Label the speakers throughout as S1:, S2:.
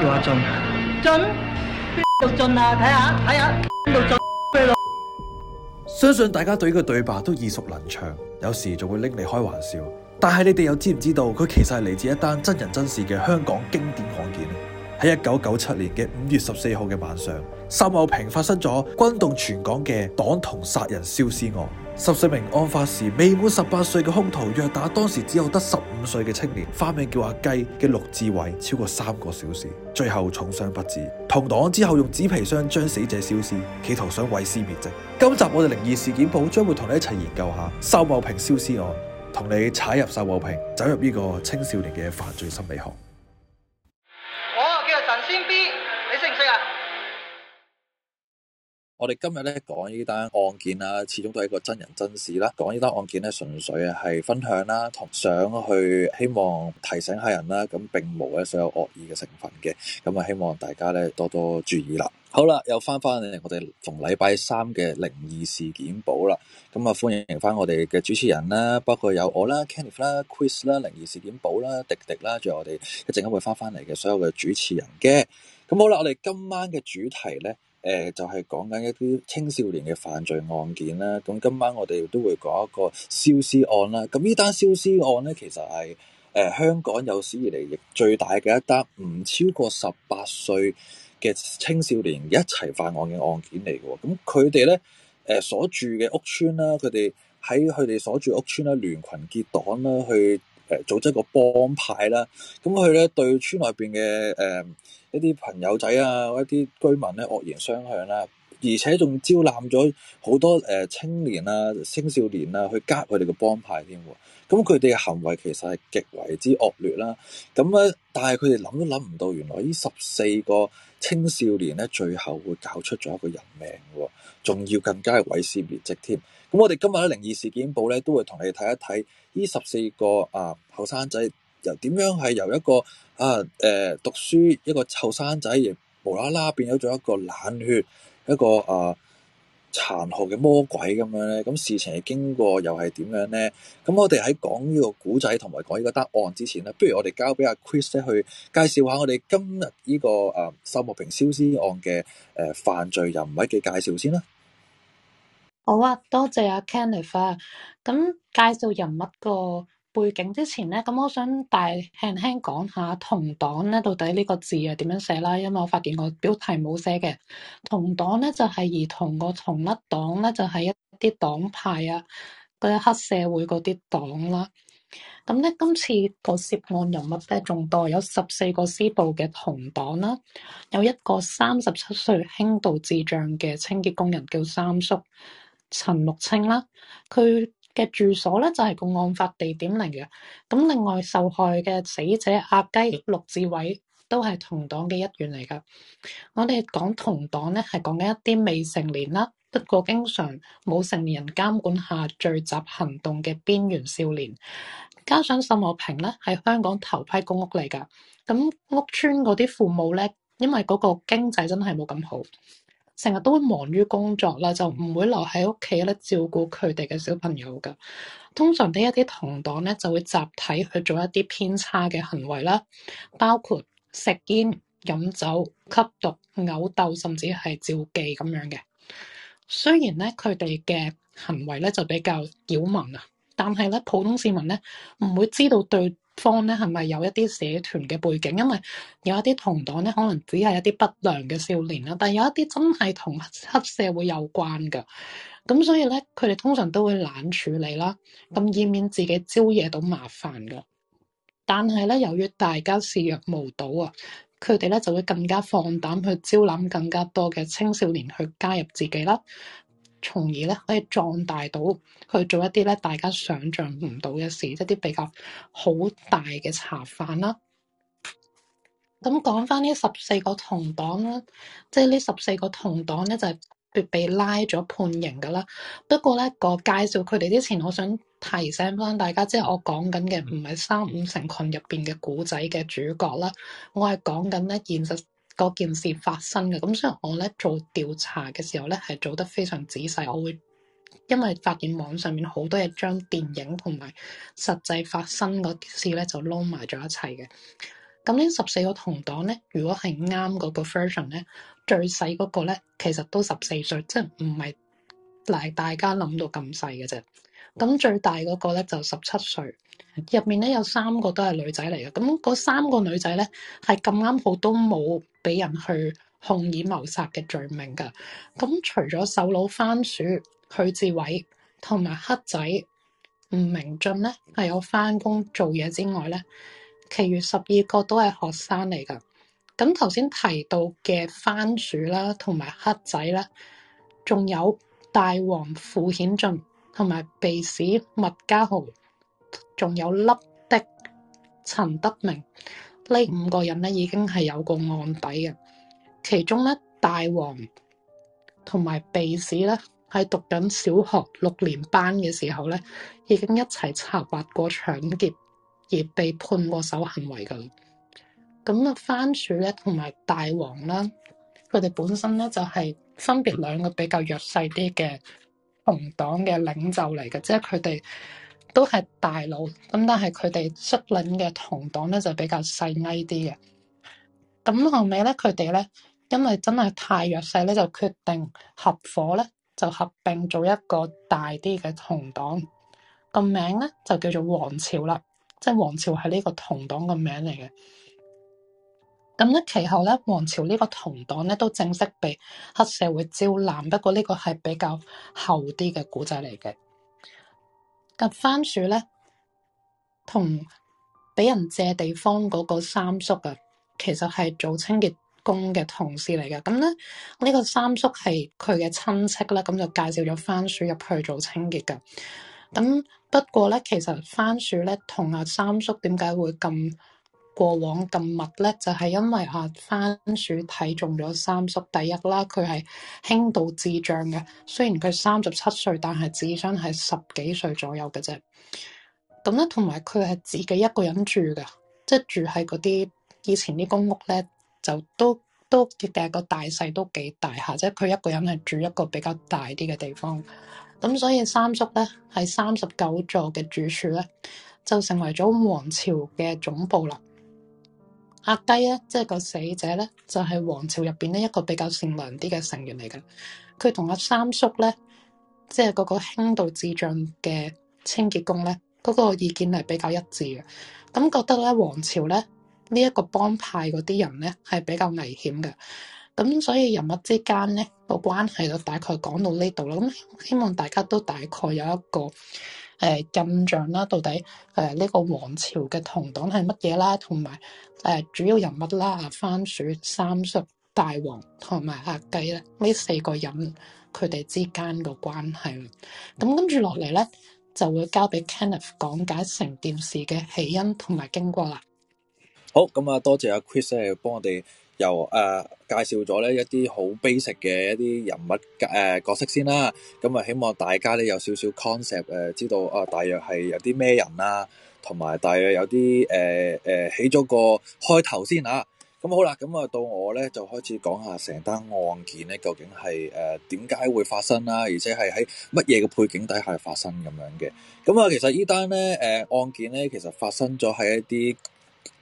S1: 叫阿俊，俊
S2: 邊
S1: 度俊啊？睇
S2: 下
S1: 睇下邊度俊邊度？相信大家對佢對白都耳熟能詳，有時仲會拎你開玩笑。但係你哋又知唔知道，佢其實係嚟自一單真人真事嘅香港經典案件？喺一九九七年嘅五月十四號嘅晚上，秀茂坪發生咗轟動全港嘅童黨殺人燒屍案。十四名案發時未滿十八歲嘅凶徒，虐打當時只有得十五歲嘅青年，花名叫阿雞嘅陸志偉，超過三個小時，最後重傷不治。同黨之後用紙皮箱將死者燒屍，企圖想毀屍滅跡。今集我哋靈異事件簿將會同你一齊研究下秀茂坪燒屍案，同你踩入秀茂坪，走入呢個青少年嘅犯罪心理學。我哋今日咧講呢單案件啊，始終都係一個真人真事啦。講呢單案件咧，純粹係分享啦，同想去希望提醒下人啦。咁並無咧所有惡意嘅成分嘅。咁啊，希望大家咧多多注意啦。好啦，又翻翻嚟我哋逢禮拜三嘅靈異事件簿啦。咁啊，歡迎翻我哋嘅主持人啦，包括有我啦 Kenneth 啦，Chris 啦，靈異事件簿啦，迪迪啦，仲有我哋一陣間會翻翻嚟嘅所有嘅主持人嘅。咁好啦，我哋今晚嘅主題咧。誒就係講緊一啲青少年嘅犯罪案件啦。咁今晚我哋都會講一個燒屍案啦。咁呢單燒屍案咧，其實係誒、呃、香港有史以嚟亦最大嘅一單唔超過十八歲嘅青少年一齊犯案嘅案件嚟嘅。咁佢哋咧，誒所住嘅屋村啦，佢哋喺佢哋所住屋村啦，聯群結黨啦，去誒、呃、組織個幫派啦。咁佢咧對村內邊嘅誒、呃一啲朋友仔啊，一啲居民咧惡言相向啦、啊，而且仲招攬咗好多誒、呃、青年啊、青少年啊去加佢哋嘅幫派添，咁佢哋嘅行為其實係極為之惡劣啦、啊。咁、嗯、咧，但係佢哋諗都諗唔到，原來呢十四個青少年咧，最後會搞出咗一個人命喎、啊，仲要更加係毀屍滅跡添。咁、嗯嗯、我哋今日喺靈異事件簿咧，都會同你睇一睇呢十四個啊後生仔。又點樣係由一個啊誒、呃、讀書一個臭生仔，無啦啦變咗咗一個冷血一個啊、呃、殘酷嘅魔鬼咁樣咧？咁、嗯、事情嘅經過又係點樣咧？咁、嗯、我哋喺講呢個古仔同埋講呢個單案之前咧，不如我哋交俾阿 Chris 咧去介紹下我哋今日呢、這個啊秀茂坪燒屍案嘅誒、呃、犯罪人物嘅介紹先啦。
S3: 好啊，多謝阿 Kenneth 啊，咁介紹人物個背景之前咧，咁我想大輕輕講下同黨咧，到底呢個字係點樣寫啦？因為我發現個標題冇寫嘅同黨咧，就係兒童個同一黨咧，就係、是、一啲黨派啊，嗰啲黑社會嗰啲黨啦、啊。咁咧，今次個涉案人物咧仲多，有十四個施暴嘅同黨啦、啊，有一個三十七歲輕度智障嘅清潔工人叫三叔陳六清啦、啊，佢。嘅住所咧就係個案發地點嚟嘅，咁另外受害嘅死者阿雞陸志偉都係同黨嘅一員嚟噶。我哋講同黨咧係講緊一啲未成年啦，不過經常冇成年人監管下聚集行動嘅邊緣少年。加上秀茂坪咧係香港頭批公屋嚟噶，咁屋村嗰啲父母咧，因為嗰個經濟真係冇咁好。成日都會忙於工作啦，就唔會留喺屋企咧照顧佢哋嘅小朋友噶。通常呢一啲同黨咧就會集體去做一啲偏差嘅行為啦，包括食煙、飲酒、吸毒、毆鬥，甚至係照記咁樣嘅。雖然咧佢哋嘅行為咧就比較擾民啊，但係咧普通市民咧唔會知道對方咧係咪有一啲社團嘅背景？因為有一啲同黨咧，可能只係一啲不良嘅少年啦，但係有一啲真係同黑社會有關噶。咁所以咧，佢哋通常都會懶處理啦，咁以免自己招惹到麻煩噶。但係咧，由於大家視若無睹啊，佢哋咧就會更加放膽去招攬更加多嘅青少年去加入自己啦。從而咧可以壯大到去做一啲咧大家想象唔到嘅事，即係一啲比較好大嘅茶飯啦。咁講翻呢十四個同黨啦，即係呢十四個同黨咧就係被拉咗判刑噶啦。不過咧，我介紹佢哋之前，我想提醒翻大家，即係我講緊嘅唔係三五成群入邊嘅古仔嘅主角啦，我係講緊咧現實，嗰件事發生嘅。咁所以我咧做調查嘅時候咧係做得非常仔細，我會因為發現網上面好多嘢將電影同埋實際發生嗰件事咧就撈埋咗一齊嘅。咁呢十四個同黨咧，如果係啱嗰個 version 咧，最細嗰個咧其實都十四歲，即係唔係，嗱大家諗到咁細嘅啫。咁最大嗰個咧就十七歲，入面咧有三個都係女仔嚟嘅。咁嗰三個女仔咧係咁啱好都冇俾人去控以謀殺嘅罪名嘅。咁除咗首腦番薯許志偉同埋黑仔吳明俊咧，係有翻工做嘢之外咧，其餘十二個都係學生嚟嘅。咁頭先提到嘅番薯啦，同埋黑仔啦，仲有大王傅顯俊。同埋鼻屎麥家豪，仲有粒的陳德明，呢五個人咧已經係有過案底嘅。其中咧大王同埋鼻屎咧係讀緊小學六年班嘅時候咧，已經一齊策劃過搶劫而被判過守行為噶啦。咁啊番薯咧同埋大王啦，佢哋本身咧就係、是、分別兩個比較弱勢啲嘅。同黨嘅領袖嚟嘅，即係佢哋都係大佬，咁但係佢哋率領嘅同黨咧就比較細矮啲嘅。咁後尾咧，佢哋咧因為真係太弱勢咧，就決定合夥咧，就合併做一個大啲嘅同黨。個名咧就叫做王朝啦，即係王朝係呢個同黨嘅名嚟嘅。咁咧，其後咧，王朝呢個同黨咧都正式被黑社會招攬，啊，這個，不過呢個係比較後啲嘅古仔嚟嘅。咁番薯咧，同俾人借地方嗰個三叔啊，其實係做清潔工嘅同事嚟嘅。咁咧，呢個三叔係佢嘅親戚啦，咁就介紹咗番薯入去做清潔噶。咁不過咧，其實番薯咧同阿三叔點解會咁？過往咁密咧，就係因為啊番薯睇中咗三叔第一啦。佢係輕度智障嘅，雖然佢三十七歲，但係智商係十幾歲左右嘅啫。咁咧，同埋佢係自己一個人住嘅，即係住喺嗰啲以前啲公屋咧，就都都第個大細都幾大下，即係佢一個人係住一個比較大啲嘅地方。咁所以三叔咧係三十九座嘅住處咧，就成為咗王朝嘅總部啦。阿雞咧，即係個死者咧，就係、是、王朝入邊咧一個比較善良啲嘅成員嚟㗎。佢同阿三叔咧，即係嗰個輕度智障嘅清潔工咧，嗰、那個意見係比較一致嘅，咁覺得咧王朝咧呢一、這個幫派嗰啲人咧係比較危險嘅。咁所以人物之間咧個關係就大概講到呢度啦。咁希望大家都大概有一個。誒、呃、印象啦，到底誒呢、呃這個王朝嘅同黨係乜嘢啦，同埋誒主要人物啦，啊番薯、三叔、大王同埋阿雞咧，呢四個人佢哋之間嘅關係啦。咁跟住落嚟咧，就會交俾 Kenneth 講解成件事嘅起因同埋經過啦。
S1: 好，咁啊，多謝阿、啊、Chris 嚟幫我哋。又誒、呃、介紹咗咧一啲好 basic 嘅一啲人物誒、呃、角色先啦，咁、嗯、啊希望大家咧有少少 concept 誒、呃、知道啊、呃，大約係有啲咩人啊，同埋大約有啲誒誒起咗個開頭先吓、啊，咁、嗯、好啦，咁、嗯、啊到我咧就開始講下成單案件咧究竟係誒點解會發生啦、啊，而且係喺乜嘢嘅背景底下發生咁樣嘅，咁、嗯、啊、嗯、其實呢單咧誒案件咧其實發生咗喺一啲，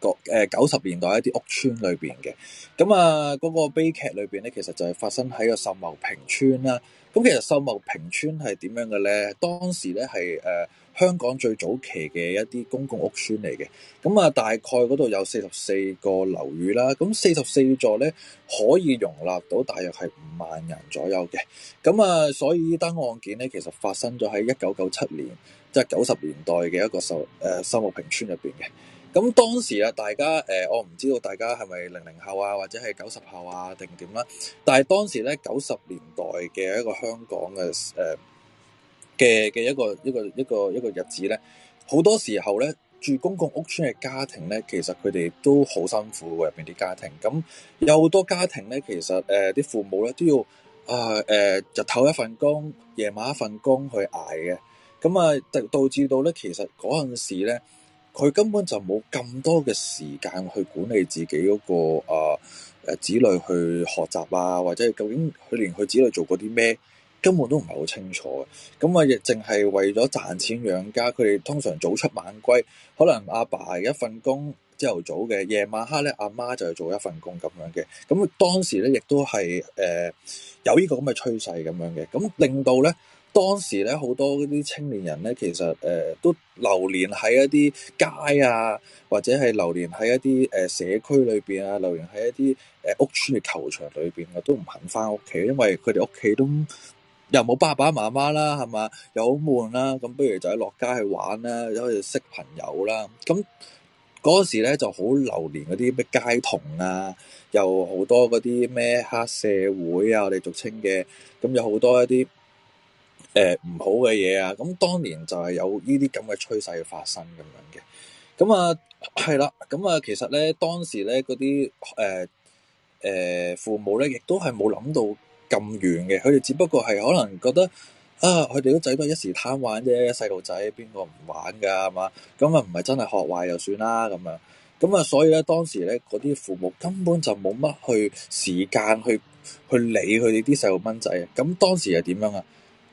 S1: 誒九十年代一啲屋村裏邊嘅，咁啊嗰個悲劇裏邊咧，其實就係發生喺個秀茂坪村啦。咁其實秀茂坪村係點樣嘅咧？當時咧係誒香港最早期嘅一啲公共屋村嚟嘅。咁啊，大概嗰度有四十四個樓宇啦。咁四十四座咧可以容納到大約係五萬人左右嘅。咁啊，所以呢單案件咧，其實發生咗喺一九九七年，即係九十年代嘅一個秀誒、呃、秀茂坪村入邊嘅。咁當時啊，大家誒、呃，我唔知道大家係咪零零後啊，或者係九十後啊，定點啦。但係當時咧，九十年代嘅一個香港嘅誒嘅嘅一個一個一個一個日子咧，好多時候咧住公共屋邨嘅家庭咧，其實佢哋都好辛苦嘅入邊啲家庭。咁有好多家庭咧，其實誒啲、呃、父母咧都要啊誒日頭一份工，夜晚一份工去捱嘅。咁啊，導致到咧，其實嗰陣時咧。佢根本就冇咁多嘅時間去管理自己嗰個啊誒子女去學習啊，或者係究竟佢連佢子女做過啲咩，根本都唔係好清楚嘅。咁啊，亦淨係為咗賺錢養家，佢哋通常早出晚歸。可能阿爸一份工朝頭早嘅，夜晚黑咧阿媽就做一份工咁樣嘅。咁當時咧亦都係誒有呢個咁嘅趨勢咁樣嘅，咁令到咧。當時咧好多啲青年人咧，其實誒、呃、都流連喺一啲街啊，或者係流連喺一啲誒、呃、社區裏邊啊，流連喺一啲誒屋村嘅球場裏邊啊，都唔肯翻屋企，因為佢哋屋企都又冇爸爸媽媽啦，係嘛，又好悶啦、啊，咁不如就喺落街玩、啊、去玩啦，又可以識朋友啦。咁嗰陣時咧就好流連嗰啲咩街童啊，又好多嗰啲咩黑社會啊，我哋俗稱嘅，咁有好多一啲，誒，唔好嘅嘢啊！咁當年就係有呢啲咁嘅趨勢發生咁樣嘅。咁啊，係啦。咁啊，其實咧，當時咧嗰啲誒誒，父母咧亦都係冇諗到咁遠嘅。佢哋只不過係可能覺得啊，佢哋個仔都一時貪玩啫，細路仔邊個唔玩噶嘛？咁啊，唔係真係學壞又算啦。咁樣咁啊，所以咧，當時咧嗰啲父母根本就冇乜去時間去去理佢哋啲細路蚊仔。咁當時係點樣啊？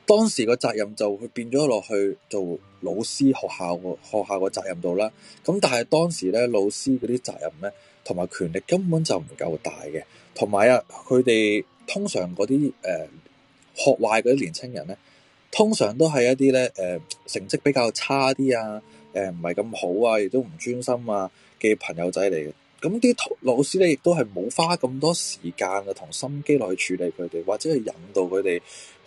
S1: 當時個責任就會變咗落去做老師學校個學校個責任度啦。咁但係當時咧，老師嗰啲責任咧同埋權力根本就唔夠大嘅。同埋啊，佢哋通常嗰啲誒學壞嗰啲年輕人咧，通常都係一啲咧誒成績比較差啲啊，誒唔係咁好啊，亦都唔專心啊嘅朋友仔嚟嘅。咁啲老師咧，亦都係冇花咁多時間啊，同心機落去處理佢哋，或者係引導佢哋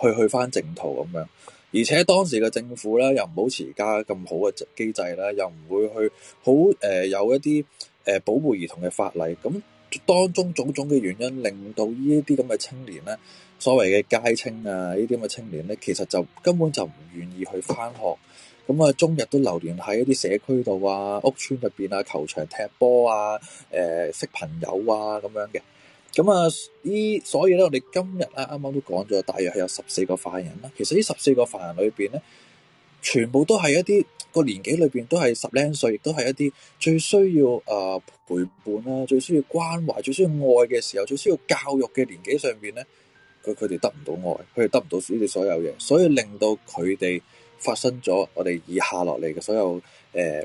S1: 去去返正途咁樣。而且當時嘅政府咧，又唔保持而家咁好嘅機制啦，又唔會去好誒、呃、有一啲誒、呃、保護兒童嘅法例。咁當中種種嘅原因，令到呢一啲咁嘅青年咧，所謂嘅街青啊，呢啲咁嘅青年咧，其實就根本就唔願意去返學。咁啊，終日都留連喺一啲社區度啊、屋村入邊啊、球場踢波啊、誒識朋友啊咁樣嘅。咁、嗯、啊，呢所以咧，我哋今日啊，啱啱都講咗，大約係有十四個犯人啦、啊。其實呢十四個犯人裏邊咧，全部都係一啲個年紀裏邊都係十零歲，亦都係一啲最需要、呃、啊陪伴啦、最需要關懷、最需要愛嘅時候、最需要教育嘅年紀上邊咧，佢佢哋得唔到愛，佢哋得唔到呢啲所有嘢，所以令到佢哋。發生咗我哋以下落嚟嘅所有誒、呃、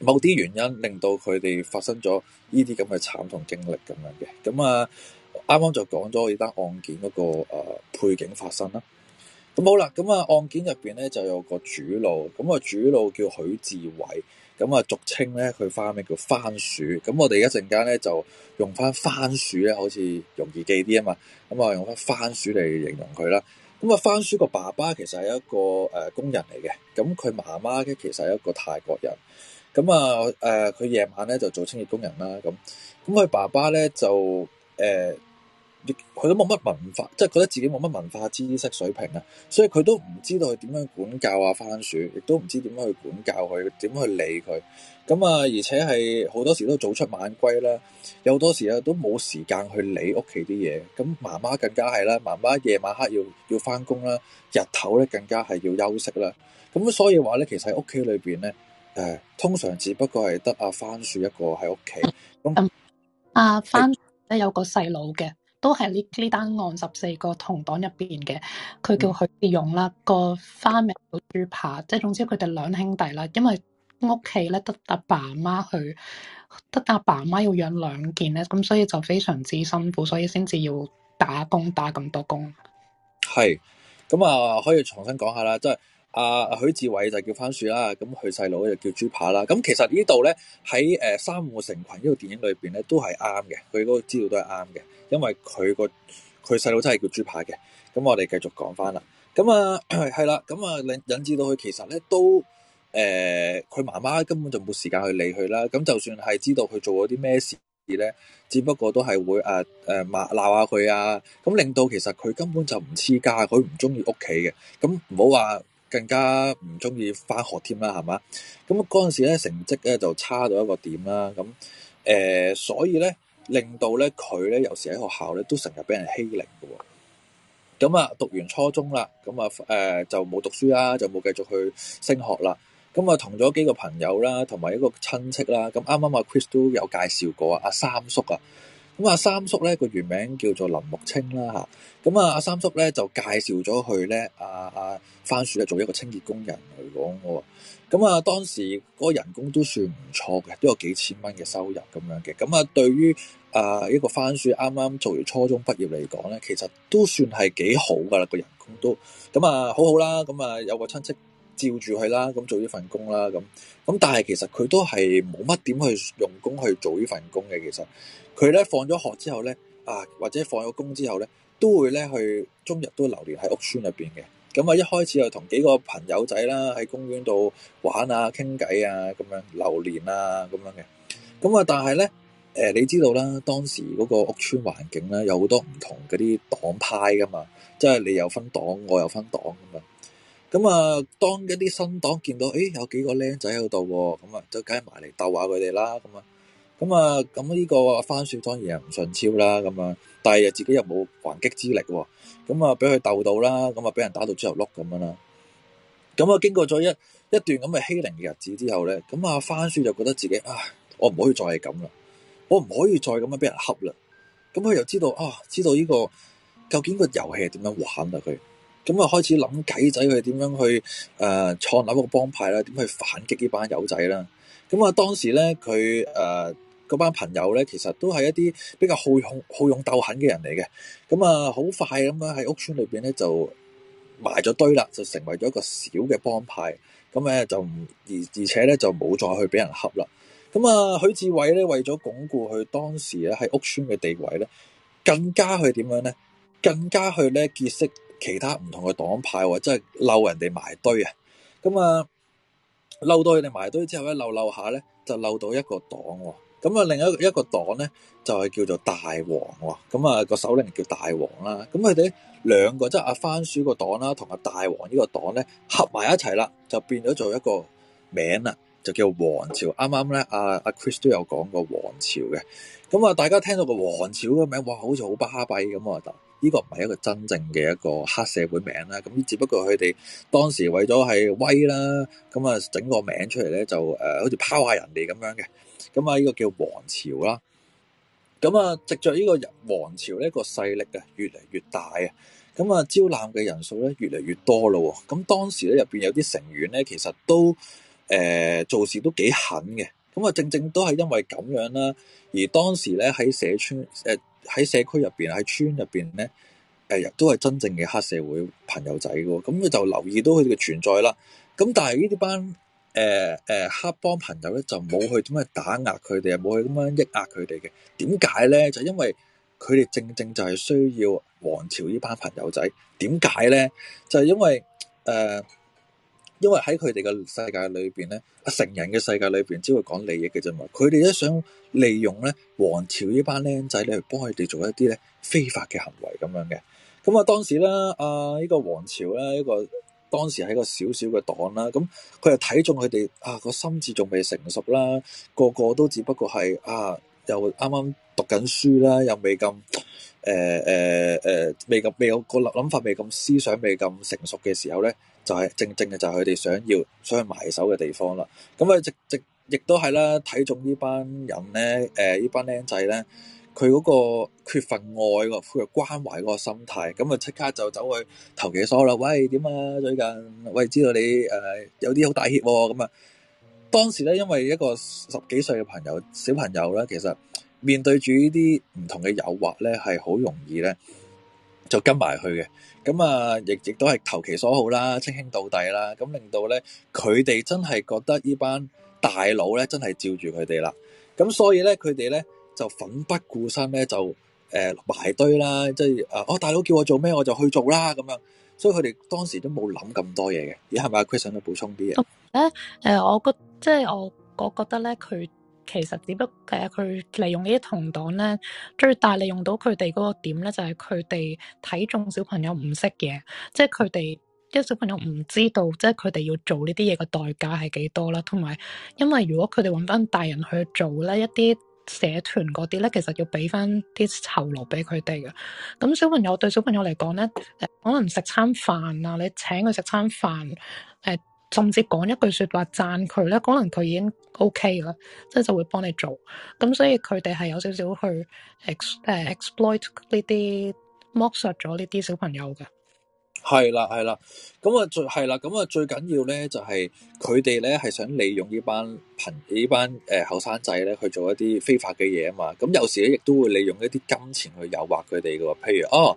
S1: 某啲原因，令到佢哋發生咗呢啲咁嘅慘痛經歷咁樣嘅。咁、嗯、啊，啱啱就講咗呢單案件嗰、那個誒背、呃、景發生啦。咁、嗯、好啦，咁、嗯、啊案件入邊咧就有個主腦，咁啊主腦叫許志偉，咁啊俗稱咧佢花名叫番薯，咁、嗯、我哋一陣間咧就用返番薯咧，好似容易記啲啊嘛，咁、嗯、啊用返番薯嚟形容佢啦。咁啊，番薯個爸爸其實係一個誒工人嚟嘅，咁佢媽媽咧其實係一個泰國人，咁啊誒，佢夜晚咧就做清潔工人啦，咁，咁佢爸爸咧就誒，佢都冇乜文化，即係覺得自己冇乜文化知識水平啊，所以佢都唔知道佢點樣管教啊番薯，亦都唔知點樣去管教佢，點樣去理佢。咁啊，而且係好多時都早出晚歸啦，有多時咧都冇時間去理屋企啲嘢。咁媽媽更加係啦，媽媽夜晚黑要要翻工啦，日頭咧更加係要休息啦。咁所以話咧，其實喺屋企裏邊咧，誒，通常只不過係得阿番薯一個喺屋企。咁
S3: 阿番咧有個細佬嘅，都係呢呢單案十四個同黨入邊嘅。佢叫許志勇啦，個花名叫豬扒，即係總之佢哋兩兄弟啦，因為。屋企咧得阿爸阿媽去，得阿爸阿媽要養兩件咧，咁所以就非常之辛苦，所以先至要打工打咁多工。
S1: 係，咁啊可以重新講下啦，即係阿許志偉就叫番薯弟弟叫弟弟叫、啊、啦，咁佢細佬就叫豬扒啦。咁其實呢度咧喺誒三五成群呢部電影裏邊咧都係啱嘅，佢嗰個資料都係啱嘅，因為佢個佢細佬真係叫豬扒嘅。咁我哋繼續講翻啦，咁啊係啦，咁啊引引致到佢其實咧都。誒，佢媽媽根本就冇時間去理佢啦。咁就算係知道佢做咗啲咩事咧，只不過都係會誒誒罵鬧下佢啊。咁、啊啊嗯、令到其實佢根本就唔黐家，佢唔中意屋企嘅。咁唔好話更加唔中意返學添啦，係嘛？咁嗰陣時咧成績咧就差到一個點啦。咁、嗯、誒、呃，所以咧令到咧佢咧有時喺學校咧都成日俾人欺凌㗎、哦。咁、嗯、啊，讀完初中啦，咁啊誒就冇讀書啦，就冇繼續去升學啦。咁啊，同咗幾個朋友啦，同埋一個親戚啦。咁啱啱阿 Chris 都有介紹過啊，阿三叔啊。咁啊，三叔咧個、啊、原名叫做林木清啦嚇。咁啊，阿三叔咧就介紹咗去咧，阿、啊、阿番薯咧做一個清潔工人嚟講喎。咁啊，當時個人工都算唔錯嘅，都有幾千蚊嘅收入咁樣嘅。咁啊，對於啊一個番薯啱啱做完初中畢業嚟講咧，其實都算係幾好噶啦，個人工都咁啊，好好啦。咁啊，有個親戚，照住佢啦，咁做呢份工啦，咁咁但係其實佢都係冇乜點去用功去做呢份工嘅。其實佢咧放咗學之後咧，啊，或者放咗工之後咧，都會咧去中日都留連喺屋村入邊嘅。咁啊，一開始就同幾個朋友仔啦，喺公園度玩啊，傾偈啊，咁樣留連啊咁樣嘅。咁啊但係咧誒，你知道啦，當時嗰個屋村環境咧有好多唔同嗰啲黨派噶嘛，即係你有分黨，我又分黨噶嘛。咁啊，當一啲新黨見到誒、欸，有幾個僆仔喺度，咁啊，就梗係埋嚟鬥下佢哋啦，咁啊，咁啊，咁呢個番薯當然係唔順超啦，咁啊，但係又自己又冇還擊之力，咁啊，俾佢鬥到啦，咁啊，俾人打到豬頭碌咁樣啦。咁啊，經過咗一一段咁嘅欺凌嘅日子之後咧，咁啊，番薯就覺得自己啊，我唔可以再係咁啦，我唔可以再咁樣俾人恰啦。咁佢又知道啊，知道呢、這個究竟個遊戲係點樣玩啊佢？咁啊，就開始諗計仔，佢點樣去誒、呃、創立個幫派啦？點去反擊呢班友仔啦？咁啊，當時咧，佢誒嗰班朋友咧，其實都係一啲比較好勇好勇鬥狠嘅人嚟嘅。咁啊，好快咁樣喺屋村裏邊咧，就埋咗堆啦，就成為咗一個小嘅幫派。咁誒，就而而且咧，就冇再去俾人恰啦。咁啊，許志偉咧，為咗鞏固佢當時咧喺屋村嘅地位咧，更加去點樣咧？更加去咧結識。其他唔同嘅黨派喎，真係嬲人哋埋堆啊！咁啊，嬲到佢哋埋堆之後咧，漏漏下咧，就漏到一個黨喎。咁啊，另一一個黨咧就係、是、叫做大王喎。咁啊，個首領叫大王啦。咁佢哋兩個即係阿番薯個黨啦，同阿大王呢個黨咧合埋一齊啦，就變咗做一個名啦，就叫王朝。啱啱咧，阿、啊、阿、啊、Chris 都有講過王朝嘅。咁啊，大家聽到個王朝嘅名，哇，好似好巴閉咁啊，呢個唔係一個真正嘅一個黑社會名啦，咁只不過佢哋當時為咗係威啦，咁啊，整個名出嚟咧，就誒、呃、好似拋下人哋咁樣嘅，咁啊呢個叫王朝啦，咁啊藉着呢個王朝呢個勢力啊，越嚟越大啊，咁啊招攬嘅人數咧，越嚟越多咯喎，咁當時咧，入邊有啲成員咧，其實都誒、呃、做事都幾狠嘅，咁啊正正都係因為咁樣啦，而當時咧喺社村誒。呃喺社區入邊，喺村入邊咧，誒、呃、亦都係真正嘅黑社會朋友仔嘅，咁、嗯、佢就留意到佢哋嘅存在啦。咁、嗯、但係呢啲班誒誒、呃呃、黑幫朋友咧，就冇去點樣打壓佢哋，冇去點樣抑壓佢哋嘅。點解咧？就係、因為佢哋正正就係需要王朝呢班朋友仔。點解咧？就係、是、因為誒。呃因為喺佢哋嘅世界裏邊咧，啊成人嘅世界裏邊只會講利益嘅啫嘛，佢哋都想利用咧王朝呢班僆仔咧，嚟幫佢哋做一啲咧非法嘅行為咁樣嘅。咁、嗯、啊，當時咧啊呢、呃這個王朝咧一個當時係一個小小嘅黨啦，咁佢就睇中佢哋啊個心智仲未成熟啦，個個都只不過係啊又啱啱讀緊書啦，又未咁。誒誒誒，未咁未有個諗法，未咁思想，未咁成熟嘅時候咧，就係、是、正正嘅就係佢哋想要想去埋手嘅地方啦。咁啊，直直亦都係啦，睇中呢班、呃、人咧，誒呢班僆仔咧，佢嗰個缺乏愛個佢嘅關懷個心態，咁啊即刻就走去投其所好啦。喂，點啊？最近喂，知道你誒、呃、有啲好大 heat 咁啊？當時咧，因為一個十幾歲嘅朋友，小朋友咧，其實。面對住呢啲唔同嘅誘惑咧，係好容易咧就跟埋去嘅。咁、嗯、啊，亦亦都係投其所好啦，稱兄道弟啦。咁、嗯、令到咧佢哋真係覺得呢班大佬咧真係照住佢哋啦。咁、嗯、所以咧佢哋咧就奮不顧身咧就誒埋、呃、堆啦，即係啊，啊，大佬叫我做咩我就去做啦咁樣。所以佢哋當時都冇諗咁多嘢嘅。咦係咪阿 Chris 想補充啲嘢？
S3: 咧誒、嗯呃，我覺即係我我覺得咧佢。其實只不過佢利用呢啲同黨呢，最大利用到佢哋嗰個點咧，就係佢哋睇中小朋友唔識嘢，即係佢哋因為小朋友唔知道，即係佢哋要做呢啲嘢嘅代價係幾多啦。同埋，因為如果佢哋揾翻大人去做呢一啲社團嗰啲呢，其實要俾翻啲酬勞俾佢哋嘅。咁小朋友對小朋友嚟講咧，可能食餐飯啊，你請佢食餐飯誒。呃甚至講一句説話讚佢咧，可能佢已經 OK 啦，即係就會幫你做。咁所以佢哋係有少少去 exploit，呢啲剝削咗呢啲小朋友嘅。
S1: 係啦，係啦。咁啊，最係啦，咁啊，最緊要咧就係佢哋咧係想利用呢班朋，呢班誒後生仔咧去做一啲非法嘅嘢啊嘛。咁有時咧亦都會利用一啲金錢去誘惑佢哋嘅。譬如哦，誒、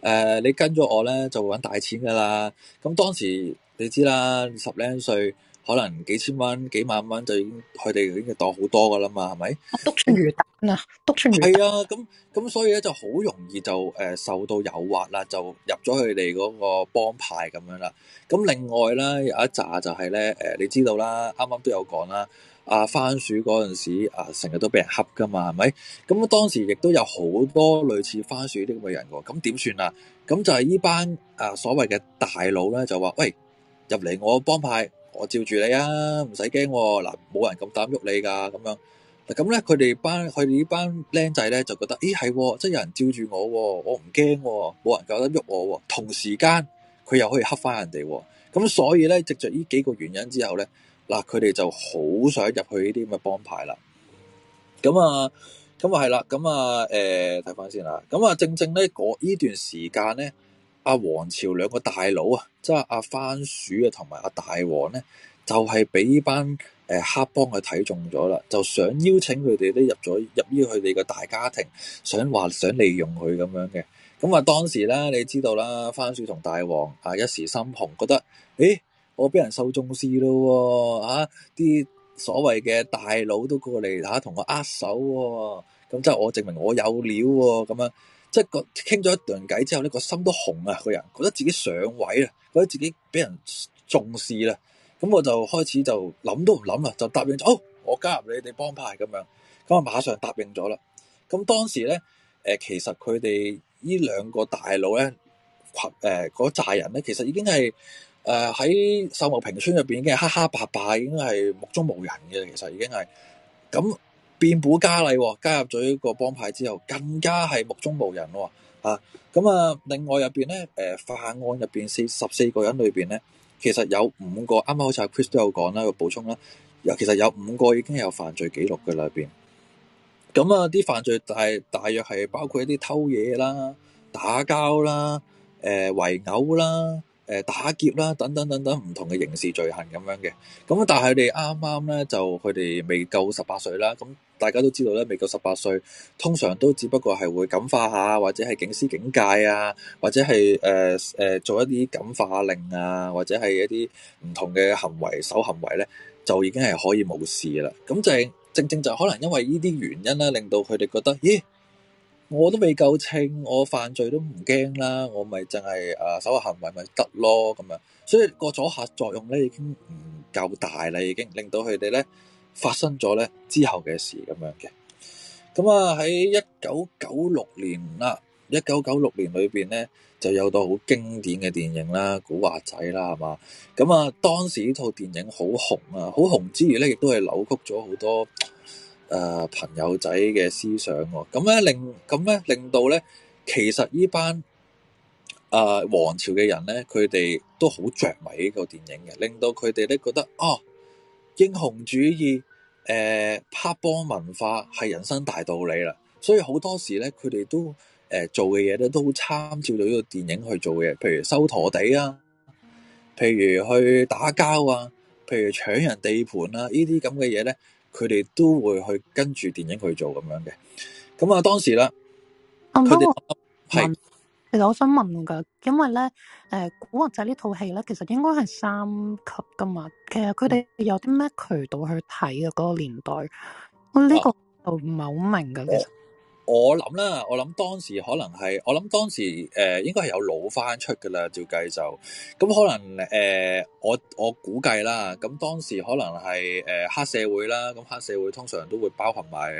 S1: 呃、你跟咗我咧就會揾大錢噶啦。咁當時。你知啦，十零歲可能幾千蚊、幾萬蚊就已經佢哋已經當好多噶啦嘛，係咪？
S3: 篤出魚蛋啊！篤出魚蛋，係啊，咁、啊、咁、
S1: 啊啊啊、所以咧就好容易就誒、呃、受到誘惑啦，就入咗佢哋嗰個幫派咁樣啦。咁另外咧有一紮就係咧誒，你知道啦，啱啱都有講啦，阿、啊、番薯嗰陣時啊，成日都俾人恰噶嘛，係咪？咁、啊、當時亦都有好多類似番薯啲咁嘅人喎，咁點算啊？咁就係呢班啊所謂嘅大佬咧，就話喂。入嚟我幫派，我照住你啊，唔使驚，嗱，冇人咁膽喐你噶，咁樣嗱，咁咧佢哋班佢哋呢班僆仔咧就覺得，咦、欸、係，即係有人照住我，我唔驚，冇人夠得喐我，同時間佢又可以黑翻人哋，咁所以咧，藉着呢幾個原因之後咧，嗱，佢哋就好想入去呢啲咁嘅幫派啦。咁啊，咁啊係啦，咁啊，誒、啊，睇、呃、翻先啦，咁啊，正正咧，嗰呢段時間咧。阿王朝兩個大佬啊，即係阿番薯啊同埋阿大王咧，就係俾班誒黑幫佢睇中咗啦，就想邀請佢哋都入咗入於佢哋個大家庭，想話想利用佢咁樣嘅。咁啊當時咧，你知道啦，番薯同大王啊一時心紅，覺得誒、欸、我俾人受重視咯喎，啲、啊、所謂嘅大佬都過嚟吓同我握手喎、啊，咁、啊、即係我證明我有料喎、啊，咁樣。即係個傾咗一段偈之後咧，個心都紅啊，個人覺得自己上位啦，覺得自己俾人重視啦，咁我就開始就諗都唔諗啦，就答應咗、哦，我加入你哋幫派咁樣，咁我馬上答應咗啦。咁當時咧，誒、呃，其實佢哋呢兩個大佬咧，誒、呃，嗰扎人咧，其實已經係誒喺秀茂坪村入邊已經係黑黑白白，已經係目中無人嘅，其實已經係咁。變本加厲，加入咗一個幫派之後，更加係目中無人喎。啊，咁啊，另外入邊咧，誒、呃，犯案入邊係十四個人裏邊咧，其實有五個，啱啱好似阿 Chris 都有講啦，有補充啦，又其實有五個已經有犯罪記錄嘅裏邊。咁、嗯、啊，啲犯罪就大，大約係包括一啲偷嘢啦、打交啦、誒、呃、圍毆啦、誒、呃、打劫啦等等等等唔同嘅刑事罪行咁樣嘅。咁、嗯、但係佢哋啱啱咧，就佢哋未夠十八歲啦，咁、嗯。大家都知道咧，未夠十八歲，通常都只不過係會感化下，或者係警司警戒啊，或者係誒誒做一啲感化令啊，或者係一啲唔同嘅行為、守行為咧，就已經係可以冇事啦。咁正、就係、正正就可能因為呢啲原因啦，令到佢哋覺得，咦、欸，我都未夠稱，我犯罪都唔驚啦，我咪淨係誒守下行為咪得咯咁樣。所以個阻嚇作用咧已經唔夠大啦，已經令到佢哋咧。發生咗咧之後嘅事咁樣嘅，咁啊喺一九九六年啊，一九九六年裏邊咧就有到好經典嘅電影啦，古惑仔啦係嘛，咁啊當時呢套電影好紅啊，好紅之餘咧，亦都係扭曲咗好多誒、呃、朋友仔嘅思想、哦，咁咧令咁咧令到咧其實呢班誒王朝嘅人咧，佢哋都好着迷呢個電影嘅，令到佢哋咧覺得哦。英雄主義，誒、呃，拍波文化係人生大道理啦。所以好多時咧，佢哋都誒、呃、做嘅嘢咧，都好參照到呢個電影去做嘅。譬如收陀地啊，譬如去打交啊，譬如搶人地盤啊，這這呢啲咁嘅嘢咧，佢哋都會去跟住電影去做咁樣嘅。咁啊，當時咧，
S3: 佢哋係。'm 其實我想問噶，因為咧，誒、呃《古惑仔》呢套戲咧，其實應該係三級噶嘛。其實佢哋有啲咩渠道去睇啊？嗰、那個年代，我呢個就唔係好明噶。其實。
S1: 我諗啦，我諗當時可能係，我諗當時誒應該係有老翻出噶啦，照計就咁可能誒，我我估計啦，咁當時可能係誒黑社會啦，咁黑社會通常都會包含埋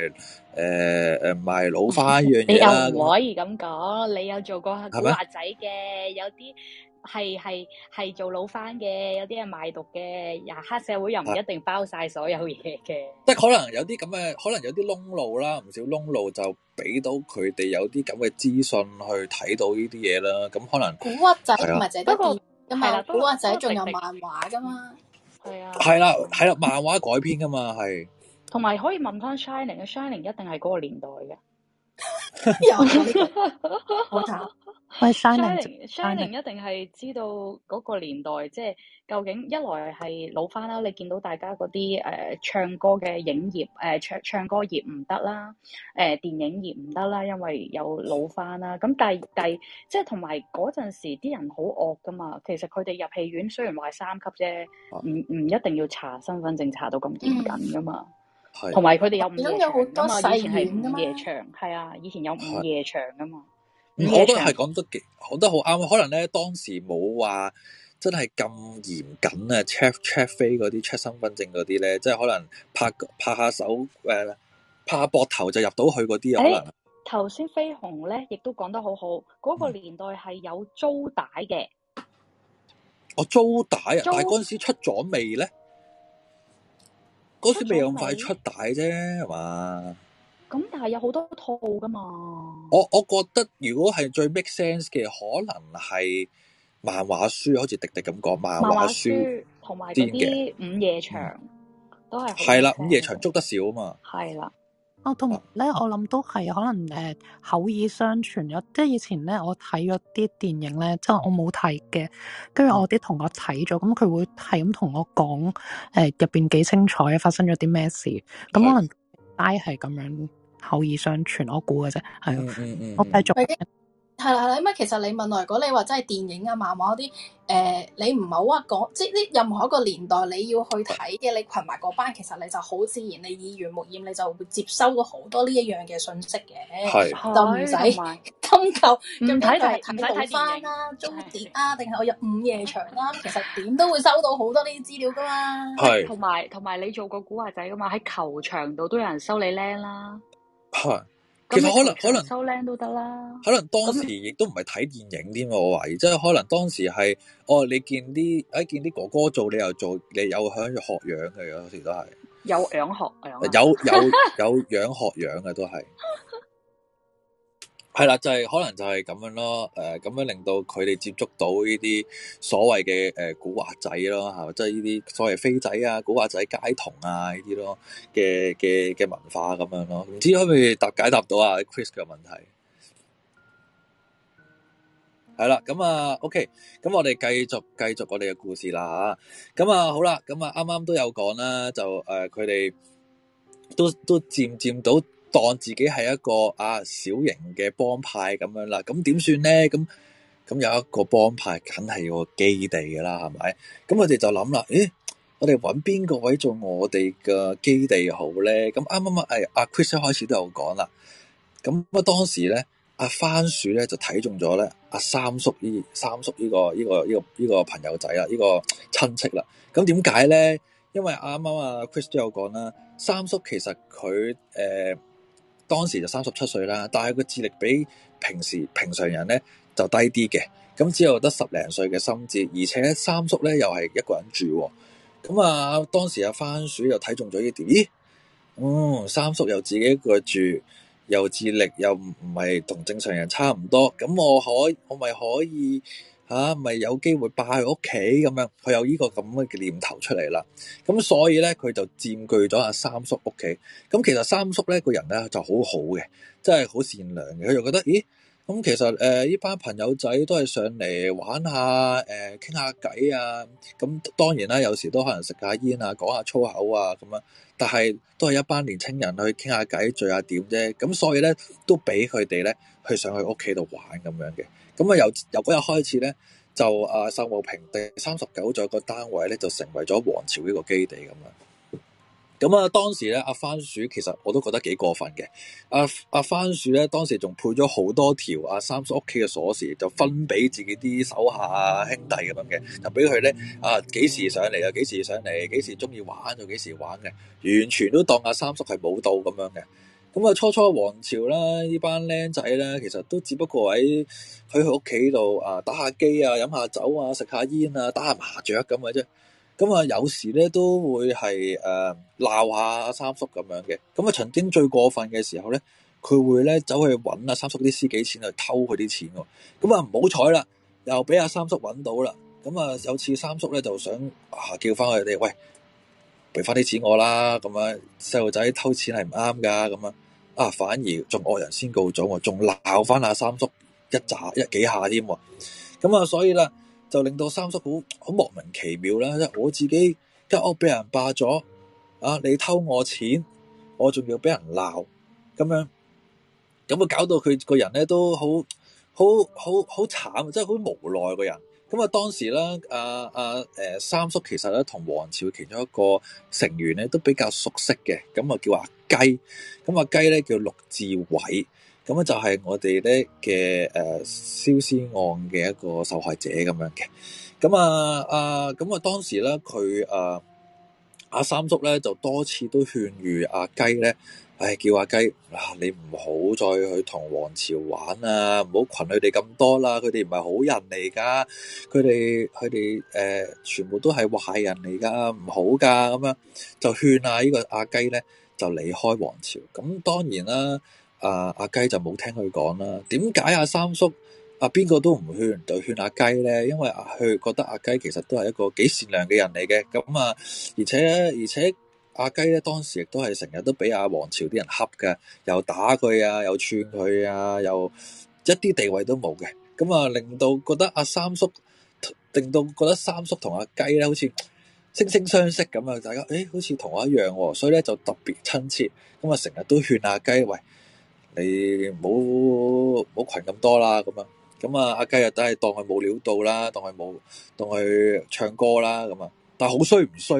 S1: 誒誒埋老翻一樣嘢，你又
S4: 唔可以咁講，你有做過古惑仔嘅，有啲。係係係做老翻嘅，有啲人賣毒嘅，又黑社會又唔一定包晒所有嘢嘅。
S1: 即可能有啲咁嘅，可能有啲窿路啦，唔少窿路就俾到佢哋有啲咁嘅資訊去睇到呢啲嘢啦。咁可能古惑仔，啊，唔不過唔係
S5: 啦，古惑仔仲有漫畫噶嘛。
S1: 係啊，係啦係啦，漫畫改編噶嘛係。
S4: 同埋可以問翻 Shining，Shining Sh 一定係嗰個年代嘅，有！好嘉玲，嘉玲 S igning. 一定係知道嗰個年代，即、就、係、是、究竟一來係老翻啦。你見到大家嗰啲誒唱歌嘅影業誒、呃、唱唱歌業唔得啦，誒、呃、電影業唔得啦，因為有老翻啦。咁但但即係同埋嗰陣時啲人好惡噶嘛。其實佢哋入戲院雖然話係三級啫，唔唔、uh huh. 一定要查身份證，查到咁嚴謹噶嘛。係、uh。
S1: 同埋
S4: 佢哋有午、嗯、夜場。以前係午夜場，係啊，以前有午夜場噶嘛。Uh. Uh.
S1: 我都係講得極，我得好啱。可能咧當時冇話真係咁嚴謹啊，check check 飛嗰啲，check 身份證嗰啲咧，即係可能拍拍下手，誒，拍下膊頭就入到去嗰啲可能。
S4: 頭先、欸、飛鴻咧，亦都講得好好。嗰、嗰個年代係有租帶嘅。
S1: 哦，租帶啊！租？但係嗰時出咗未咧？嗰時未咁快出帶啫，係嘛？
S4: 咁但係有好
S1: 多套噶嘛。我我覺得如果係最 make sense 嘅，可能係漫畫書，好似迪迪咁講漫畫書，同
S3: 埋啲午夜場、嗯、都係。係啦，
S1: 午夜場捉得少啊嘛。係
S3: 啦的，啊同咧，我諗都係可能誒、呃、口耳相傳咗。即係以前咧，我睇咗啲電影咧，即係我冇睇嘅，跟住我啲同學睇咗，咁佢、嗯嗯、會係咁同我講誒入邊幾精彩，發生咗啲咩事。咁、嗯、是可能 I 係咁樣。口耳相傳，我估嘅啫。係我繼續，
S5: 係啦係啦，咁啊，其實你問我，如果你話真係電影啊、漫畫嗰啲，誒，你唔好話講，即係啲任何一個年代，你要去睇嘅，你群埋嗰班，其實你就好自然，你耳濡目染，你就會接收咗好多呢一樣嘅信息嘅，係就唔使通灸，唔睇就係睇部翻啦，租碟啊，定係我入午夜場啦，其實點都會收到好多呢啲資料㗎嘛，係同埋同埋你做過古惑仔㗎
S4: 嘛，喺球場度都有人收你靚啦。
S1: 係，其實可能可能
S4: 收靚都得啦。
S1: 可能當時亦都唔係睇電影添，我懷疑即係可能當時係哦，你見啲誒見啲哥哥做，你又做，你有樣學樣嘅，有時都係
S4: 有樣學樣有有
S1: 有樣學樣嘅、啊、都係。 係啦，就係、是、可能就係咁樣咯，誒、呃，咁樣令到佢哋接觸到呢啲所謂嘅誒古惑仔咯，係嘛，即係呢啲所謂飛仔啊、古惑仔、街童啊呢啲咯嘅嘅嘅文化咁樣咯，唔知可唔可以答解答到啊 Chris 嘅問題？係啦、嗯，咁啊，OK，咁我哋繼續繼續我哋嘅故事啦吓，咁啊好啦，咁啊啱啱都有講啦，就誒佢哋都都漸漸到。當自己係一個啊小型嘅幫派咁樣啦，咁點算咧？咁咁有一個幫派，梗係有個基地噶啦，係咪？咁我哋就諗啦，咦？我哋揾邊個位做我哋嘅基地好咧？咁啱啱啊，阿、啊、Chris 開始都有講啦。咁啊，當時咧，阿、啊、番薯咧就睇中咗咧，阿三叔呢三叔呢、呢個呢個呢個呢個朋友仔啊，呢個親戚啦。咁點解咧？因為啱啱啊 Chris 都有講啦，三叔其實佢誒。呃當時就三十七歲啦，但係個智力比平時平常人咧就低啲嘅，咁只有得十零歲嘅心智，而且呢三叔咧又係一個人住，咁啊當時阿番薯又睇中咗呢啲。咦，嗯，三叔又自己一個住，又智力又唔唔係同正常人差唔多，咁我可我咪可以？嚇咪、啊、有機會霸佢屋企咁樣，佢有呢個咁嘅念頭出嚟啦。咁所以咧，佢就佔據咗阿三叔屋企。咁其實三叔咧個人咧就好好嘅，真係好善良嘅。佢就覺得，咦咁、嗯、其實誒呢、呃、班朋友仔都係上嚟玩下誒傾、呃、下偈啊。咁當然啦，有時都可能食下煙啊，講下粗口啊咁樣。但係都係一班年青人去傾下偈、聚下點啫。咁所以咧，都俾佢哋咧去上去屋企度玩咁樣嘅。咁啊，由由嗰日開始咧，就秀茂坪第三十九座個單位咧，就成為咗皇朝呢個基地咁樣！咁啊，當時咧，阿番薯其實我都覺得幾過分嘅。阿、啊、阿番薯咧，當時仲配咗好多條阿、啊、三叔屋企嘅鎖匙，就分俾自己啲手下啊兄弟咁樣嘅，就俾佢咧啊幾時上嚟啊，幾時上嚟，幾時中意玩就幾時玩嘅，完全都當阿三叔係冇到咁樣嘅。咁啊，初初王朝啦，呢班僆仔咧，其實都只不過喺喺佢屋企度啊，打下機啊，飲下酒啊，食下煙啊，打下麻雀咁嘅啫。咁啊，有時咧都會係誒鬧下三叔咁樣嘅。咁啊，曾經最過分嘅時候咧，佢會咧走去揾阿三叔啲司機錢去偷佢啲錢喎。咁啊，唔好彩啦，又俾阿三叔揾到啦。咁啊，有次三叔咧就想啊，叫翻佢哋，喂，俾翻啲錢我啦。咁啊，細路仔偷錢係唔啱噶，咁啊。啊！反而仲惡人先告狀喎，仲鬧翻阿三叔一扎一,一幾下添喎。咁啊，所以咧就令到三叔好好莫名其妙啦。即我自己間屋俾人霸咗，啊！你偷我錢，我仲要俾人鬧，咁樣咁啊，搞到佢個人咧都好好好好慘，即係好無奈個人。咁啊，當時咧，阿阿誒三叔其實咧同皇朝其中一個成員咧都比較熟悉嘅，咁啊叫阿。雞呢，咁啊雞咧叫陸志偉，咁啊就係我哋咧嘅誒燒屍案嘅一個受害者咁樣嘅，咁啊啊，咁、呃、啊、呃呃、當時咧佢誒阿三叔咧就多次都勸喻阿雞咧，唉、哎、叫阿雞啊、呃、你唔好再去同王朝玩啊，唔好群佢哋咁多啦，佢哋唔係好人嚟噶，佢哋佢哋誒全部都係壞人嚟噶，唔好噶咁樣就勸啊呢個阿雞咧。就離開皇朝，咁當然啦。阿、啊、阿雞就冇聽佢講啦。點解阿三叔阿邊個都唔勸就勸阿、啊、雞咧？因為佢覺得阿、啊、雞其實都係一個幾善良嘅人嚟嘅。咁啊，而且呢，而且阿、啊、雞咧當時亦都係成日都俾阿皇朝啲人恰嘅，又打佢啊，又串佢啊，又一啲地位都冇嘅。咁啊，令到覺得阿、啊、三叔，令到覺得三叔同阿、啊、雞咧好似，惺惺相惜咁啊！大家誒、欸，好似同我一樣、哦，所以咧就特別親切。咁啊，成日都勸阿雞，喂，你唔好唔好群咁多啦。咁啊，咁啊，阿雞又都係當佢冇料到啦，當佢冇當佢唱歌啦。咁啊，但係好衰唔衰？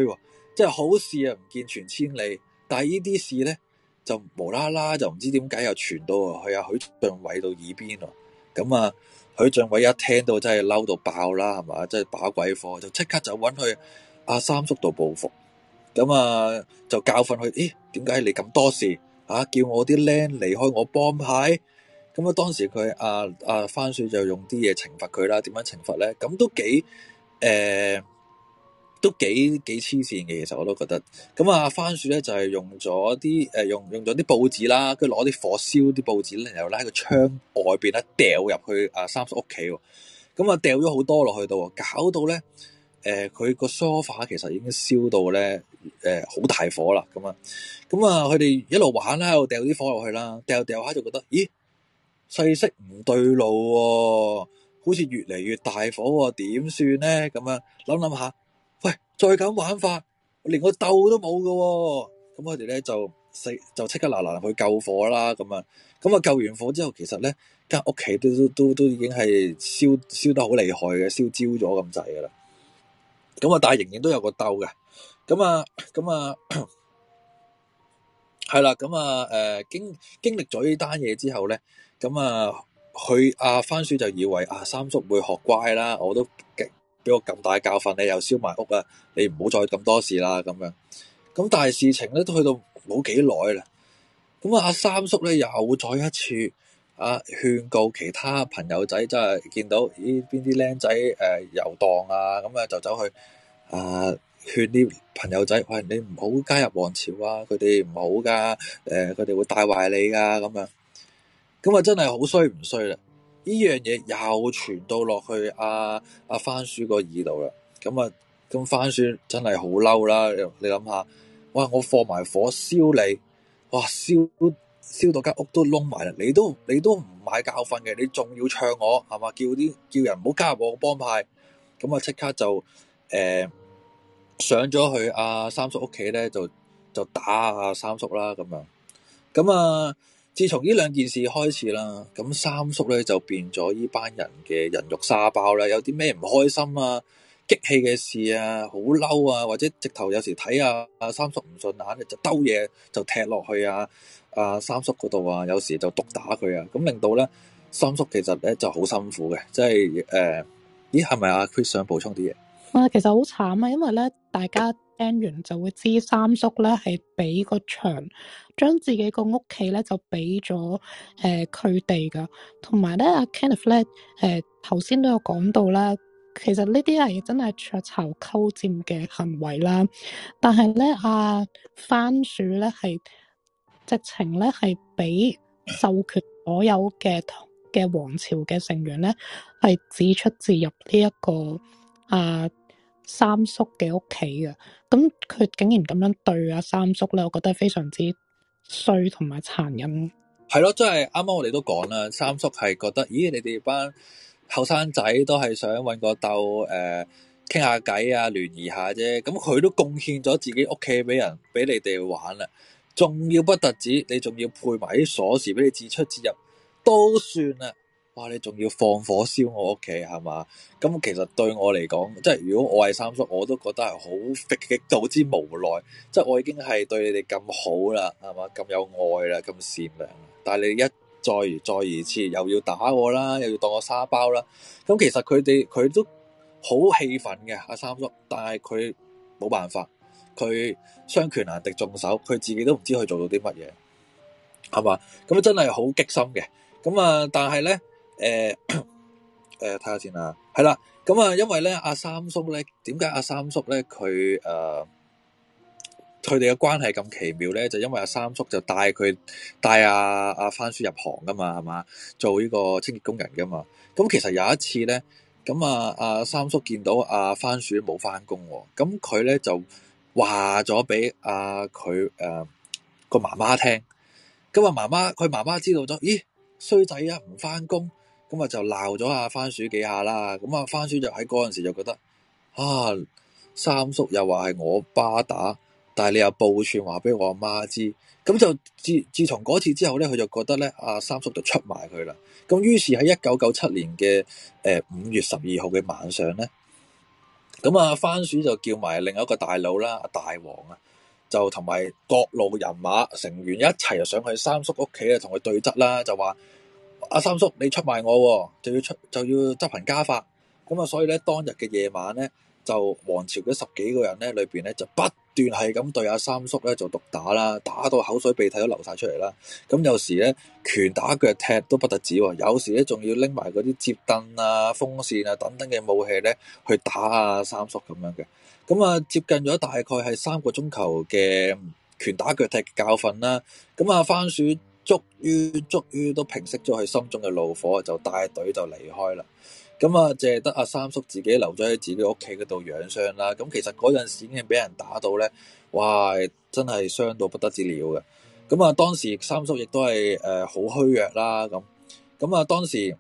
S1: 即係好事啊，唔見全千里，但係呢啲事咧就無啦啦，就唔知點解又傳到去阿許俊偉度耳邊啊。咁啊，許俊偉一聽到真係嬲到爆啦，係嘛？真係把鬼火，就即刻就搵佢。阿三叔度報復，咁啊就教訓佢，咦、欸？點解你咁多事啊？叫我啲僆離開我幫派，咁啊當時佢阿阿番薯就用啲嘢懲罰佢啦，點樣懲罰咧？咁都幾誒、呃，都幾幾黐線嘅，其實我都覺得。咁啊番薯咧就係、是、用咗啲誒用用咗啲報紙啦，跟住攞啲火燒啲報紙，然後拉喺個窗外邊咧掉入去阿、啊、三叔屋企，咁啊掉咗好多落去度，搞到咧。誒，佢個、呃、梳化其實已經燒到咧，誒、呃、好大火啦，咁啊，咁啊，佢哋一路玩啦，又掉啲火落去啦，掉掉下就覺得，咦，勢色唔對路喎、哦，好似越嚟越大火喎、哦，點算咧？咁啊，諗諗下，喂，再咁玩法，連個竇都冇噶、哦，咁佢哋咧就四就即刻嗱嗱去救火啦，咁啊，咁啊救完火之後，其實咧間屋企都都都都已經係燒燒得好厲害嘅，燒焦咗咁滯噶啦。咁啊，但係仍然都有個斗嘅。咁、 呃、啊，咁啊，係啦。咁啊，誒，經經歷咗呢單嘢之後咧，咁啊，佢阿番薯就以為阿、啊、三叔會學乖啦。我都俾我咁大教訓，你又燒埋屋啊，你唔好再咁多事啦。咁樣咁，但係事情咧都去到冇幾耐啦。咁啊，阿三叔咧又再一次。啊！勸告其他朋友仔，真係見到呢邊啲僆仔誒遊蕩啊，咁啊就走去啊、呃、勸啲朋友仔，喂，你唔好加入王朝啊，佢哋唔好噶，誒佢哋會帶壞你噶咁啊，咁啊真係好衰唔衰啦！呢樣嘢又傳到落去阿阿番薯個耳度啦，咁啊，咁番薯真係好嬲啦！你諗下，哇我放埋火燒你，哇燒！燒到間屋都燶埋啦！你都你都唔買教訓嘅，你仲要唱我係嘛？叫啲叫人唔好加入我個幫派，咁啊即刻就誒、呃、上咗去阿、啊、三叔屋企咧，就就打阿、啊、三叔啦咁樣。咁、嗯、啊、嗯，自從呢兩件事開始啦，咁三叔咧就變咗呢班人嘅人肉沙包啦，有啲咩唔開心啊，激氣嘅事啊，好嬲啊，或者直頭有時睇阿阿三叔唔順眼咧，就兜嘢就踢落去啊，阿、啊、三叔嗰度啊，有時就毒打佢啊，咁令到咧三叔其實咧就好辛苦嘅，即係誒，咦係咪阿 Chris？佢想補充啲嘢？
S3: 啊，其實好慘啊，因為咧大家 a 聽完就會知三叔咧係俾個場，將自己個屋企咧就俾咗誒佢哋噶，同埋咧阿 Kenneth 誒頭先都有講到啦。其實呢啲係真係雀巢鳩佔嘅行為啦，但係咧，阿番薯咧係直情咧係俾授權所有嘅嘅皇朝嘅成員咧係指出自入呢、這、一個阿、啊、三叔嘅屋企嘅，咁佢竟然咁樣對阿三叔咧，我覺得非常之衰同埋殘忍。
S1: 係咯，即係啱啱我哋都講啦，三叔係覺得，咦，你哋班後生仔都係想搵個竇，誒傾下偈啊，聯誼下啫。咁佢都貢獻咗自己屋企俾人，俾你哋玩啦。仲要不特止，你仲要配埋啲鎖匙俾你自出自入，都算啦。哇！你仲要放火燒我屋企，係嘛？咁其實對我嚟講，即係如果我係三叔，我都覺得係好，極度之無奈。即係我已經係對你哋咁好啦，係嘛？咁有愛啦，咁善良。但係你一再而再而次，又要打我啦，又要當我沙包啦。咁其實佢哋佢都好氣憤嘅，阿三叔。但係佢冇辦法，佢雙拳難敵眾手，佢自己都唔知佢做到啲乜嘢，係嘛？咁真係好激心嘅。咁啊，但係咧，誒、呃、誒，睇下、呃、先啦。係啦，咁啊，因為咧，阿三叔咧，點解阿三叔咧，佢，誒？呃佢哋嘅關係咁奇妙咧，就是，因為阿三叔就帶佢帶阿阿番薯入行噶嘛，係嘛？做呢個清潔工人噶嘛？咁其實有一次咧，咁啊阿三叔見到阿、啊、番薯冇翻工，咁佢咧就話咗俾阿佢誒個媽媽聽。咁啊媽媽，佢媽媽知道咗，咦衰仔啊唔翻工，咁啊就鬧咗阿番薯幾下啦。咁啊番薯就喺嗰陣時就覺得，啊三叔又話係我巴打。但係你又報串話俾我阿媽知，咁就自自從嗰次之後咧，佢就覺得咧阿、啊、三叔就出賣佢啦。咁於是喺一九九七年嘅誒五月十二號嘅晚上咧，咁啊番薯就叫埋另一個大佬啦，阿、啊、大王啊，就同埋各路人馬成員一齊上去三叔屋企啊，同佢對質啦，就話阿三叔你出賣我，哦，就要出就要執行家法。咁啊，所以咧當日嘅夜晚咧，就王朝嘅十幾個人咧裏邊咧就不。算係咁對阿三叔咧就毒打啦，打到口水鼻涕都流晒出嚟啦。咁有時咧拳打腳踢都不特止，有時咧仲要拎埋嗰啲摺凳啊、風扇啊等等嘅武器咧去打阿、啊、三叔咁樣嘅。咁啊接近咗大概係三個鐘頭嘅拳打腳踢教訓啦。咁啊番薯終於終於都平息咗佢心中嘅怒火，就帶隊就離開啦。咁啊，淨係得阿三叔自己留咗喺自己屋企嗰度養傷啦。咁其實嗰陣時已經俾人打到咧，哇，真係傷到不得了嘅。咁啊，當時三叔亦都係誒好虛弱啦。咁咁啊，當時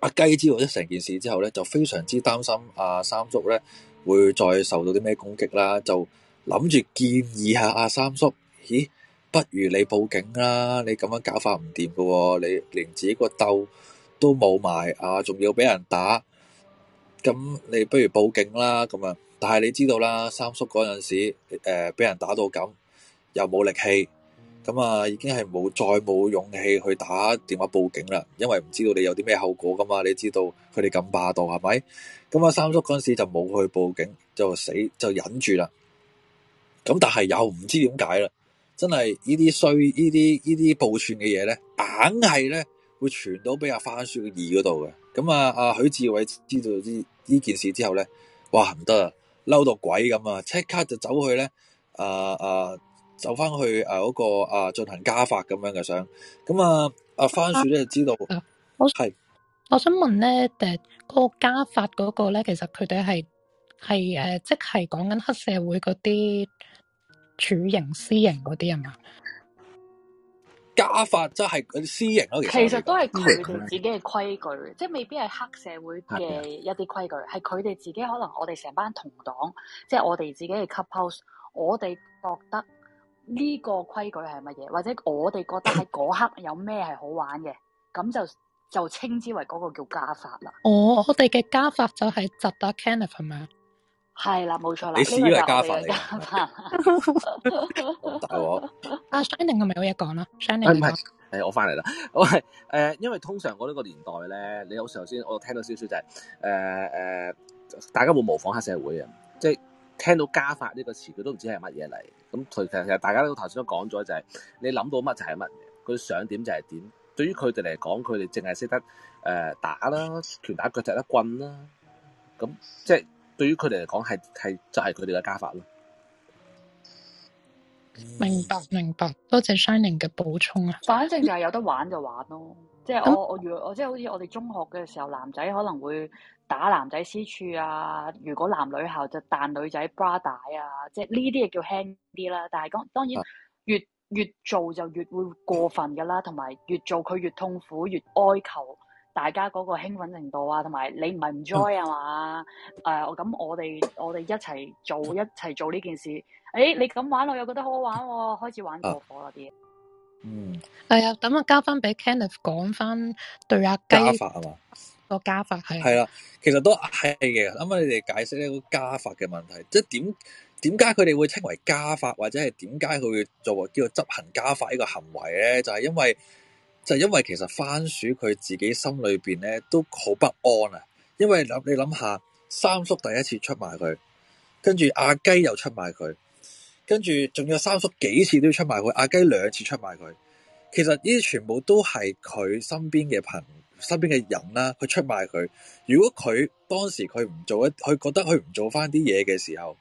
S1: 阿雞知道咗成件事之後咧，就非常之擔心阿三叔咧會再受到啲咩攻擊啦，就諗住建議下阿三叔，咦，不如你報警啦，你咁樣搞法唔掂噶，你連自己個竇，都冇埋啊！仲要俾人打，咁你不如報警啦。咁啊，但係你知道啦，三叔嗰陣時誒俾、呃、人打到咁，又冇力氣，咁啊已經係冇再冇勇氣去打電話報警啦，因為唔知道你有啲咩後果噶嘛。你知道佢哋咁霸道係咪？咁啊，三叔嗰陣時就冇去報警，就死就忍住啦。咁但係又唔知點解啦，真係呢啲衰呢啲呢啲暴串嘅嘢咧，硬係咧。會傳到俾阿番薯二嗰度嘅，咁啊阿許志偉知道呢呢件事之後咧，哇唔得啊，嬲到鬼咁啊，即刻就走去咧，啊啊走翻去誒、那、嗰個啊進行家法咁樣嘅相。咁啊阿、啊、番薯咧就知道係，
S3: 我想問咧誒嗰個家法嗰個咧，其實佢哋係係誒即係講緊黑社會嗰啲處刑、私刑嗰啲人啊嘛。
S1: 家法即係私刑其，這個、其實都係佢哋自己
S4: 嘅規矩， 即係未必係黑社會嘅一啲規矩，係佢哋自己可能我哋成班同黨，即係我哋自己嘅 couple，我哋覺得呢個規矩係乜嘢，或者我哋覺得喺嗰刻有咩係好玩嘅，咁 就就稱之為嗰個叫家法啦。
S3: 哦，我哋嘅家法就係集打 can of 係咪啊？係啦，冇錯啦，錯，你死係家法嚟，大我阿 Shining 係咪有嘢講啦？Shining 唔係，
S6: 係我翻嚟啦。我誒， 因為通常我呢個年代咧，你有時候先我聽到少少就係誒誒，大家會模仿黑社會啊，即、就、係、是、聽到家法呢個詞，佢都唔知係乜嘢嚟。咁其其實大家都頭先都講咗、就是，就係你諗到乜就係乜嘅，佢想點就係點。對於佢哋嚟講，佢哋淨係識得誒、呃、打啦，拳打腳踢啦，棍啦，咁即係。對於佢哋嚟講，係係就係佢哋嘅家法咯。
S3: 明白明白，多謝 Shining 嘅補充啊！
S4: 反正就係有得玩就玩咯。即、就、係、是、我、嗯、我如我即係好似我哋中學嘅時候，男仔可能會打男仔私處啊，如果男女校就彈女仔 bra 帶啊，即係呢啲嘢，叫輕啲啦。但係講當然越、嗯、越做就越會過分噶啦，同埋越做佢越痛苦越哀求。大家嗰個興奮程度啊，同埋你唔係唔 joy 啊嘛？誒、嗯，咁、呃、我哋我哋一齊做一齊做呢件事。誒、欸，你咁玩我又覺得好好玩喎、哦，開始玩過
S3: 火啦啲、啊。嗯，係啊、哎，等我交翻俾 Kenneth 講翻對阿雞家法係嘛？個家法係。係
S1: 啊，其實都係嘅。啱啱你哋解釋呢個家法嘅問題，即係點點解佢哋會稱為家法，或者係點解佢作為叫做執行家法呢個行為咧？就係、是、因為。就因為其實番薯佢自己心裏邊咧都好不安啊，因為諗你諗下，三叔第一次出賣佢，跟住阿雞又出賣佢，跟住仲有三叔幾次都要出賣佢，阿雞兩次出賣佢，其實呢啲全部都係佢身邊嘅朋身邊嘅人啦，佢出賣佢。如果佢當時佢唔做一，佢覺得佢唔做翻啲嘢嘅時候，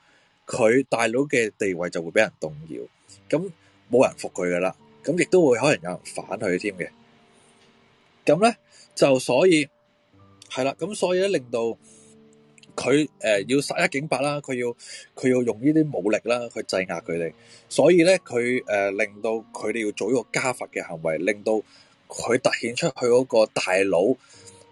S1: 佢大佬嘅地位就會俾人動搖，咁冇人服佢噶啦。咁亦都會可能有人反佢添嘅，咁咧就所以係啦，咁所以咧令到佢誒、呃、要殺一儆百啦，佢要佢要用呢啲武力啦去制壓佢哋，所以咧佢誒令到佢哋要做一個家法嘅行為，令到佢凸顯出去嗰個大佬，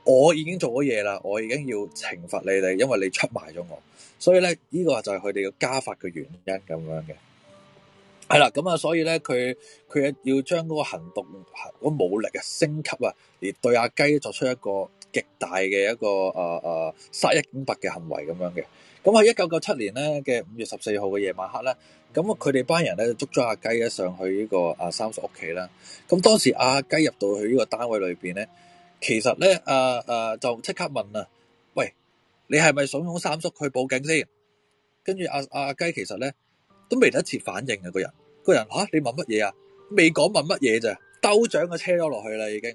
S1: 我已經做咗嘢啦，我已經要懲罰你哋，因為你出賣咗我，所以咧呢、這個就係佢哋嘅家法嘅原因咁樣嘅。係啦，咁啊，所以咧，佢佢要將嗰個行動，嗰，嗰個武力啊升級啊，而對阿雞作出一個極大嘅一個啊啊殺一儆百嘅行為咁樣嘅。咁喺一九九七年咧嘅五月十四號嘅夜晚黑咧，咁佢哋班人咧捉咗阿雞咧上去呢個阿三叔屋企啦。咁當時阿雞入到去呢個單位裏邊咧，其實咧啊啊就即刻問啊，喂，你係咪想慫恿三叔去報警先？跟住阿阿雞其實咧都未得切反應啊個人。個人吓、啊，你問乜嘢啊？未講問乜嘢咋，兜掌就車咗落去啦已經。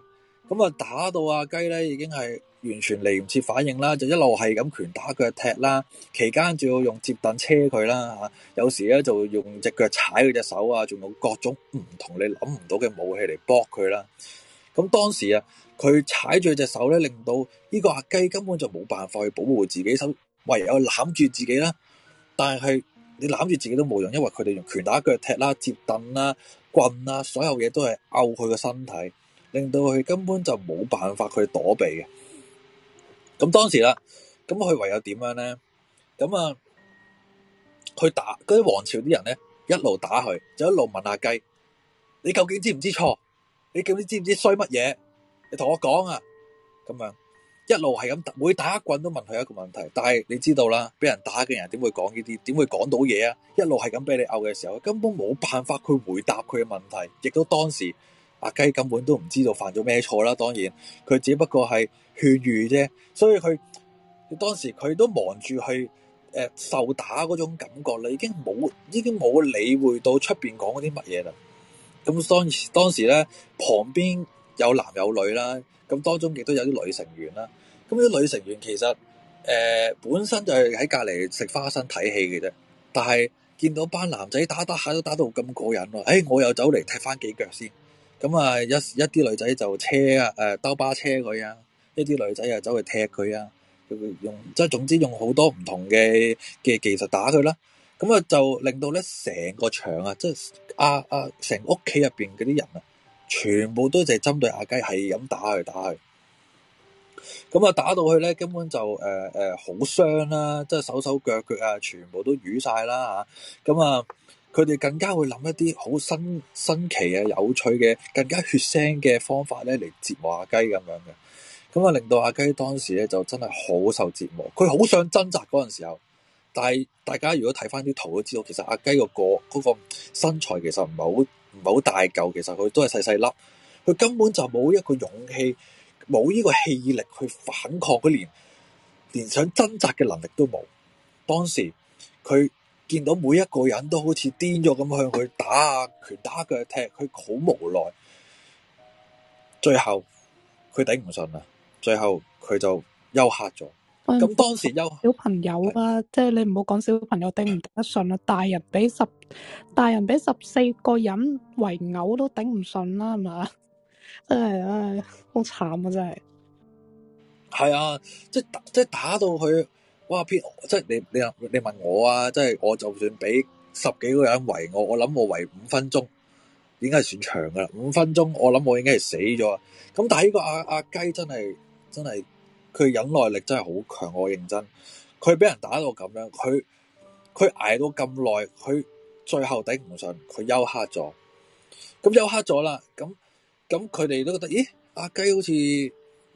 S1: 咁啊，打到阿雞咧，已經係完全嚟唔切反應啦，就一路係咁拳打腳踢啦。期間仲要用摺凳車佢啦，吓、啊，有時咧就用隻腳踩佢隻手啊，仲有各種唔同你諗唔到嘅武器嚟搏佢啦。咁、啊、當時啊，佢踩住隻手咧，令到呢個阿雞根本就冇辦法去保護自己手，唯有攬住自己啦。但係，你攬住自己都冇用，因為佢哋用拳打腳踢啦、摺凳啦、棍啦，所有嘢都係毆佢個身體，令到佢根本就冇辦法去躲避嘅。咁當時啦，咁佢唯有點樣咧？咁啊，去打嗰啲王朝啲人咧，一路打佢，就一路問下雞：你究竟知唔知錯？你究竟知唔知衰乜嘢？你同我講啊！咁樣。一路係咁每打一棍都問佢一個問題，但係你知道啦，俾人打嘅人點會講呢啲？點會講到嘢啊？一路係咁俾你毆嘅時候，根本冇辦法去回答佢嘅問題，亦都當時阿雞、啊、根本都唔知道犯咗咩錯啦。當然，佢只不過係勸喻啫。所以佢當時佢都忙住去誒、呃、受打嗰種感覺，你已經冇已經冇理會到出邊講嗰啲乜嘢啦。咁當當時咧，旁邊有男有女啦。咁當中亦都有啲女成員啦，咁啲女成員其實誒、呃、本身就係喺隔離食花生睇戲嘅啫，但係見到班男仔打打下都打到咁過癮喎，誒、哎、我又走嚟踢翻幾腳先，咁啊一一啲女仔就車啊誒、呃、兜巴車佢啊，一啲女仔又走去踢佢啊，用即係總之用好多唔同嘅嘅技術打佢啦，咁啊就令到咧成個場啊，即係啊啊成屋企入邊嗰啲人啊～全部都就係針對阿雞，係咁打去打去，咁啊打到佢咧，根本就誒誒好傷啦，即係手手腳腳啊，全部都瘀晒啦吓，咁啊佢哋，嗯，更加會諗一啲好新新奇啊，有趣嘅，更加血腥嘅方法咧嚟折磨阿雞咁樣嘅，咁啊，嗯，令到阿雞當時咧就真係好受折磨，佢好想掙扎嗰陣時候，但係大家如果睇翻啲圖都知道，其實阿雞個個，嗰個身材其實唔係好。唔係好大嚿，其實佢都係細細粒，佢根本就冇一個勇氣，冇呢個氣力去反抗，佢連連想掙扎嘅能力都冇。當時佢見到每一個人都好似癲咗咁向佢打啊，拳打腳踢，佢好無奈。最後佢頂唔順啦，最後佢就休克咗。咁當時
S3: 有的小朋友啊，的即係你唔好講小朋友頂唔頂得順啦，大人俾十大人俾十四個人圍毆都頂唔順啦，係嘛？唉、哎、唉，好、哎、慘啊，真係。
S1: 係啊，即係即係打，打到佢，哇！偏即係你你你問我啊，即係我就算俾十幾個人圍我，我諗我圍五分鐘，應該係算長噶啦。五分鐘我諗我應該係死咗。咁但係呢個阿阿雞真係真係。真佢忍耐力真係好強，我認真。佢俾人打到咁樣，佢佢挨到咁耐，佢最後頂唔順，佢休克咗。咁休克咗啦，咁咁佢哋都覺得，咦，阿雞好似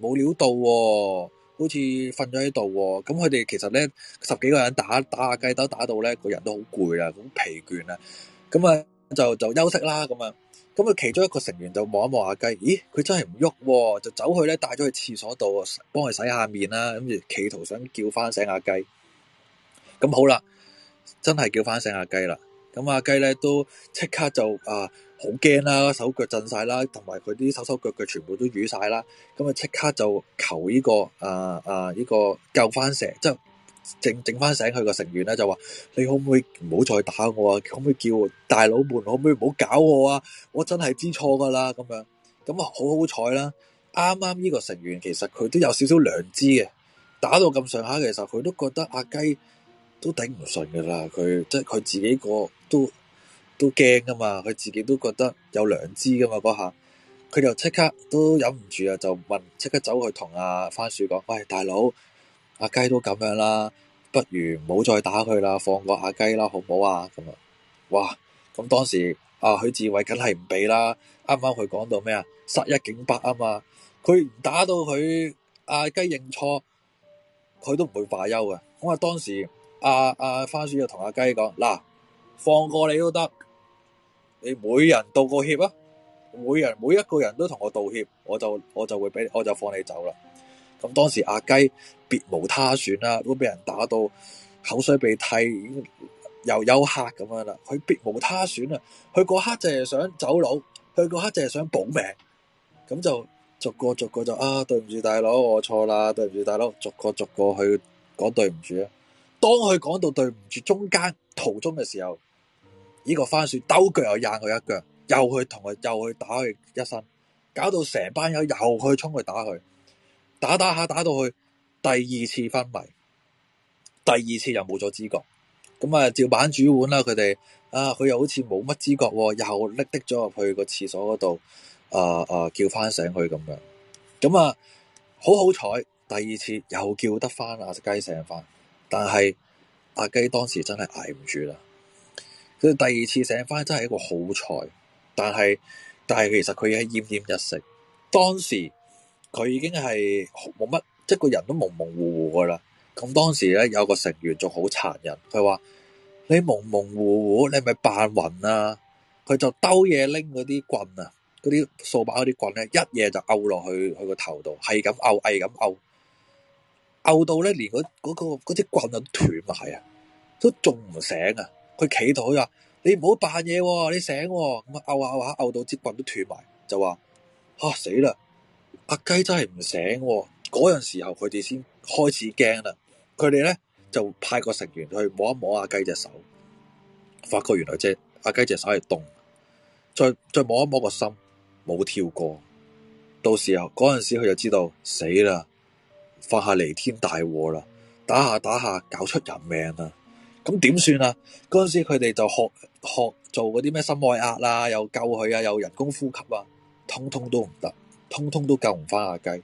S1: 冇料到喎，好似瞓咗喺度喎。咁佢哋其實咧十幾個人打打阿雞都打到咧個人都好攰啦，好疲倦啦，咁啊就就休息啦，咁啊。咁佢其中一個成員就望一望阿雞，咦，佢真係唔喐，就走去咧帶咗去廁所度幫佢洗下面啦，咁住企圖想叫翻醒阿雞。咁好啦，真係叫翻醒阿雞啦。咁阿雞咧都即刻就啊好驚啦，手腳震晒啦，同埋佢啲手手腳腳全部都瘀晒啦。咁啊即刻就求呢、呢個啊啊呢個救翻蛇，即係。整整翻醒佢個成員啦，就話，你可唔可以唔好再打我啊？可唔可以叫大佬們可唔可以唔好搞我啊？我真係知錯噶啦，咁樣咁啊，好好彩啦！啱啱呢個成員其實佢都有少少良知嘅，打到咁上下其實佢都覺得阿雞都頂唔順噶啦，佢即係佢自己個都都驚噶嘛，佢自己都覺得有良知噶嘛嗰下，佢就即刻都忍唔住啊，就問即刻走去同阿番薯講：喂，大佬！阿雞都咁樣啦，不如唔好再打佢啦，放過阿雞啦，好唔好啊？咁啊，哇！咁當時阿許志偉梗係唔俾啦。啱啱佢講到咩啊？殺一儆百啊嘛！佢唔打到佢阿雞認錯，佢都唔會罷休嘅。咁啊，當時，啊，阿阿番薯就同阿雞講：嗱，放過你都得，你每人道個歉啊！每人每一個人都同我道歉，我就我就會俾，我就放你走啦。咁當時阿雞別無他選啦，啊，都俾人打到口水鼻涕，又休克咁樣啦。佢別無他選啊！佢嗰刻淨係想走佬，佢嗰刻淨係想保命。咁就逐個逐個就啊，對唔住大佬，我錯啦，對唔住大佬，逐個逐個去講對唔住，啊。當佢講到對唔住中間途中嘅時候，呢個番薯兜腳又踹佢一腳，又去同佢又去打佢一身，搞到成班友又去衝去打佢。打打下打到去，第二次昏迷，第二次又冇咗知覺。咁啊，照板煮碗啦，佢哋啊，佢又好似冇乜知覺，又拎拎咗入去個廁所嗰度，啊啊叫翻醒佢咁樣。咁啊，好好彩，第二次又叫得翻阿隻雞醒翻。但係阿雞當時真係捱唔住啦。佢第二次醒翻真係一個好彩，但係但係其實佢係奄奄一息，當時。佢已經係冇乜，即係個人都蒙蒙糊糊噶啦。咁當時咧有個成員仲好殘忍，佢話你蒙蒙糊糊，你係咪扮暈啊？佢就兜嘢拎嗰啲棍啊，嗰啲掃把嗰啲棍咧，一夜就毆落去佢個頭度，係咁毆，係咁毆，毆到咧連嗰個嗰隻棍都斷埋啊，都仲唔醒啊？佢企台啊，你唔好扮嘢，你醒，咁啊毆下毆下，毆到支棍都斷埋，就話吓、啊、死啦！阿雞真係唔醒、啊，嗰陣時候佢哋先開始驚啦。佢哋咧就派個成員去摸一摸阿雞隻手，發覺原來隻、就是、阿雞隻手係凍。再再摸一摸個心，冇跳過。到時候嗰陣時佢就知道死啦，發下彌天大禍啦，打下打下搞出人命啦。咁點算啊？嗰陣時佢哋就學學做嗰啲咩心外壓啊，又救佢啊，又人工呼吸啊，通通都唔得。通通都救唔翻阿雞，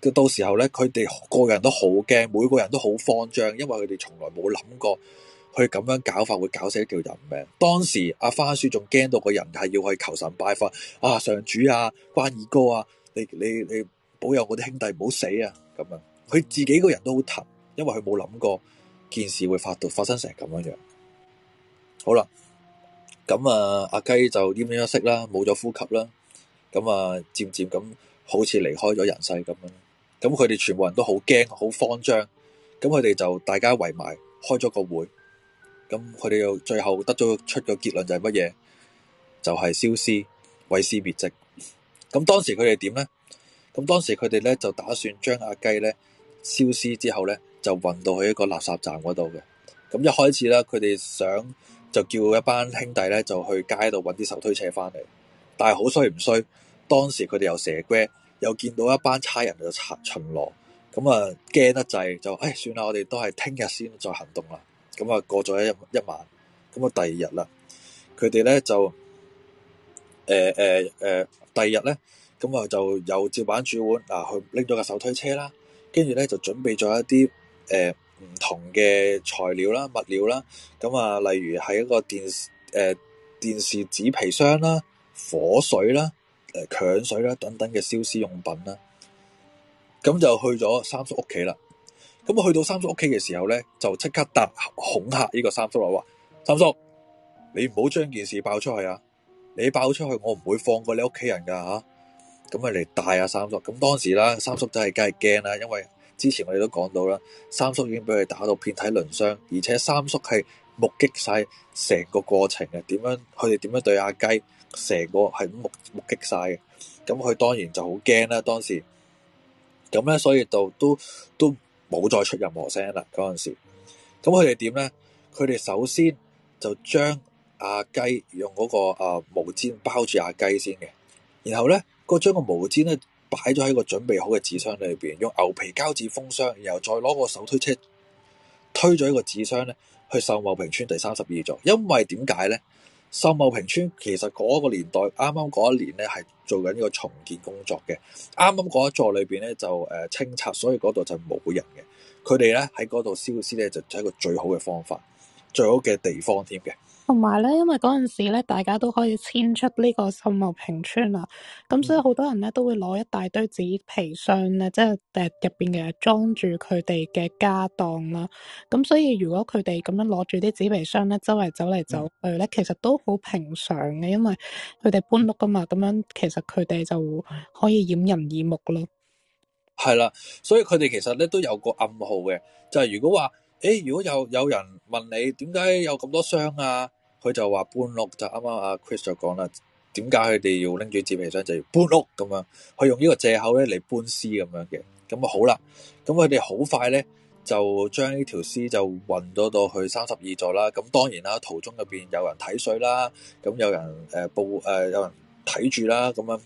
S1: 到到時候咧，佢哋個人都好驚，每個人都好慌張，因為佢哋從來冇諗過佢咁樣搞法會搞死一條人命。當時阿花叔仲驚到個人係要去求神拜佛啊！上主啊，關二哥啊，你你你保佑我啲兄弟唔好死啊！咁啊，佢自己個人都好疼，因為佢冇諗過件事會發到發生成咁樣樣。好啦，咁啊，阿雞就奄奄一息啦，冇咗呼吸啦。咁啊，漸漸咁好似離開咗人世咁樣，咁佢哋全部人都好驚，好慌張，咁佢哋就大家圍埋開咗個會，咁佢哋又最後得咗出個結論就係乜嘢，就係、是、燒屍、毀屍滅跡。咁當時佢哋點呢？咁當時佢哋咧就打算將阿雞咧燒屍之後咧就運到去一個垃圾站嗰度嘅。咁一開始啦，佢哋想就叫一班兄弟咧就去街度搵啲手推車翻嚟，但係好衰唔衰？當時佢哋又蛇龜，又見到一班差人就巡巡邏咁啊，驚得滯就誒、哎、算啦，我哋都係聽日先再行動啦。咁啊，過咗一一晚，咁啊第二日啦，佢哋咧就誒誒誒第二日咧，咁啊就又照板主碗照板煮碗啊，去拎咗架手推車啦，跟住咧就準備咗一啲誒唔同嘅材料啦、物料啦，咁啊，例如係一個電誒、呃、電視紙皮箱啦、火水啦。鏹水啦，等等嘅燒屍用品啦，咁就去咗三叔屋企啦。咁去到三叔屋企嘅時候咧，就即刻搭恐嚇呢個三叔話，三叔，你唔好將件事爆出去啊！你爆出去，我唔會放過你屋企人噶吓、啊。咁嚟帶阿、啊、三叔。咁當時啦，三叔真係梗係驚啦，因為之前我哋都講到啦，三叔已經俾佢哋打到遍體鱗傷，而且三叔係目擊晒成個過程嘅，點樣佢哋點樣對阿雞。成個係咁目目擊晒嘅，咁佢當然就好驚啦。當時咁咧，所以就都都冇再出任何聲啦。嗰陣時，咁佢哋點咧？佢哋首先就將阿、啊、雞用嗰個啊毛氈包住阿、啊、雞先嘅，然後咧個將個毛氈咧擺咗喺個準備好嘅紙箱裏邊，用牛皮膠紙封箱，然後再攞個手推車推咗一個紙箱咧去秀茂坪村第三十二座。因為點解咧？秀茂坪村其實嗰個年代啱啱嗰一年咧係做緊呢個重建工作嘅，啱啱嗰一座裏邊咧就誒清拆，所以嗰度就冇人嘅。佢哋咧喺嗰度消失咧就係一個最好嘅方法，最好嘅地方添嘅。
S3: 同埋咧，因為嗰陣時咧，大家都可以遷出呢個秀茂坪村啦，咁所以好多人咧都會攞一大堆紙皮箱咧，即係誒入邊嘅裝住佢哋嘅家當啦。咁所以如果佢哋咁樣攞住啲紙皮箱咧，周圍走嚟走去咧，嗯、其實都好平常嘅，因為佢哋搬屋噶嘛。咁樣其實佢哋就可以掩人耳目咯。
S1: 係啦，所以佢哋其實咧都有個暗號嘅，就係、是、如果話誒、欸，如果有有人問你點解有咁多箱啊？佢就話搬屋，就啱啱阿 Chris 就講啦，點解佢哋要拎住紙皮箱就要搬屋咁樣？佢用呢個借口咧嚟搬屍咁樣嘅。咁啊好啦，咁佢哋好快咧就將呢條屍就運咗到去三十二座啦。咁當然啦，途中入邊有人睇水啦，咁有人誒報誒，有人睇住啦，咁樣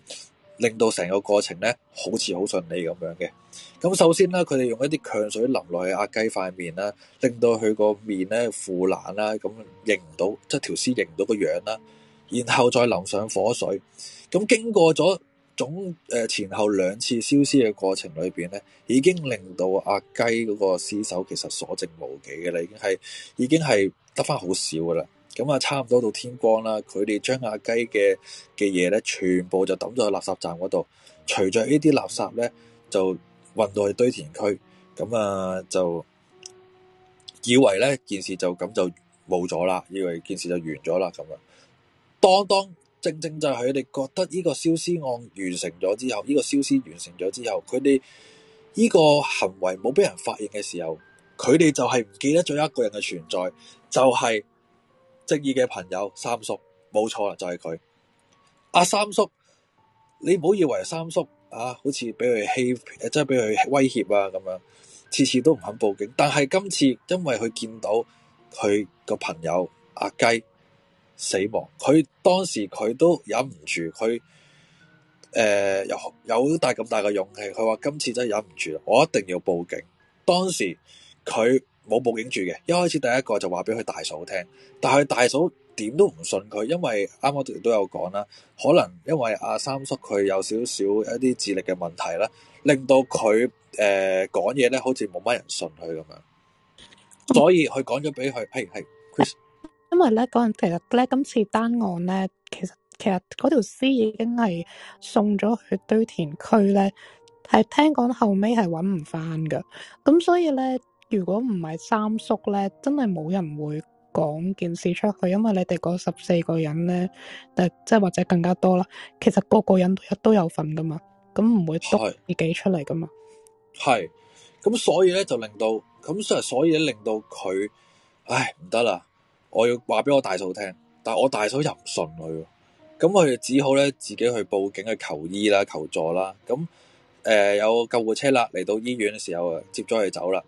S1: 令到成個過程咧好似好順利咁樣嘅。咁首先咧，佢哋用一啲強水淋落去阿雞塊面啦，令到佢個面咧腐爛啦，咁認唔到即係條屍認唔到個樣啦。然後再淋上火水，咁經過咗總誒、呃、前後兩次燒屍嘅過程裏邊咧，已經令到阿雞嗰個屍首其實所剩無幾嘅啦，已經係已經係得翻好少嘅啦。咁啊，差唔多到天光啦，佢哋將阿雞嘅嘅嘢咧，全部就抌咗去垃圾站嗰度，隨着呢啲垃圾咧就，運到去堆填區，咁啊就以為咧件事就咁就冇咗啦，以為件事就完咗啦咁啊。當當正正就係佢哋覺得呢個燒屍案完成咗之後，呢、這個燒屍完成咗之後，佢哋呢個行為冇俾人發現嘅時候，佢哋就係唔記得咗一個人嘅存在，就係職業嘅朋友三叔，冇錯啦，就係、是、佢。阿、啊、三叔，你唔好以為三叔。啊！好似俾佢欺，誒，係俾佢威脅啊，咁樣，次次都唔肯報警。但係今次因為佢見到佢個朋友阿、啊、雞死亡，佢當時佢都忍唔住，佢誒、呃、有有大咁大嘅勇氣，佢話今次真係忍唔住啦，我一定要報警。當時佢冇報警住嘅，一開始第一個就話俾佢大嫂聽，但係大嫂點都唔信佢，因為啱啱都有講啦，可能因為阿三叔佢有少少一啲智力嘅問題啦，令到佢誒講嘢咧，好似冇乜人信佢咁樣，所以佢講咗俾佢，譬如，嗯 hey, hey, Chris，
S3: 因為咧嗰陣其實咧今次單案咧，其實其實嗰條屍已經係送咗去堆填區咧，係聽講後尾係揾唔翻噶，咁所以咧，如果唔係三叔咧，真係冇人會。講件事出去，因為你哋嗰十四個人咧，誒，即係或者更加多啦。其實個個人都都有份噶嘛，咁唔會篤自己出嚟噶嘛。
S1: 係咁，所以咧就令到咁，所以咧令到佢，唉，唔得啦，我要話俾我大嫂聽，但係我大嫂又唔信佢，咁我就只好咧自己去報警去求醫啦，求助啦。咁誒、呃，有救護車啦，嚟到醫院嘅時候啊，接咗佢走啦。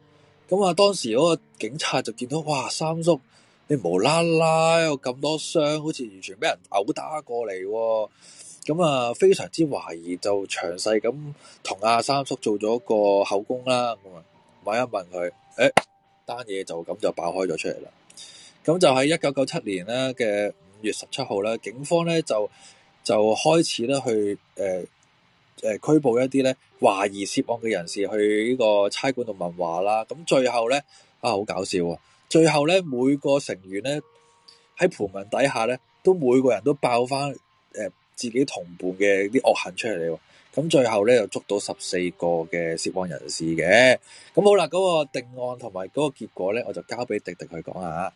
S1: 咁啊，當時嗰個警察就見到，哇，三叔。無啦啦有咁多傷，好似完全俾人毆打過嚟，咁啊非常之懷疑，就詳細咁同阿三叔做咗個口供啦。咁啊問一問佢，誒單嘢就咁就爆開咗出嚟啦。咁就喺一九九七年咧嘅五月十七號咧，警方咧就就開始咧去誒誒、呃呃、拘捕一啲咧懷疑涉案嘅人士去呢個差館度問話啦。咁最後咧啊好搞笑啊！最後咧，每個成員咧喺盤問底下咧，都每個人都爆翻誒、呃、自己同伴嘅啲惡行出嚟。咁最後咧又捉到十四個嘅涉案人士嘅。咁好啦，嗰、嗰個定案同埋嗰個結果咧，我就交俾迪迪去講下。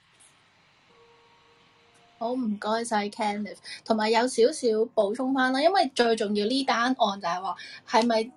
S5: 好唔該晒 Kenneth 同埋有少少補充翻啦，因為最重要呢單案就係話係咪誒，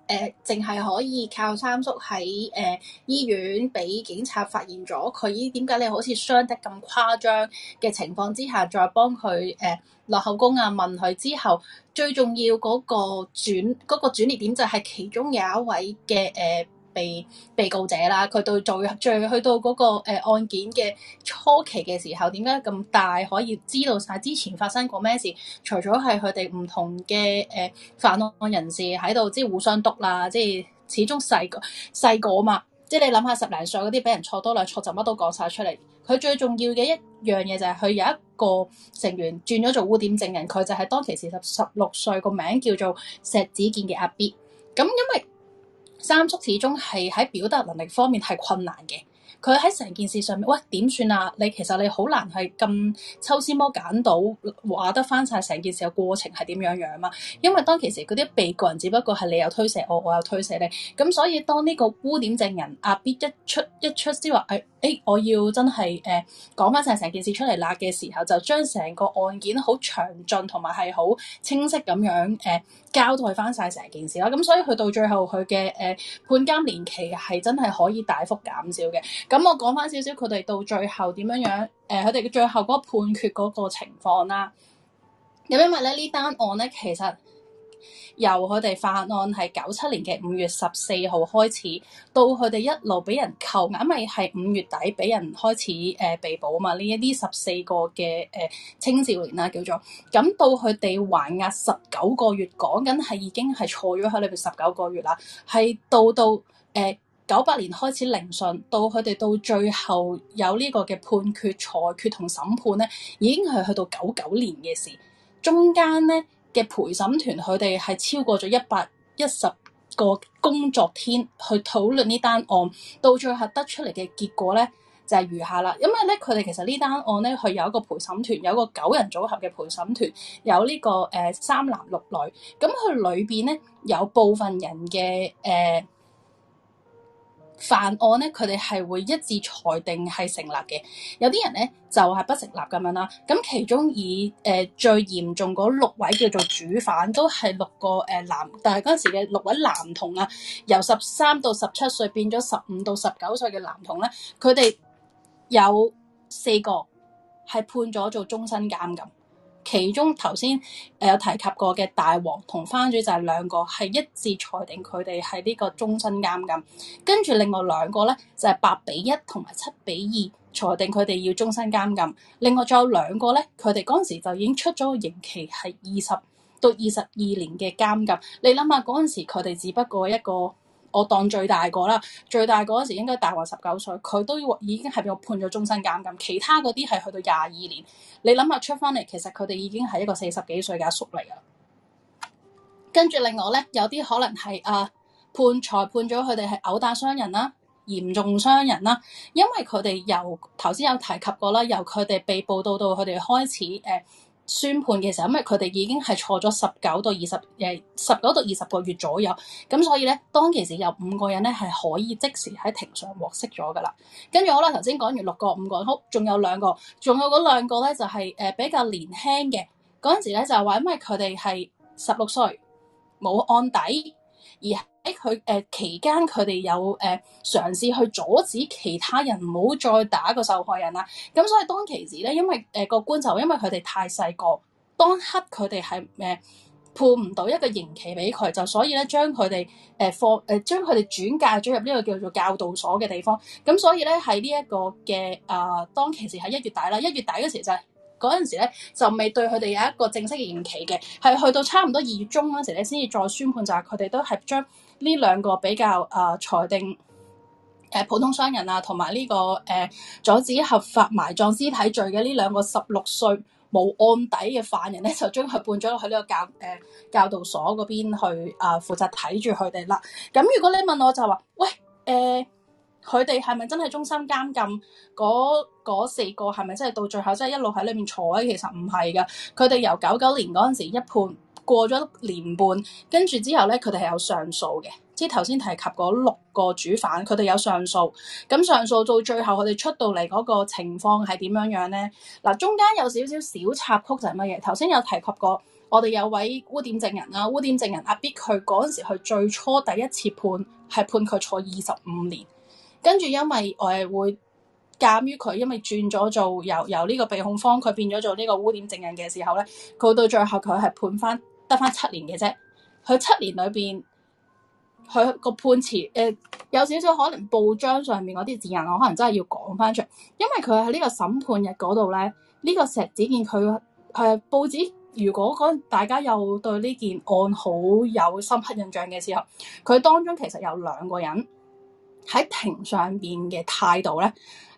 S5: 淨係、呃、可以靠三叔喺誒醫院俾警察發現咗佢？點解你好似傷得咁誇張嘅情況之下，再幫佢誒、呃、落口供啊？問佢之後，最重要嗰個轉嗰、嗰個轉捩點就係其中有一位嘅誒。呃被被告者啦，佢到最最去到嗰、那個誒、呃、案件嘅初期嘅時候，點解咁大可以知道晒之前發生過咩事？除咗係佢哋唔同嘅誒犯案人士喺度，即係互相篤啦，即係始終細個細個啊嘛。即係你諗下十零歲嗰啲俾人錯多啦，錯就乜都講晒出嚟。佢最重要嘅一樣嘢就係、是、佢有一個成員轉咗做污點證人，佢就係當其時十十六歲個名叫做石子健嘅阿 B。咁因為。三叔始終係喺表達能力方面係困難嘅，佢喺成件事上面，喂，點算啊？你其實你好難係咁抽絲剝繭到話得翻晒成件事嘅過程係點樣樣啊？因為當其時嗰啲被告人只不過係你又推卸我，我又推卸你，咁所以當呢個污點證人阿、啊、必一出一出先話誒，我要真係誒講翻晒成件事出嚟吶嘅時候，就將成個案件好詳盡同埋係好清晰咁樣誒。呃交代翻晒成件事啦，咁所以佢到最後佢嘅誒判監年期係真係可以大幅減少嘅。咁我講翻少少佢哋到最後點樣樣，誒佢哋嘅最後嗰個判決嗰個情況啦。因為咧呢單案咧其實。由佢哋犯案係九七年嘅五月十四號開始，到佢哋一路俾人扣押，咪係五月底俾人開始誒、呃、被捕啊嘛？呢一啲十四個嘅誒青少年啦，叫做咁，到佢哋還押十九個月，講緊係已經係坐咗喺裏邊十九個月啦，係到到誒九八年開始聆訊，到佢哋到最後有呢個嘅判決、裁決同審判咧，已經係去到九九年嘅事，中間咧，嘅陪審團佢哋係超過咗一百一十個工作天去討論呢單案，到最後得出嚟嘅結果咧就係、是、如下啦。因為咧佢哋其實呢單案咧，佢有一個陪審團，有一個九人組合嘅陪審團，有呢、這個誒、呃、三男六女，咁佢裏邊咧有部分人嘅誒。呃犯案咧，佢哋係會一致裁定係成立嘅。有啲人咧就係、是、不成立咁樣啦。咁其中以誒、呃、最嚴重嗰六位叫做主犯，都係六個誒、呃、男，但係嗰陣時嘅六位男童啊，由十三到十七歲變咗十五到十九歲嘅男童咧，佢哋有四個係判咗做終身監禁。其中頭先誒有提及過嘅大王同番主就係兩個係一致裁定佢哋係呢個終身監禁，跟住另外兩個咧就係、是、八比一同埋七比二裁定佢哋要終身監禁，另外仲有兩個咧佢哋嗰陣時就已經出咗刑期係二十到二十二年嘅監禁，你諗下嗰陣時佢哋只不過一個。我當最大個啦，最大嗰陣時應該大我十九歲，佢都已經係俾我判咗終身監禁。其他嗰啲係去到廿二年，你諗下出翻嚟，其實佢哋已經係一個四十幾歲嘅阿叔嚟噶。跟住另外咧，有啲可能係啊判裁判咗佢哋係毆打傷人啦，嚴重傷人啦，因為佢哋由頭先有提及過啦，由佢哋被報道到佢哋開始誒。呃宣判嘅時候，因為佢哋已經係坐咗十九到二十誒十九到二十個月左右，咁所以咧當其時有五個人咧係可以即時喺庭上獲釋咗噶啦。跟住好啦，頭先講完六個五個，好，仲有兩個，仲有嗰兩個咧就係、是、誒、呃、比較年輕嘅嗰陣時咧，就係話因為佢哋係十六歲冇案底。而喺佢誒期間，佢哋有誒、呃、嘗試去阻止其他人唔好再打個受害人啦。咁所以當其時咧，因為誒、呃、個官就因為佢哋太細個，當刻佢哋係誒判唔到一個刑期俾佢，就所以咧將佢哋誒放誒將佢哋轉嫁咗入呢個叫做教導所嘅地方。咁所以咧喺呢一個嘅啊、呃、當其時喺一月底啦，一月底嘅時候就係。嗰陣時咧，就未對佢哋有一個正式嘅刑期嘅，係去到差唔多二月中嗰時咧，先至再宣判，就係佢哋都係將呢兩個比較誒、呃、裁定誒、呃、普通商人普通傷人啊，同埋呢個誒、呃、阻止合法埋葬屍體罪嘅呢兩個十六歲冇案底嘅犯人咧，就將佢判咗落去呢個教誒、呃、教導所嗰邊去啊、呃，負責睇住佢哋啦。咁如果你問我就話，喂誒？呃佢哋係咪真係終身監禁？嗰四個係咪真係到最後真係一路喺裏面坐？其實唔係㗎，佢哋由九九年嗰陣時一判過咗年半，跟住之後咧，佢哋係有上訴嘅。即係頭先提及嗰六個主犯，佢哋有上訴。咁上訴到最後，佢哋出到嚟嗰個情況係點樣樣咧？嗱，中間有少少小插曲就係乜嘢？頭先有提及過，我哋有位污點證人啊，污點證人阿必，佢嗰陣時佢最初第一次判係判佢坐二十五年。跟住，因為我係會鑑於佢，因為轉咗做由由呢個被控方，佢變咗做呢個污點證人嘅時候咧，佢到最後佢係判翻得翻七年嘅啫。佢七年裏邊，佢個判詞誒、呃、有少少可能報章上面嗰啲字眼，我可能真係要講翻出嚟，因為佢喺呢個審判日嗰度咧，呢、這個石子健佢係報紙，如果嗰大家又對呢件案好有深刻印象嘅時候，佢當中其實有兩個人。喺庭上邊嘅態度咧，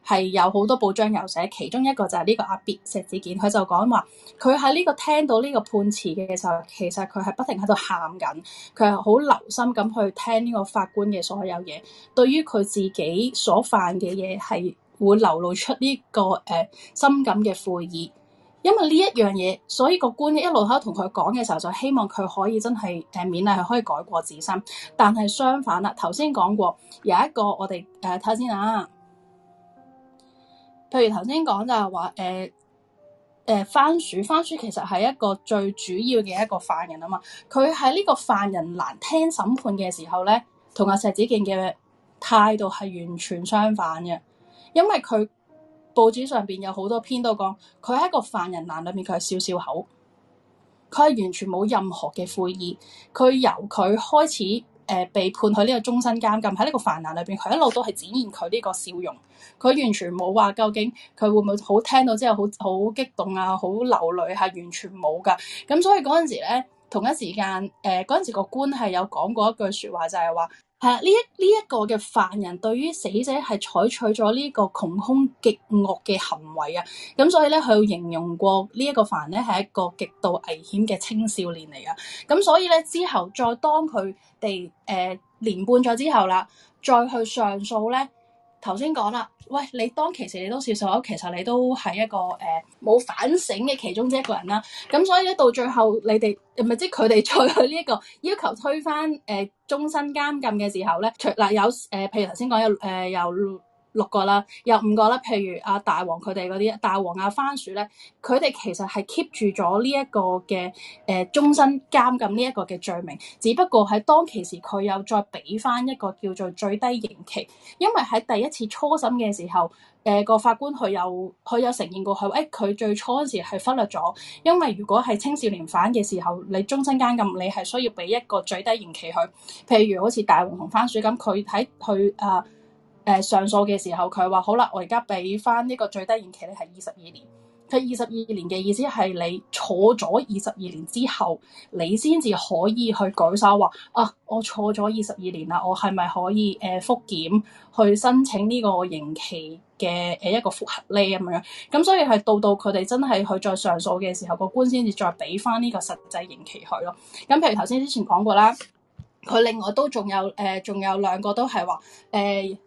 S5: 係有好多報章有寫，其中一個就係呢個阿別石子健，佢就講話，佢喺呢個聽到呢個判詞嘅時候，其實佢係不停喺度喊緊，佢係好留心咁去聽呢個法官嘅所有嘢，對於佢自己所犯嘅嘢係會流露出呢、這個誒、呃、深感嘅悔意。因為呢一樣嘢，所以個官一路口同佢講嘅時候，就希望佢可以真係誒，勉勵佢可以改過自新。但係相反啦，頭先講過有一個我哋誒，睇下先啊。譬如頭先講就係話誒，誒、呃，番薯，番薯其實係一個最主要嘅一個犯人啊嘛。佢喺呢個犯人難聽審判嘅時候咧，同阿石子健嘅態度係完全相反嘅，因為佢。報紙上邊有好多篇都講，佢喺一個犯人欄裏面，佢係笑笑口，佢係完全冇任何嘅悔意。佢由佢開始，誒、呃，被判佢呢個終身監禁喺呢個犯人欄裏邊，佢一路都係展現佢呢個笑容，佢完全冇話究竟佢會唔會好聽到之後好好激動啊，好流淚、啊，係完全冇噶。咁所以嗰陣時咧，同一時間，誒、呃，嗰陣時個官係有講過一句說話，就係話。係啦，呢一呢一個嘅犯人對於死者係採取咗呢個窮兇極惡嘅行為啊，咁所以咧，佢形容過呢一個犯咧係一個極度危險嘅青少年嚟噶，咁所以咧，之後再當佢哋誒連判咗之後啦，再去上訴咧。頭先講啦，喂，你當其時你都少數，其實你都係一個誒冇，呃、反省嘅其中之一個人啦。咁、嗯、所以咧，到最後你哋唔係即係佢哋再去呢一個要求推翻誒終、呃、身監禁嘅時候咧，除嗱、呃、有誒、呃，譬如頭先講有誒由。呃六個啦，有五個啦。譬如阿大王佢哋嗰啲，大王阿番薯咧，佢哋其實係 keep 住咗呢一個嘅誒、呃、終身監禁呢一個嘅罪名。只不過喺當其時佢又再俾翻一個叫做最低刑期，因為喺第一次初審嘅時候，誒、呃、個法官佢有佢有承認過佢，誒、哎、佢最初嗰時係忽略咗，因為如果係青少年犯嘅時候，你終身監禁你係需要俾一個最低刑期佢。譬如好似大王同番薯咁，佢喺佢啊。誒、呃、上訴嘅時候，佢話好啦，我而家俾翻呢個最低刑期咧，係二十二年。佢二十二年嘅意思係你坐咗二十二年之後，你先至可以去舉手話啊！我坐咗二十二年啦，我係咪可以誒復檢去申請呢個刑期嘅誒一個複核咧咁樣？咁所以係到到佢哋真係去再上訴嘅時候，個官先至再俾翻呢個實際刑期佢咯。咁譬如頭先之前講過啦，佢另外都仲有誒，仲、呃、有兩個都係話誒。呃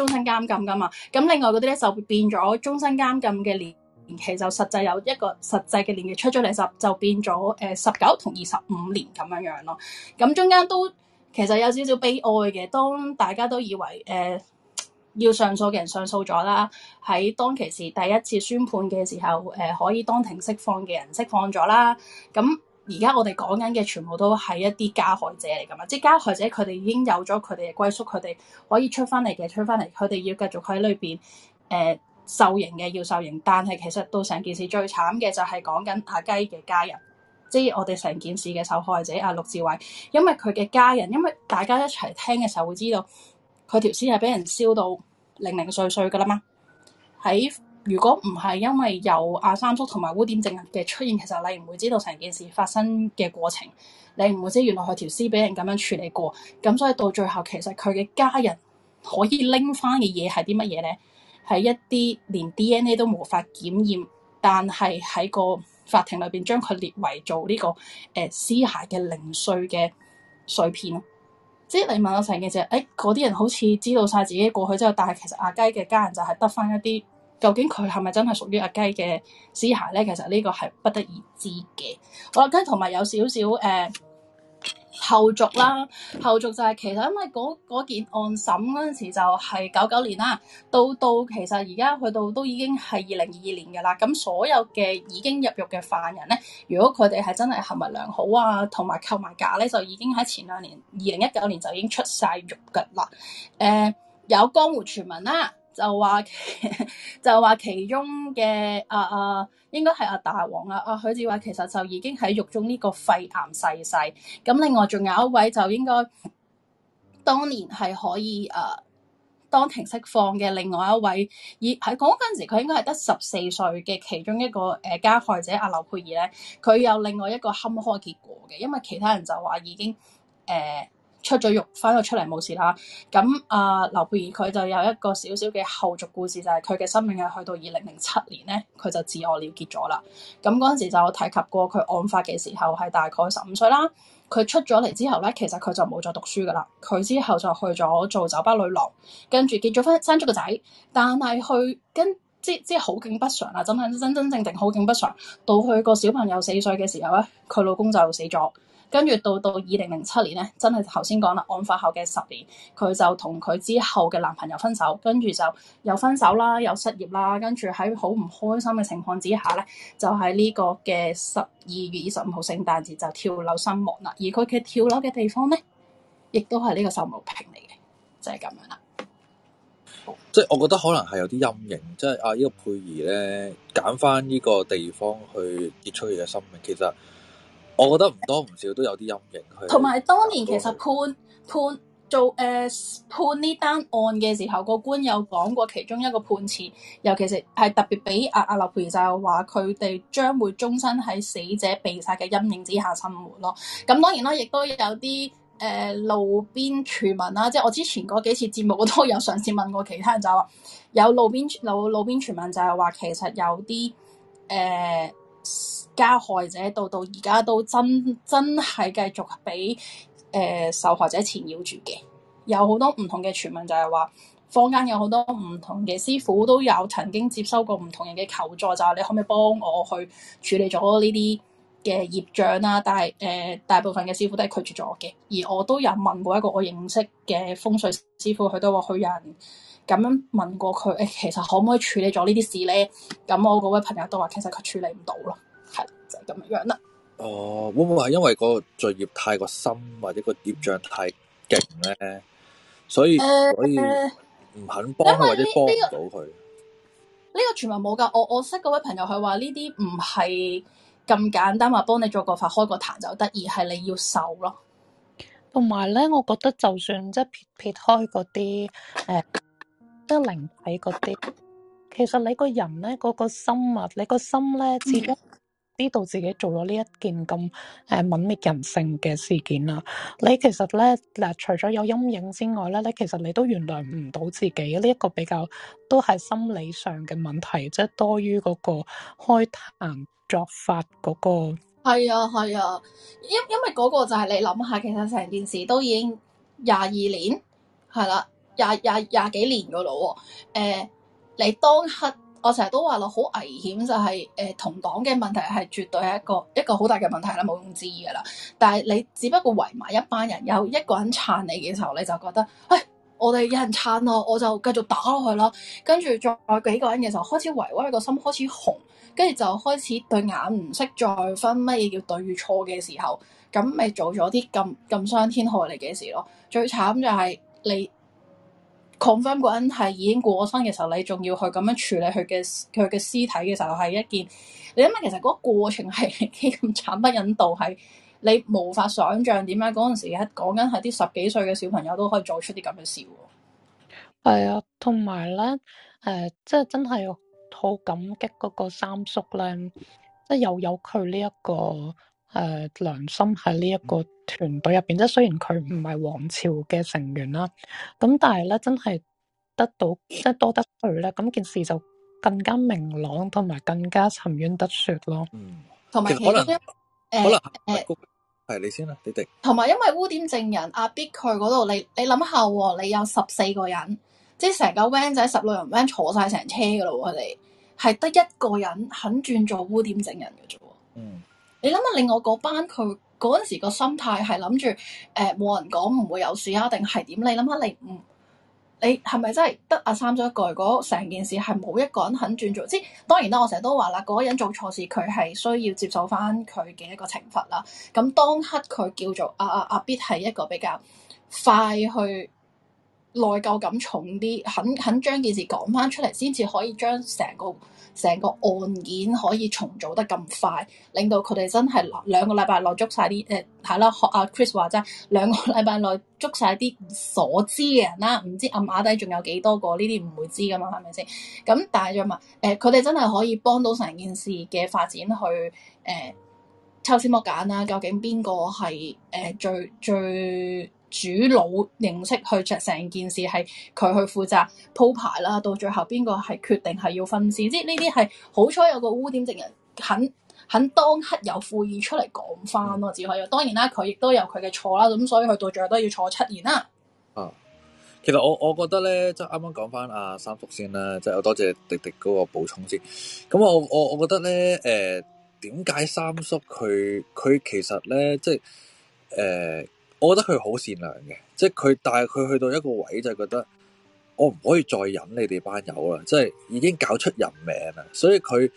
S5: 終身監禁㗎嘛，咁另外嗰啲咧就變咗終身監禁嘅年期，就實際有一個實際嘅年期出咗嚟十，就變咗誒十九同二十五年咁樣樣咯。咁中間都其實有少少悲哀嘅，當大家都以為誒、呃、要上訴嘅人上訴咗啦，喺當其時第一次宣判嘅時候，誒、呃、可以當庭釋放嘅人釋放咗啦，咁。而家我哋講緊嘅全部都係一啲加害者嚟噶嘛，即係加害者佢哋已經有咗佢哋嘅歸宿，佢哋可以出翻嚟嘅，出翻嚟佢哋要繼續喺裏邊誒受刑嘅要受刑，但係其實都成件事最慘嘅就係講緊阿雞嘅家人，即係我哋成件事嘅受害者阿、啊、陸志偉，因為佢嘅家人，因為大家一齊聽嘅時候會知道佢條屍係俾人燒到零零碎碎噶啦嘛，喺。如果唔係因為有阿三叔同埋污點證人嘅出現，其實你唔會知道成件事發生嘅過程。你唔會知原來佢條屍俾人咁樣處理過，咁所以到最後其實佢嘅家人可以拎翻嘅嘢係啲乜嘢咧？係一啲連 D N A 都無法檢驗，但係喺個法庭裏邊將佢列為做呢、這個誒屍骸嘅零碎嘅碎片咯。即係你問我成件事，誒嗰啲人好似知道晒自己過去之後，但係其實阿雞嘅家人就係得翻一啲。究竟佢係咪真係屬於阿雞嘅屍骸咧？其實呢個係不得而知嘅。好啦，跟同埋有少少誒後續啦，後續就係、是、其實因為嗰件案審嗰陣時就係九九年啦，到到其實而家去到都已經係二零二二年㗎啦。咁所有嘅已經入獄嘅犯人咧，如果佢哋係真係行為良好啊，同埋購買假咧，就已經喺前兩年二零一九年就已經出晒獄㗎啦。誒、呃，有江湖傳聞啦、啊。就話就話其中嘅啊，啊，應該係阿大王啦，阿許志偉其實就已經喺獄中呢個肺癌逝世。咁另外仲有一位，就應該當年係可以誒、啊、當庭釋放嘅另外一位，而喺嗰陣時佢應該係得十四歲嘅其中一個誒、啊、加害者阿劉佩爾咧，佢有另外一個坎坷結果嘅，因為其他人就話已經誒。啊出咗獄翻咗出嚟冇事啦，咁阿、啊、劉佩怡佢就有一個小小嘅後續故事，就係佢嘅生命係去到二零零七年咧，佢就自我了結咗啦。咁嗰陣時就提及過佢案發嘅時候係大概十五歲啦。佢出咗嚟之後咧，其實佢就冇再讀書噶啦。佢之後就去咗做酒吧女郎，跟住結咗婚，生咗個仔。但係佢跟即即係好景不常啦，真係真真正正好景不常。到佢個小朋友四歲嘅時候咧，佢老公就死咗。跟住到到二零零七年咧，真係頭先講啦，案發後嘅十年，佢就同佢之後嘅男朋友分手，跟住就又分手啦，又失業啦，跟住喺好唔開心嘅情況之下咧，就喺呢個嘅十二月二十五號聖誕節就跳樓身亡啦。而佢嘅跳樓嘅地方咧，亦都係呢個秀茂坪嚟嘅，
S3: 就係、是、咁樣啦。
S1: 即係我覺得可能係有啲陰影，即係啊呢個佩儀咧揀翻呢個地方去結束佢嘅生命，其實。我覺得唔多唔少都有啲陰影。同埋
S5: 當年其實判判，判做誒、呃、判呢單案嘅時候，個官有講過其中一個判詞，尤其是係特別俾阿阿劉培，就係話佢哋將會終身喺死者被殺嘅陰影之下生活咯。咁當然啦，亦都有啲誒、呃、路邊傳聞啦、啊，即係我之前嗰幾次節目我都有嘗試問過其他人，就話有路邊路路邊傳聞就係話其實有啲誒。呃加害者到到而家都真真係繼續俾誒、呃、受害者纏繞住嘅。有好多唔同嘅傳聞就係話坊間有好多唔同嘅師傅都有曾經接收過唔同人嘅求助，就係、是、你可唔可以幫我去處理咗呢啲嘅業障啦、啊？但係誒大部分嘅師傅都係拒絕咗嘅。而我都有問過一個我認識嘅風水師傅，佢都話佢有人咁樣問過佢，誒、欸、其實可唔可以處理咗呢啲事咧？咁我嗰位朋友都話其實佢處理唔到咯。就
S1: 咁樣啦。哦，會唔會係因為個罪業太過深，或者個孽障太勁咧？所以、呃、所以唔肯幫佢，或者幫唔到佢。
S5: 呢個傳聞冇噶。我我識嗰位朋友佢話：呢啲唔係咁簡單話幫你做個法、開個壇就得，而係你要受咯。
S3: 同埋咧，我覺得就算即係撇撇開嗰啲誒得靈體嗰啲，其實你個人咧，嗰、嗰個心物，你個心咧，自己、嗯。知道自己做咗呢一件咁誒泯滅人性嘅事件啦，你其實咧嗱，除咗有陰影之外咧，你其實你都原諒唔到自己，呢、這、一個比較都係心理上嘅問題，即係多於嗰個開壇作法嗰、那個。
S5: 係啊係啊，因因為嗰個就係、是、你諗下，其實成件事都已經廿二年係啦，廿廿廿幾年嘅嘞誒，你當刻。我成日都話咯，好危險就係、是、誒、呃、同黨嘅問題係絕對係一個一個好大嘅問題啦，無庸置疑噶啦。但係你只不過圍埋一班人，有一個人撐你嘅時候，你就覺得，哎，我哋有人撐咯，我就繼續打落去啦。跟住再有幾個人嘅時候，開始圍歪個心，開始紅，跟住就開始對眼唔識再分乜嘢叫對與錯嘅時候，咁咪做咗啲咁咁傷天害理嘅事咯。最慘就係你 confirm 嗰人係已經過身嘅時候，你仲要去咁樣處理佢嘅佢嘅屍體嘅時候，係一件。你諗下，其實嗰個過程係幾咁 慘不忍睹，係你無法想像點解嗰陣時係講緊係啲十幾歲嘅小朋友都可以做出啲咁嘅事
S3: 喎。係啊，同埋咧，誒，即係真係好感激嗰個三叔咧，即係又有佢呢一個。誒、呃，良心喺呢一個團隊入邊，即係雖然佢唔係王朝嘅成員啦，咁但係咧真係得到即係多得佢咧，咁件事就更加明朗，同埋更加沉冤得雪咯。嗯，同埋可能誒誒，係
S5: 你先啦，你哋。同埋因為污點證人阿 b 佢嗰度，你你諗下，你有十四個人，即係成個 van 仔十六人 van 坐晒成車噶啦，佢哋係得一個人肯轉做污點證人嘅啫。嗯。你諗下另外嗰班佢嗰陣時個心態係諗住，誒、呃、冇人講唔會有事啊？定係點？你諗下你唔，你係咪真係得阿三咗一句？嗰成件事係冇一個人肯轉做，即係當然啦。我成日都話啦，嗰、嗰個人做錯事，佢係需要接受翻佢嘅一個懲罰啦。咁當刻佢叫做阿阿阿必係一個比較快去。內疚感重啲，肯肯將件事講返出嚟，先至可以將成個成個案件可以重組得咁快，令到佢哋真係兩個禮拜內捉晒啲，誒係啦，學阿 Chris 話齋兩個禮拜內捉晒啲所知嘅人啦，唔知暗碼底仲有幾多個呢啲唔會知㗎嘛，係咪先？咁但係嘛，誒佢哋真係可以幫到成件事嘅發展去，誒、呃、抽絲剝繭啦，究竟邊個係誒最最？最主腦形式去着成件事係佢去負責鋪排啦，到最後邊個係決定係要分屍，即係呢啲係好彩有個污點證人肯肯當刻有悔意出嚟講翻咯，只可以當然啦，佢亦都有佢嘅錯啦，咁所以佢到最後都要坐七年啦。
S1: 啊，其實我我覺得咧，即係啱啱講翻阿三叔先啦，即係我多謝迪迪嗰個補充先。咁我我我覺得咧，誒、呃，點解三叔佢佢其實咧，即係誒。呃我覺得佢好善良嘅，即係佢，但佢去到一個位就覺得我唔可以再忍你哋班友啦，即係已經搞出人命啦，所以佢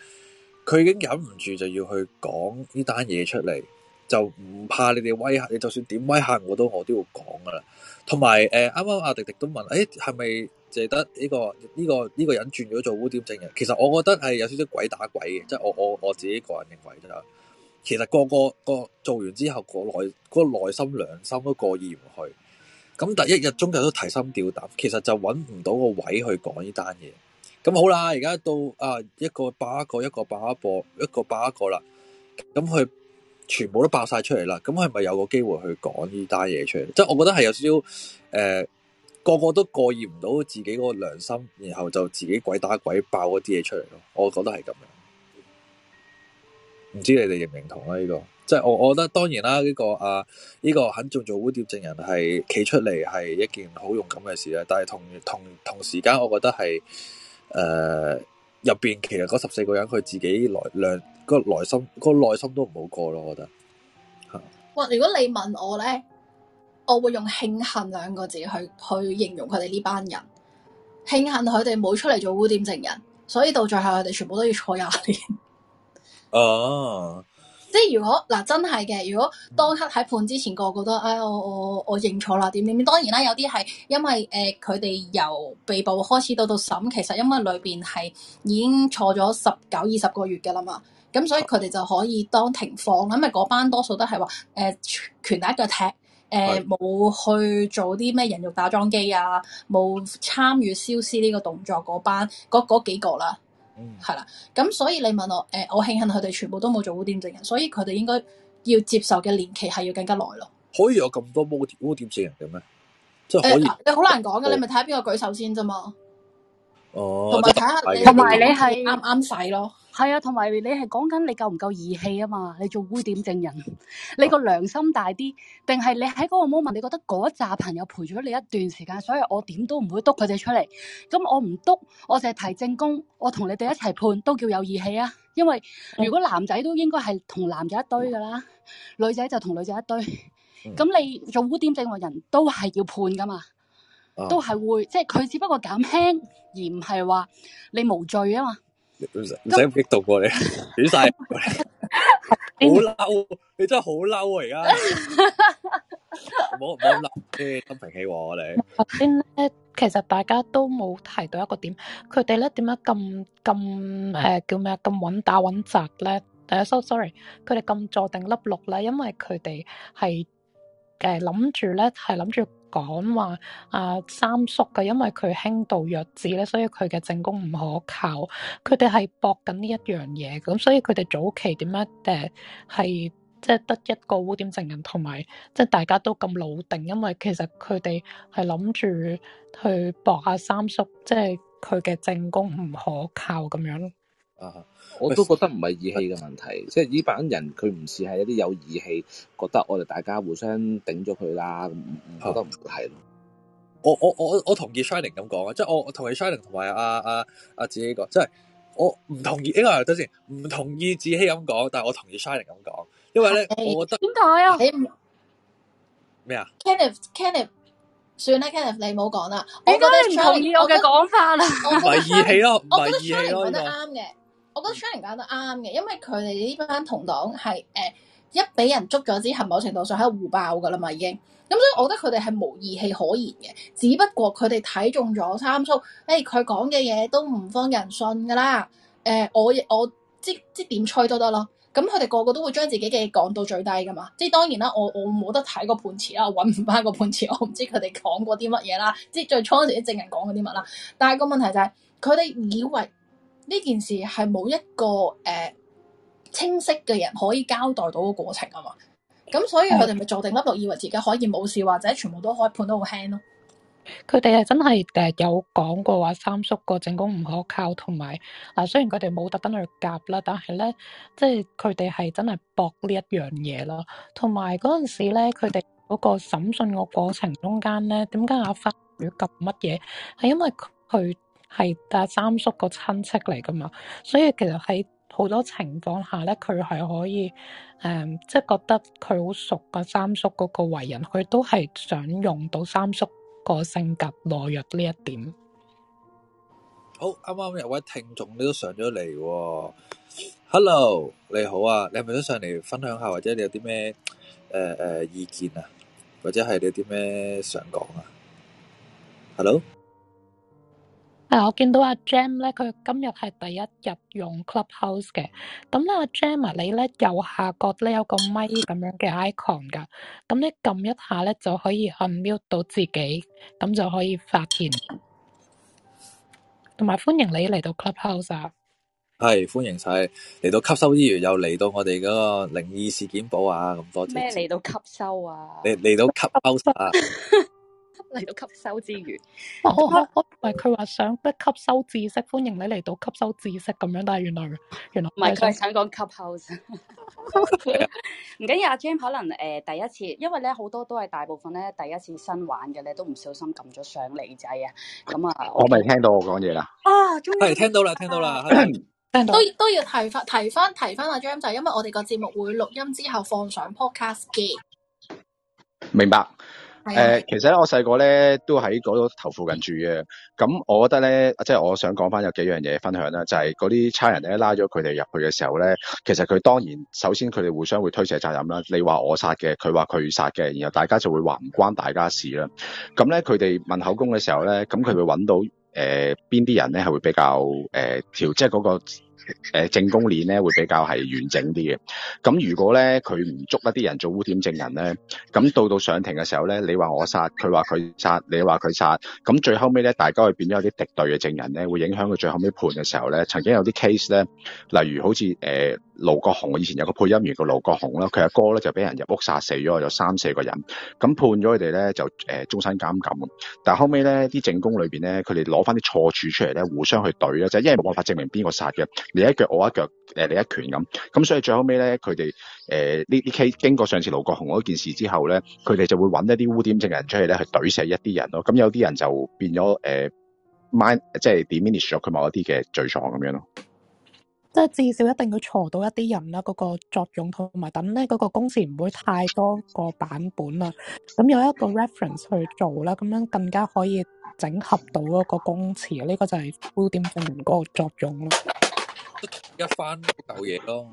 S1: 佢已經忍唔住就要去講呢單嘢出嚟，就唔怕你哋威嚇，你就算點威嚇我都我都要講噶啦。同埋誒啱啱阿迪迪都問，誒係咪淨係得呢個呢、呢個呢、呢個人轉咗做污點證人？其實我覺得係有少少鬼打鬼嘅，即係我我我自己個人認為啫。其實個個個做完之後，個內嗰個內心良心都過意唔去，咁但一日中嘅都提心吊膽，其實就揾唔到個位去講呢單嘢。咁好啦，而家到啊一個爆一個，一個爆一個，一個爆一個啦，咁佢全部都爆晒出嚟啦。咁係咪有個機會去講呢單嘢出嚟？即係我覺得係有少少誒，個個都過意唔到自己嗰個良心，然後就自己鬼打鬼爆嗰啲嘢出嚟咯。我覺得係咁。唔知你哋認唔認同啦？呢個即係我，我覺得當然啦。呢個啊，呢個肯做做污點證人係企出嚟係一件好勇敢嘅事咧。但係同同同時間、呃，我覺得係誒入邊其實嗰十四個人佢自己內量個內心個內心都唔好過咯。我覺得
S5: 嚇。哇！如果你問我咧，我會用慶幸兩個字去去形容佢哋呢班人。慶幸佢哋冇出嚟做污點證人，所以到最後佢哋全部都要坐廿年。 哦，啊、即係如果嗱、啊、真係嘅，如果當刻喺判之前個個都，哎我我我我認錯啦，點點點，當然啦，有啲係因為誒佢哋由被捕開始到到審，其實因為裏邊係已經坐咗十九二十個月㗎啦嘛，咁所以佢哋就可以當庭放，因為嗰班多數都係話誒拳打腳踢，誒、呃、冇的去做啲咩人肉打樁機啊，冇參與燒屍呢個動作嗰班嗰嗰幾個啦。係啦，咁、嗯、所以你問我，誒、呃，我慶幸佢哋全部都冇做污點證人，所以佢哋應該要接受嘅年期係要更加耐咯。
S1: 可以有咁多污污點證人嘅咩？
S5: 即係誒，你好難講嘅，你咪睇下邊個舉手先啫嘛。哦、呃，同埋睇下，同埋你係啱
S4: 啱使咯？係啊，同埋你係講緊你夠唔夠義氣啊？嘛，你做污點證人，你個良心大啲，定係你喺嗰個 moment 你覺得嗰紮朋友陪咗你一段時間，所以我點都唔會督佢哋出嚟。咁我唔督，我淨係提證供，我同你哋一齊判都叫有義氣啊。因為如果男仔都應該係同男仔一堆噶啦，女仔就同女仔一堆。咁你做污點證嘅人，都係要判噶嘛，
S1: 都係
S4: 會即係佢只不過減輕，而唔係話你無罪啊嘛。
S1: 唔使唔使咁激動過嚟，斷晒過嚟。好嬲，你真係好嬲啊！而家冇唔得啦，啲心平氣和我哋。頭
S3: 先咧，其實大家都冇提到一個點，佢哋咧點解咁咁誒叫咩啊？咁穩打穩紮咧？誒，大家 sorry，佢哋咁坐定粒六咧，因為佢哋係嘅諗住咧，係諗住。講話啊三叔嘅，因為佢輕度弱智咧，所以佢嘅證供唔可靠。佢哋係博緊呢一樣嘢，咁所以佢哋早期點解誒係即係得一個污點證人，同埋即係大家都咁老定，因為其實佢哋係諗住去博下三叔，即係佢嘅證供唔可靠咁樣。
S2: 個語
S6: 我都覺得唔係義氣嘅問題，是即係呢班人佢唔似係一啲有義氣，覺得我哋大家互相頂咗佢啦，唔、啊、覺
S1: 得係咯。我我我我同意 Shining 咁講啊，即係我我同意 Shining 同埋、啊、阿阿、啊、阿子、啊、熙講，即係我唔同意，因為等先唔同意子熙咁講，但係我同意 Shining 咁講，因為咧我覺得
S5: 點解啊？
S1: 咩啊
S5: 語言？Kenneth，Kenneth，算啦，Kenneth，你唔好講啦。我得唔同意我嘅講法啦。唔係義氣咯，唔覺得 s 得啱嘅。我覺得 Sharon 講得啱嘅，因為佢哋呢班同黨係誒、呃、一俾人捉咗之後，某程度上喺度互爆噶啦嘛，已經咁、嗯、所以我覺得佢哋係無義氣可言嘅。只不過佢哋睇中咗三叔，誒佢講嘅嘢都唔方便人信噶啦。誒、呃、我我即即點吹都得咯。咁佢哋個個都會將自己嘅嘢講到最低噶嘛。即當然啦，我我冇得睇個判詞啦，揾唔翻個判詞，我唔知佢哋講過啲乜嘢啦。即最初嗰時啲證人講過啲乜啦。但係個問題就係佢哋以為，呢件事係冇一個誒、呃、清晰嘅人可以交代到個過程啊嘛，咁、嗯、所以佢哋咪坐定粒六，以為自己可以冇事或者全部都開判得好輕咯。
S3: 佢哋係真係誒有講過話三叔個證供唔可靠，同埋嗱雖然佢哋冇特登去夾啦，但係咧即係佢哋係真係搏呢一樣嘢啦。同埋嗰陣時咧，佢哋嗰個審訊個過程中間咧，點解阿芬要夾乜嘢？係因為佢。係，但三叔個親戚嚟噶嘛，所以其實喺好多情況下咧，佢係可以，誒、嗯，即係覺得佢好熟個、啊、三叔嗰個為人，佢都係想用到三叔個性格懦弱呢一點。
S1: 好，啱啱有位聽眾你都上咗嚟、哦、Hello，你好啊，你係咪都上嚟分享下，或者你有啲咩，誒、呃、誒，意見啊，或者係你有啲咩想講啊
S3: ？Hello。啊、我見到阿 Jam 咧，佢今日係第一日用 Clubhouse 嘅。咁、嗯、咧，阿 Jam、啊、你咧右下角咧有個咪咁樣嘅 icon 噶咁咧撳一下咧就可以 unmute 到自己，咁、嗯、就可以發言。同埋歡迎你嚟到 Clubhouse
S1: 啊！係歡迎晒嚟到吸收之餘，又嚟到我哋嗰個靈異事件簿啊，咁多謝。咩嚟
S4: 到吸收啊？
S3: 嚟嚟 到 Clubhouse 啊！ 嚟到吸收之餘，我佢話想不吸收知識，歡迎你嚟到吸收知識咁樣，但係原來原來唔係，佢係想講吸收。唔
S4: 緊要，阿 Jam 可能誒第一次，因為咧好多都係大部分咧第一次新玩嘅咧，都唔小心撳咗上嚟仔啊。咁啊，我咪
S7: 聽到我講嘢啦。
S5: 啊，終於聽到啦，聽到啦，都都要提翻提翻提翻阿 Jam，就係因為我哋個節目會錄音之後放上 podcast 嘅。
S7: 明白。誒，其實咧，我細個咧都喺嗰度頭附近住嘅。咁我覺得咧，即係我想講翻有幾樣嘢分享啦，就係嗰啲差人咧拉咗佢哋入去嘅時候咧，其實佢當然首先佢哋互相會推卸責任啦。你話我殺嘅，佢話佢殺嘅，然後大家就會話唔關大家事啦。咁咧，佢哋問口供嘅時候咧，咁佢會揾到誒邊啲人咧係會比較誒調即係嗰個。誒，證供鏈咧會比較係完整啲嘅。咁、嗯、如果咧佢唔捉一啲人做污點證人咧，咁、嗯、到到上庭嘅時候咧，你話我殺，佢話佢殺，你話佢殺，咁、嗯、最後尾咧，大家會變咗有啲敵對嘅證人咧，會影響佢最後尾判嘅時候咧。曾經有啲 case 咧，例如好似誒，呃盧國雄，以前有個配音員叫盧國雄啦，佢阿哥咧就俾人入屋殺死咗，有三四個人，咁判咗佢哋咧就誒終、呃、身監禁。但係後尾咧啲證供裏邊咧，佢哋攞翻啲錯處出嚟咧，互相去懟咧，就係因為冇辦法證明邊個殺嘅，你一腳我一腳誒、呃、你一拳咁，咁所以最後尾咧佢哋誒呢啲、呃、case 經過上次盧國雄嗰件事之後咧，佢哋就會揾一啲污點證人出嚟咧去懟死一啲人咯。咁有啲人就變咗誒 min 即係 diminish 咗佢某一啲嘅罪狀咁樣咯。
S3: 即係至少一定要鋤到一啲人啦，嗰個作用同埋等咧嗰個公詞唔會太多個版本啦。咁有一個 reference 去做啦，咁樣更加可以整合到一個公詞。呢、這個就係 build team 嗰個作用咯。
S1: 一翻舊嘢咯。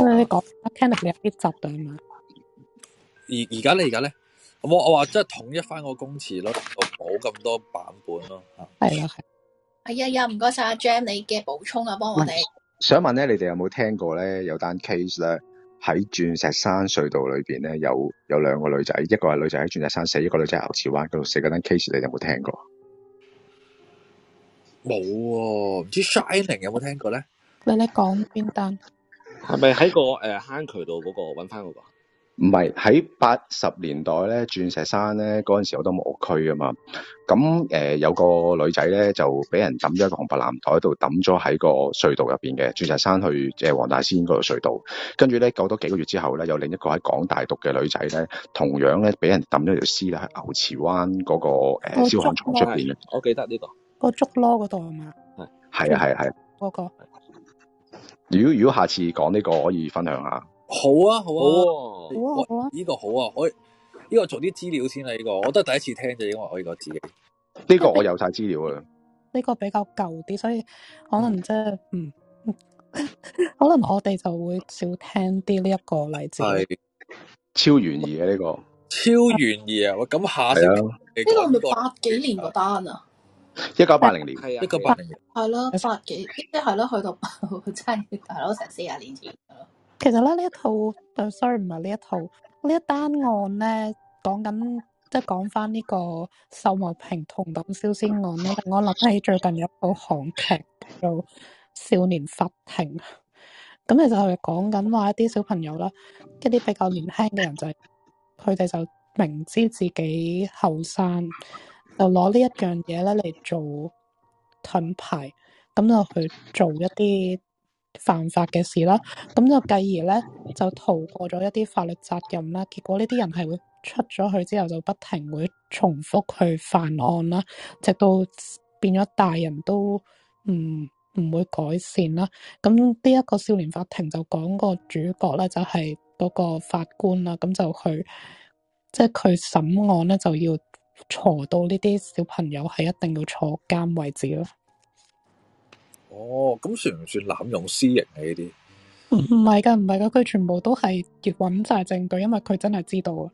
S1: 因
S3: 為你講，Kenneth 你有啲雜㗎嘛？
S1: 而而家你而家咧，我我話即係統一翻個公詞咯，唔好咁多版本咯。
S3: 係啊！ 係。
S5: 哎呀呀，唔該晒阿 Jam，你嘅補充啊，幫我哋、嗯、
S7: 想問咧，你哋有冇聽過咧？有單 case 咧喺鑽石山隧道裏邊咧，有有兩個女仔，一個係女仔喺鑽石山死，一個女仔喺牛池灣嗰度死。嗰單 case 你哋有冇聽過？
S1: 冇。哦，唔知 Shining 有冇聽過
S3: 咧？你你講邊單？係咪喺
S6: 個誒慳渠坑渠度嗰個揾翻嗰個？呃
S7: 唔係喺八十年代咧，鑽石山咧嗰陣時好多木屋區啊嘛。咁誒有個女仔咧就俾人抌咗一個紅白藍袋，喺度抌咗喺個隧道入邊嘅鑽石山去誒黃大仙嗰個隧道。跟住咧過多幾個月之後咧，有另一個喺港大讀嘅女仔咧，同樣咧俾人抌咗條屍啦喺牛池灣嗰個誒燒炭廠出邊。我
S3: 記得呢個個竹籮嗰度係嘛？係係啊係係嗰個。
S7: 如果如果下次講呢個可以分享下。好
S1: 啊好啊。呢個好啊！我呢個做啲資料先啦，呢個我都係第一次聽啫，因為我呢個自己呢個我有晒資料啦。
S3: 呢個比較舊啲，所以可能即係嗯，可能我哋就會少聽啲呢一個例
S7: 子。係超懸疑嘅呢個，超懸疑
S1: 啊！哇，咁下先呢
S3: 個咪八幾年個單啊？
S1: 一九八零年，啊，
S3: 一九
S5: 八零年係咯，八幾即係咯，去到真係咯，成四廿年前
S3: 其實咧，呢一套，sorry 唔係呢一套，一套一呢一單案咧，講緊，即係講翻呢個秀茂坪童黨燒屍案咧。我諗起最近有一部韓劇叫《少年法庭，》 咁其實佢哋講緊話一啲小朋友啦，一啲比較年輕嘅人就仔、係，佢哋就明知自己後生，就攞呢一樣嘢咧嚟做盾牌，咁就去做一啲。犯法嘅事啦，咁就繼而呢，就逃過咗一啲法律責任啦。結果呢啲人係會出咗去之後就不停會重複去犯案啦，直到變咗大人都唔唔會改善啦。咁呢一個少年法庭就講個主角呢，就係、是、嗰個法官啦，咁就佢即係佢審案呢，就要坐到呢啲小朋友係一定要坐監為止咯。
S1: 哦，咁算唔算濫用私刑嘅呢啲？
S3: 唔係噶，唔係噶，佢全部都係要揾晒證據，因為佢真係知道
S1: 啊。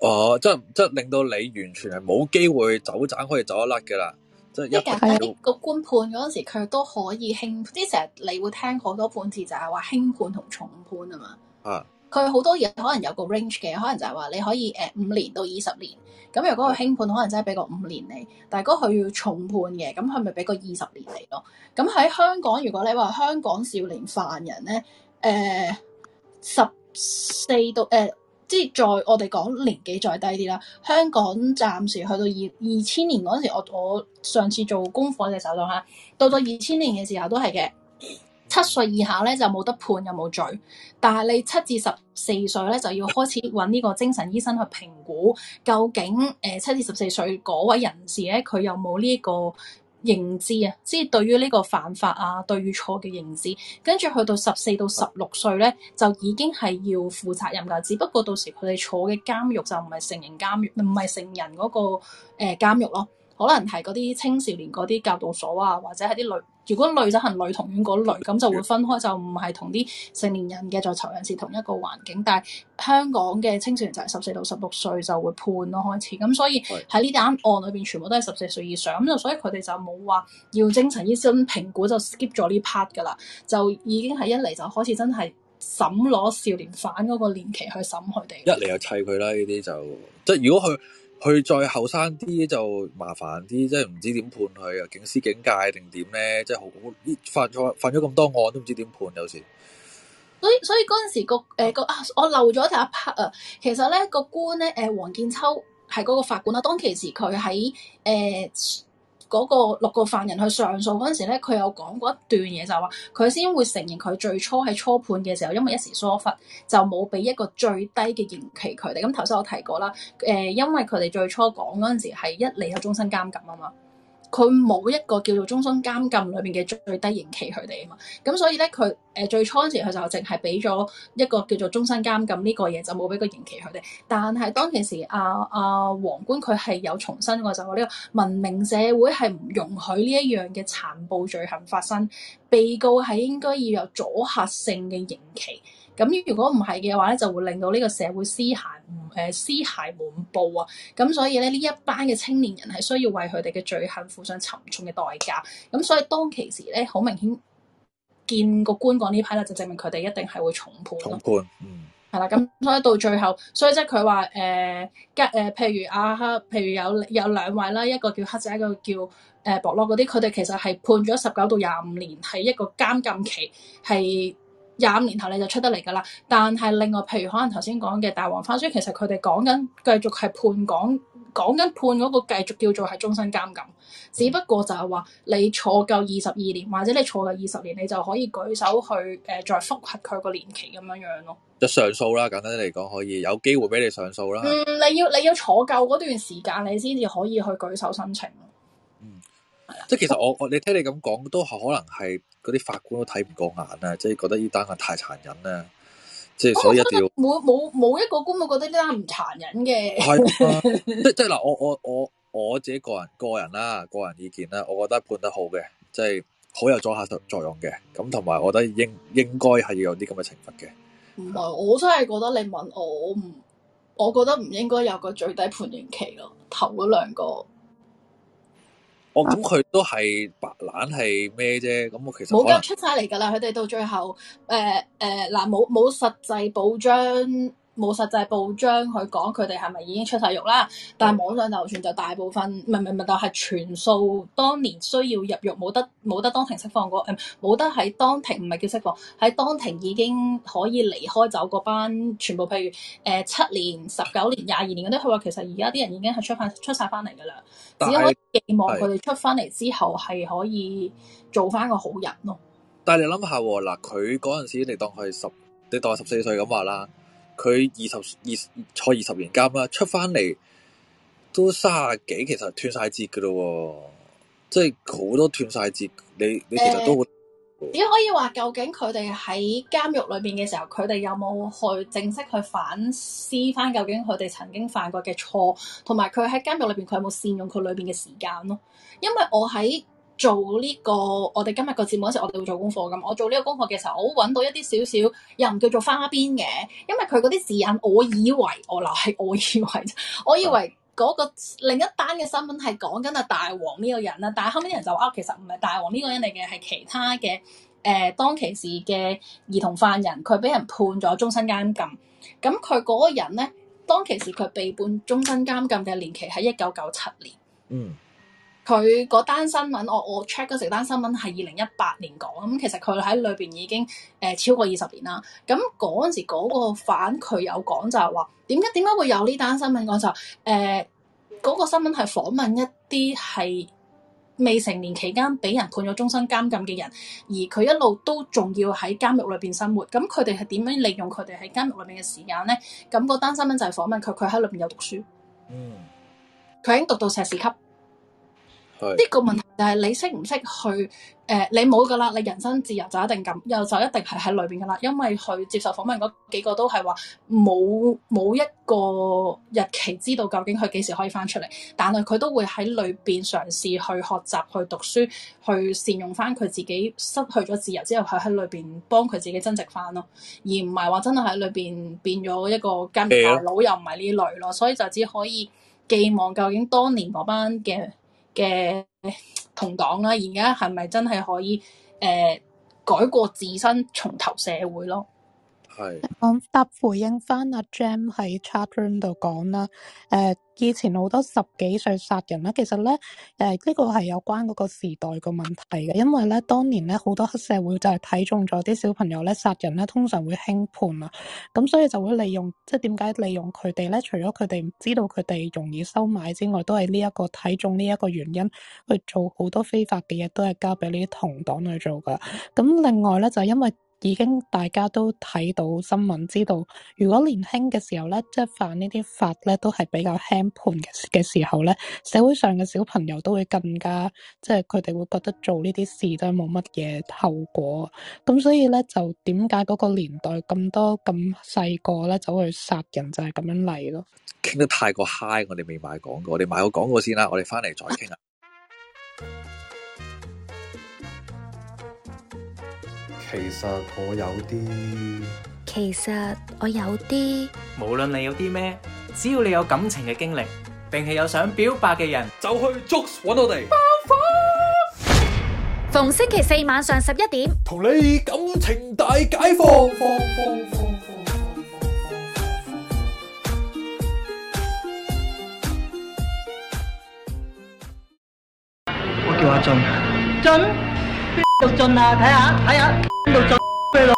S1: 哦，即係即係令到你完全係冇機會走盞可以走得甩嘅啦。即係一啲
S3: 個官
S5: 判嗰時，佢都可以輕。即成日你會聽好多判詞，就係話輕判同重判啊嘛。啊。佢好多嘢可能有個 range 嘅，可能就係話你可以誒五年到二十年。咁如果佢輕判，可能真係俾個五年你，但係如果佢要重判嘅，咁佢咪俾個二十年嚟咯？咁喺香港，如果你話香港少年犯人咧，誒十四到誒、呃，即係再我哋講年紀再低啲啦。香港暫時去到二二千年嗰陣時，我我上次做功課嘅時候，當下到咗二千年嘅時候都係嘅。七歲以下咧就冇得判有冇罪，但係你七至十四歲咧就要開始揾呢個精神醫生去評估，究竟誒七至十四歲嗰位人士咧，佢有冇呢個認知啊？即係對於呢個犯法啊，對與錯嘅認知，跟住去到十四到十六歲咧就已經係要負責任噶只不過到時佢哋坐嘅監獄就唔係成人監獄，唔係成人嗰個誒監獄咯。可能係嗰啲青少年嗰啲教導所啊，或者係啲女，如果女仔係女童院嗰類，咁就會分開，就唔係同啲成年人嘅在囚人士同一個環境。但係香港嘅青少年就係十四到十六歲就會判咯開始。咁所以喺呢單案裏邊，全部都係十四歲以上。咁就所以佢哋就冇話要精神醫生評估，就 skip 咗呢 part 噶啦，就已經係一嚟就開始真係審攞少年犯嗰個年期去審佢哋。
S1: 一嚟就砌佢啦，呢啲就即係如果佢。去再後生啲就麻煩啲，即係唔知點判佢啊？警司警戒定點咧？即係好犯錯、哎，犯咗咁多案都唔知點判有時。
S5: 所以所以嗰陣時個誒、欸、個啊，我漏咗第一 part 啊。其實咧、個官咧誒，黃、欸、建秋係嗰個法官啦。當其時佢喺誒。欸嗰個六個犯人去上訴嗰陣時咧，佢有講過一段嘢，就話佢先會承認佢最初喺初判嘅時候，因為一時疏忽就冇俾一個最低嘅刑期佢哋。咁頭先我提過啦，誒、呃，因為佢哋最初講嗰陣時係一嚟就終身監禁啊嘛。嗯。佢冇一個叫做終身監禁裏邊嘅最低刑期佢哋啊嘛，咁所以咧佢誒最初嗰時佢就淨係俾咗一個叫做終身監禁呢個嘢，就冇俾個刑期佢哋。但係當其時阿阿、啊啊、王官佢係有重申嘅重申過，就話呢個文明社會係唔容許呢一樣嘅殘暴罪行發生，被告係應該要有阻嚇性嘅刑期。咁如果唔係嘅話咧，就會令到呢個社會屍骸唔誒屍骸滿布啊！咁所以咧，呢一班嘅青年人係需要為佢哋嘅罪行付上沉重嘅代價。咁、啊、所以當其時咧，好明顯見個官講呢批啦，就證明佢哋一定係會重
S1: 判。重判，嗯，
S5: 係啦、嗯。咁所以到最後，所以即係佢話誒，吉、呃呃、譬如阿、啊、黑，譬如有有兩位啦，一個叫黑仔，一個叫誒博洛嗰啲，佢哋其實係判咗十九到廿五年，係一個監禁期，係。廿五年後你就出得嚟噶啦，但係另外譬如可能頭先講嘅大黃花，所以其實佢哋講緊繼續係判講講緊判嗰個繼續叫做係終身監禁，只不過就係話你坐夠二十二年或者你坐夠二十年，你就可以舉手去誒、呃、再覆核佢個年期咁樣樣咯，
S1: 就上訴啦，簡單啲嚟講，可以有機會俾你上訴啦。嗯，
S5: 你要你要坐夠嗰段時間，你先至可以去舉手申請。
S1: 即係其實我我你聽你咁講都係可能係嗰啲法官都睇唔過眼啊！即係覺得呢單案太殘忍啦，即係所以一定要
S5: 冇冇冇一個官會覺得呢單唔殘忍嘅。係
S1: 的 即係嗱，我我我我自己個人個人啦，個人意見啦，我覺得判得好嘅，即係好有阻嚇作用嘅。咁同埋我覺得應應該係要有啲咁嘅懲罰嘅。
S5: 唔係，我真係覺得你問我，我唔，我覺得唔應該有個最低判刑期咯，頭嗰兩個。
S1: 我咁佢都係白攬係咩啫？咁我其實冇嘅出
S5: 晒嚟㗎啦！佢哋到最後，誒誒嗱，冇、呃、冇實際保障。冇實際報章去講佢哋係咪已經出晒獄啦。嗯、但係網上流傳就大部分唔係唔係唔係。但係、就係、全數當年需要入獄，冇得冇得當庭釋放過，誒冇得喺當庭唔係叫釋放，喺當庭已經可以離開走嗰班全部。譬如誒七、呃、年、十九年、廿二年嗰啲，佢話其實而家啲人已經係出返出曬翻嚟噶啦。是只可以寄望佢哋出翻嚟之後係可以做翻個好人咯。
S1: 但係你諗下嗱，佢嗰陣時你當佢十你當佢十四歲咁話啦。佢二十二坐二十年監啦，出翻嚟都卅幾，其實斷晒節㗎咯，即係好多斷晒
S5: 節。你、呃、你其實都會點可以話？究竟佢哋喺監獄裏邊嘅時候，佢哋有冇去正式去反思翻？究竟佢哋曾經犯過嘅錯，同埋佢喺監獄裏邊，佢有冇善用佢裏邊嘅時間咯？因為我喺做呢個我哋今日個節目嗰時，我哋會做功課咁。我做呢個功課嘅時候，我揾到一啲少少，又唔叫做花邊嘅，因為佢嗰啲字眼，我以為我留係我以為，我以為嗰個另一單嘅新聞係講緊阿大王呢個人啦。但係後尾啲人就話，其實唔係大王呢個人嚟嘅，係其他嘅。誒，當其時嘅兒童犯人，佢俾人判咗終身監禁。咁佢嗰個人咧，當其時佢被判終身監禁嘅年期係一九九七年。嗯。佢嗰單新聞，我我 check 嗰時單新聞係二零一八年講，那個，咁其實佢喺裏邊已經誒、呃、超過二十年啦。咁嗰陣時嗰個犯佢有講就係話，點解點解會有呢單新聞講就誒、嗰、呃，那個新聞係訪問一啲係未成年期間俾人判咗終身監禁嘅人，而佢一路都仲要喺監獄裏邊生活。咁佢哋係點樣利用佢哋喺監獄裏邊嘅時間咧？咁嗰單新聞就係訪問佢，佢喺裏邊有讀書，嗯，佢已經讀到碩士級。呢個問題就係你識唔識去？誒、呃，你冇噶啦。你人身自由就一定咁又就一定係喺裏邊噶啦。因為佢接受訪問嗰幾個都係話冇冇一個日期知道究竟佢幾時可以翻出嚟，但係佢都會喺裏邊嘗試去學習、去讀書、去善用翻佢自己失去咗自由之後，佢喺裏邊幫佢自己增值翻咯，而唔係話真係喺裏邊變咗一個監躉大佬，啊、又唔係呢類咯，所以就只可以寄望究竟當年嗰班嘅。嘅同黨啦、啊，而家係咪真係可以誒、呃、改過自新，重投社會咯？
S3: 我答、嗯、回應翻阿、啊、Jam 喺 chat room 度講啦，誒、呃，以前好多十幾歲殺人咧，其實咧，誒、呃、呢、這個係有關嗰個時代個問題嘅，因為咧當年咧好多黑社會就係睇中咗啲小朋友咧殺人咧，通常會輕判啊，咁所以就會利用，即係點解利用佢哋咧？除咗佢哋唔知道佢哋容易收買之外，都係呢一個睇中呢一個原因去做好多非法嘅嘢，都係交俾呢啲同黨去做噶。咁另外咧就因為。已經大家都睇到新聞，知道如果年輕嘅時候咧，即係犯呢啲法咧，都係比較輕判嘅嘅時候咧，社會上嘅小朋友都會更加，即係佢哋會覺得做呢啲事都係冇乜嘢後果。咁所以咧，就點解嗰個年代咁多咁細個咧，走去殺人就係咁樣嚟咯？
S1: 傾得太過嗨，我哋未買廣告，我哋買個廣告先啦，我哋翻嚟再傾啦。其實我有啲，其
S4: 實我有啲。
S1: 無論你有啲咩，只要你有感情嘅經歷，
S6: 定係有想表白嘅人，就去 Jocks 揾我哋。
S2: 爆
S4: 逢星期四晚上十一點，同你感情大解放。我叫阿俊。
S2: 俊。
S4: 到進啊！睇
S1: 下睇下邊度進？看看啊啊啊、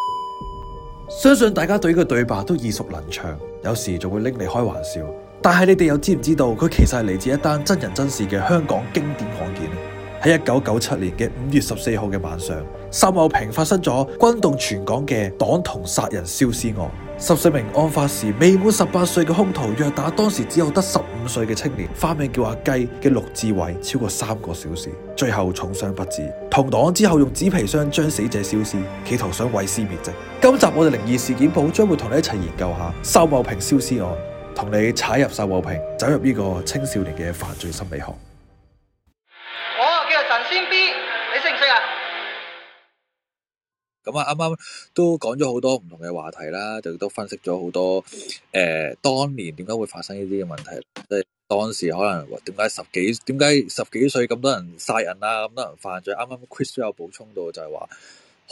S1: 相信大家對呢個對白都耳熟能詳，有時仲會拎嚟開玩笑。但係你哋又知唔知道，佢其實係嚟自一單真人真事嘅香港經典案件。喺一九九七年嘅五月十四號嘅晚上，秀茂坪發生咗轟動全港嘅童黨殺人燒屍案。十四名案發時未滿十八歲嘅兇徒，虐打當時只有得十五歲嘅青年，花名叫阿雞嘅陸志偉，超過三個小時，最後重傷不治。童黨之後用紙皮箱將死者燒屍，企圖想毀屍滅跡。今集我哋靈異事件簿將會同你一齊研究下秀茂坪燒屍案，同你踩入秀茂坪，走入呢個青少年嘅犯罪心理學。咁啊，啱啱都講咗好多唔同嘅話題啦，就亦都分析咗好多誒、呃、當年點解會發生呢啲嘅問題，即係當時可能點解十幾點解十幾歲咁多人殺人啦、啊，咁多人犯罪。啱啱 Chris 都有補充到就，就係話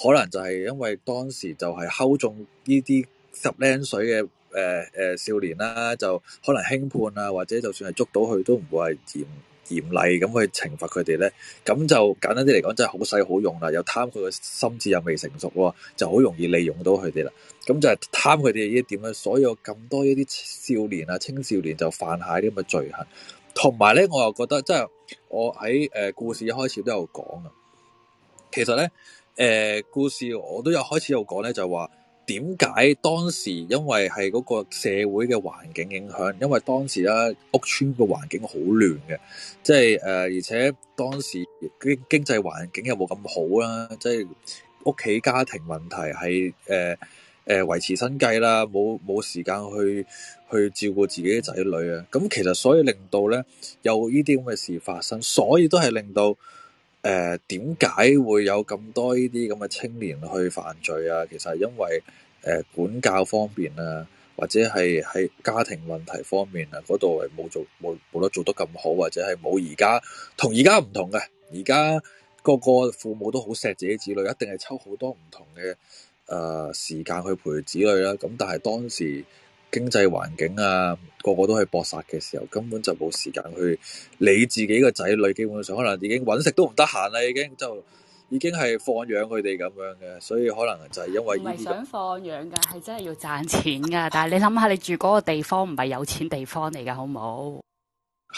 S1: 可能就係因為當時就係溝中呢啲十零歲嘅誒誒少年啦、啊，就可能輕判啊，或者就算係捉到佢都唔會係嚴嚴厲咁去懲罰佢哋咧，咁就簡單啲嚟講，真係好使好用啦。又貪佢個心智又未成熟喎，就好容易利用到佢哋啦。咁就係貪佢哋呢一點啦。所有咁多一啲少年啊、青少年就犯下啲咁嘅罪行。同埋咧，我又覺得真係我喺誒、呃、故事一開始都有講啊。其實咧，誒、呃、故事我都有開始有講咧，就係話。點解當時因為係嗰個社會嘅環境影響，因為當時咧屋村個環境好亂嘅，即係誒，而且當時經經濟環境又冇咁好啦，即係屋企家庭問題係誒誒維持生計啦，冇冇時間去去照顧自己仔女啊，咁其實所以令到咧有呢啲咁嘅事發生，所以都係令到。誒，點解、呃、會有咁多呢啲咁嘅青年去犯罪啊？其實係因為誒、呃、管教方面啊，或者係喺家庭問題方面啊，嗰度係冇做冇冇得做得咁好，或者係冇而家同而家唔同嘅。而家個個父母都好錫自己子女，一定係抽好多唔同嘅誒、呃、時間去陪子女啦、啊。咁但係當時。經濟環境啊，個個都係搏殺嘅時候，根本就冇時間去理自己個仔女，基本上可能已經揾食都唔得閒啦，已經就已經係放養佢哋咁樣嘅，所以可能就係因為呢啲咁。唔係想
S4: 放養㗎，係真係要賺錢㗎。但係你諗下，你住嗰個地方唔係有錢地方嚟㗎，好冇？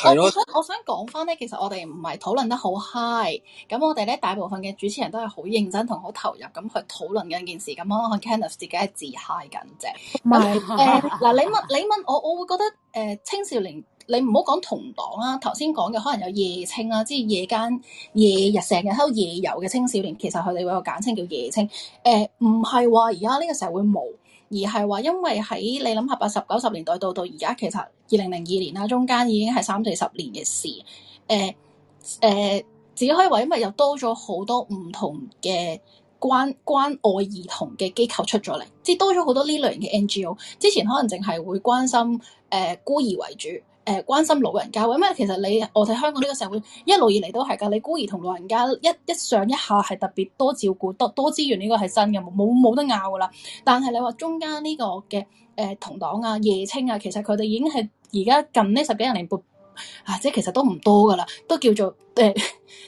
S4: 我想
S5: 我想講翻咧，其實我哋唔係討論得好 high，咁我哋咧大部分嘅主持人都係好認真同好投入咁去討論緊件事咁咯。Kenneth 自己係自 high 緊
S3: 啫。誒嗱、 呃，你問你
S5: 問我，我會覺得誒、呃、青少年，你唔好講童黨啦、啊，頭先講嘅可能有夜青啊，即係夜間夜日成日喺度夜遊嘅青少年，其實佢哋會有個簡稱叫夜青。誒唔係話而家呢個時候會冇。而係話，因為喺你諗下八十九十年代到到而家，其實二零零二年啦，中間已經係三四十年嘅事。誒、呃、誒、呃，只可以話，因為又多咗好多唔同嘅關關愛兒童嘅機構出咗嚟，即係多咗好多呢類型嘅 NGO。之前可能淨係會關心誒、呃、孤兒為主。誒，關心老人家，因為其實你我睇香港呢個社會一路以嚟都係㗎，你孤兒同老人家一一上一下係特別多照顧，多多資源呢個係真嘅，冇冇得拗㗎啦。但係你話中間呢個嘅誒、呃、同黨啊、夜青啊，其實佢哋已經係而家近呢十幾廿年半啊，即係其實都唔多㗎啦，都叫做誒，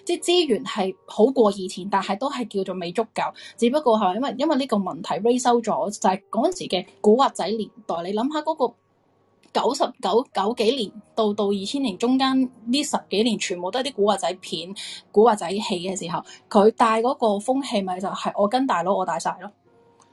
S5: 即、呃、係資源係好過以前，但係都係叫做未足夠。只不過係因為因為呢個問題 raised 咗，就係嗰陣時嘅古惑仔年代，你諗下嗰個。九十九九幾年到到二千年中間呢十幾年全部都係啲古惑仔片、古惑仔戲嘅時候，佢帶嗰個風氣咪就係、是、我跟大佬我大晒咯。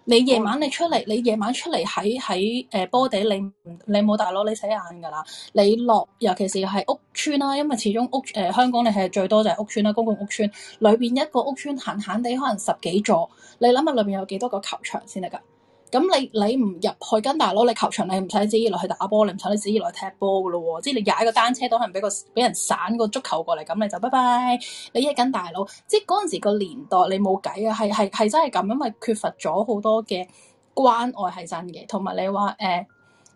S5: 你夜晚你出嚟，你夜晚出嚟喺喺誒波地，你你冇大佬你死硬㗎啦。你落尤其是係屋邨啦，因為始終屋誒、呃、香港你係最多就係屋邨啦，公共屋邨裏邊一個屋邨，閒閒地可能十幾座，你諗下裏邊有幾多個球場先得㗎？咁你你唔入去跟大佬，你球場你唔使自己落去打波，你唔使你自己落去踢波噶咯喎，即係你踩個單車都可能俾個俾人散個足球過嚟，咁你就拜拜，你一跟大佬，即係嗰陣時個年代你冇計啊，係係係真係咁，因為缺乏咗好多嘅關愛係真嘅，同埋你話誒、呃，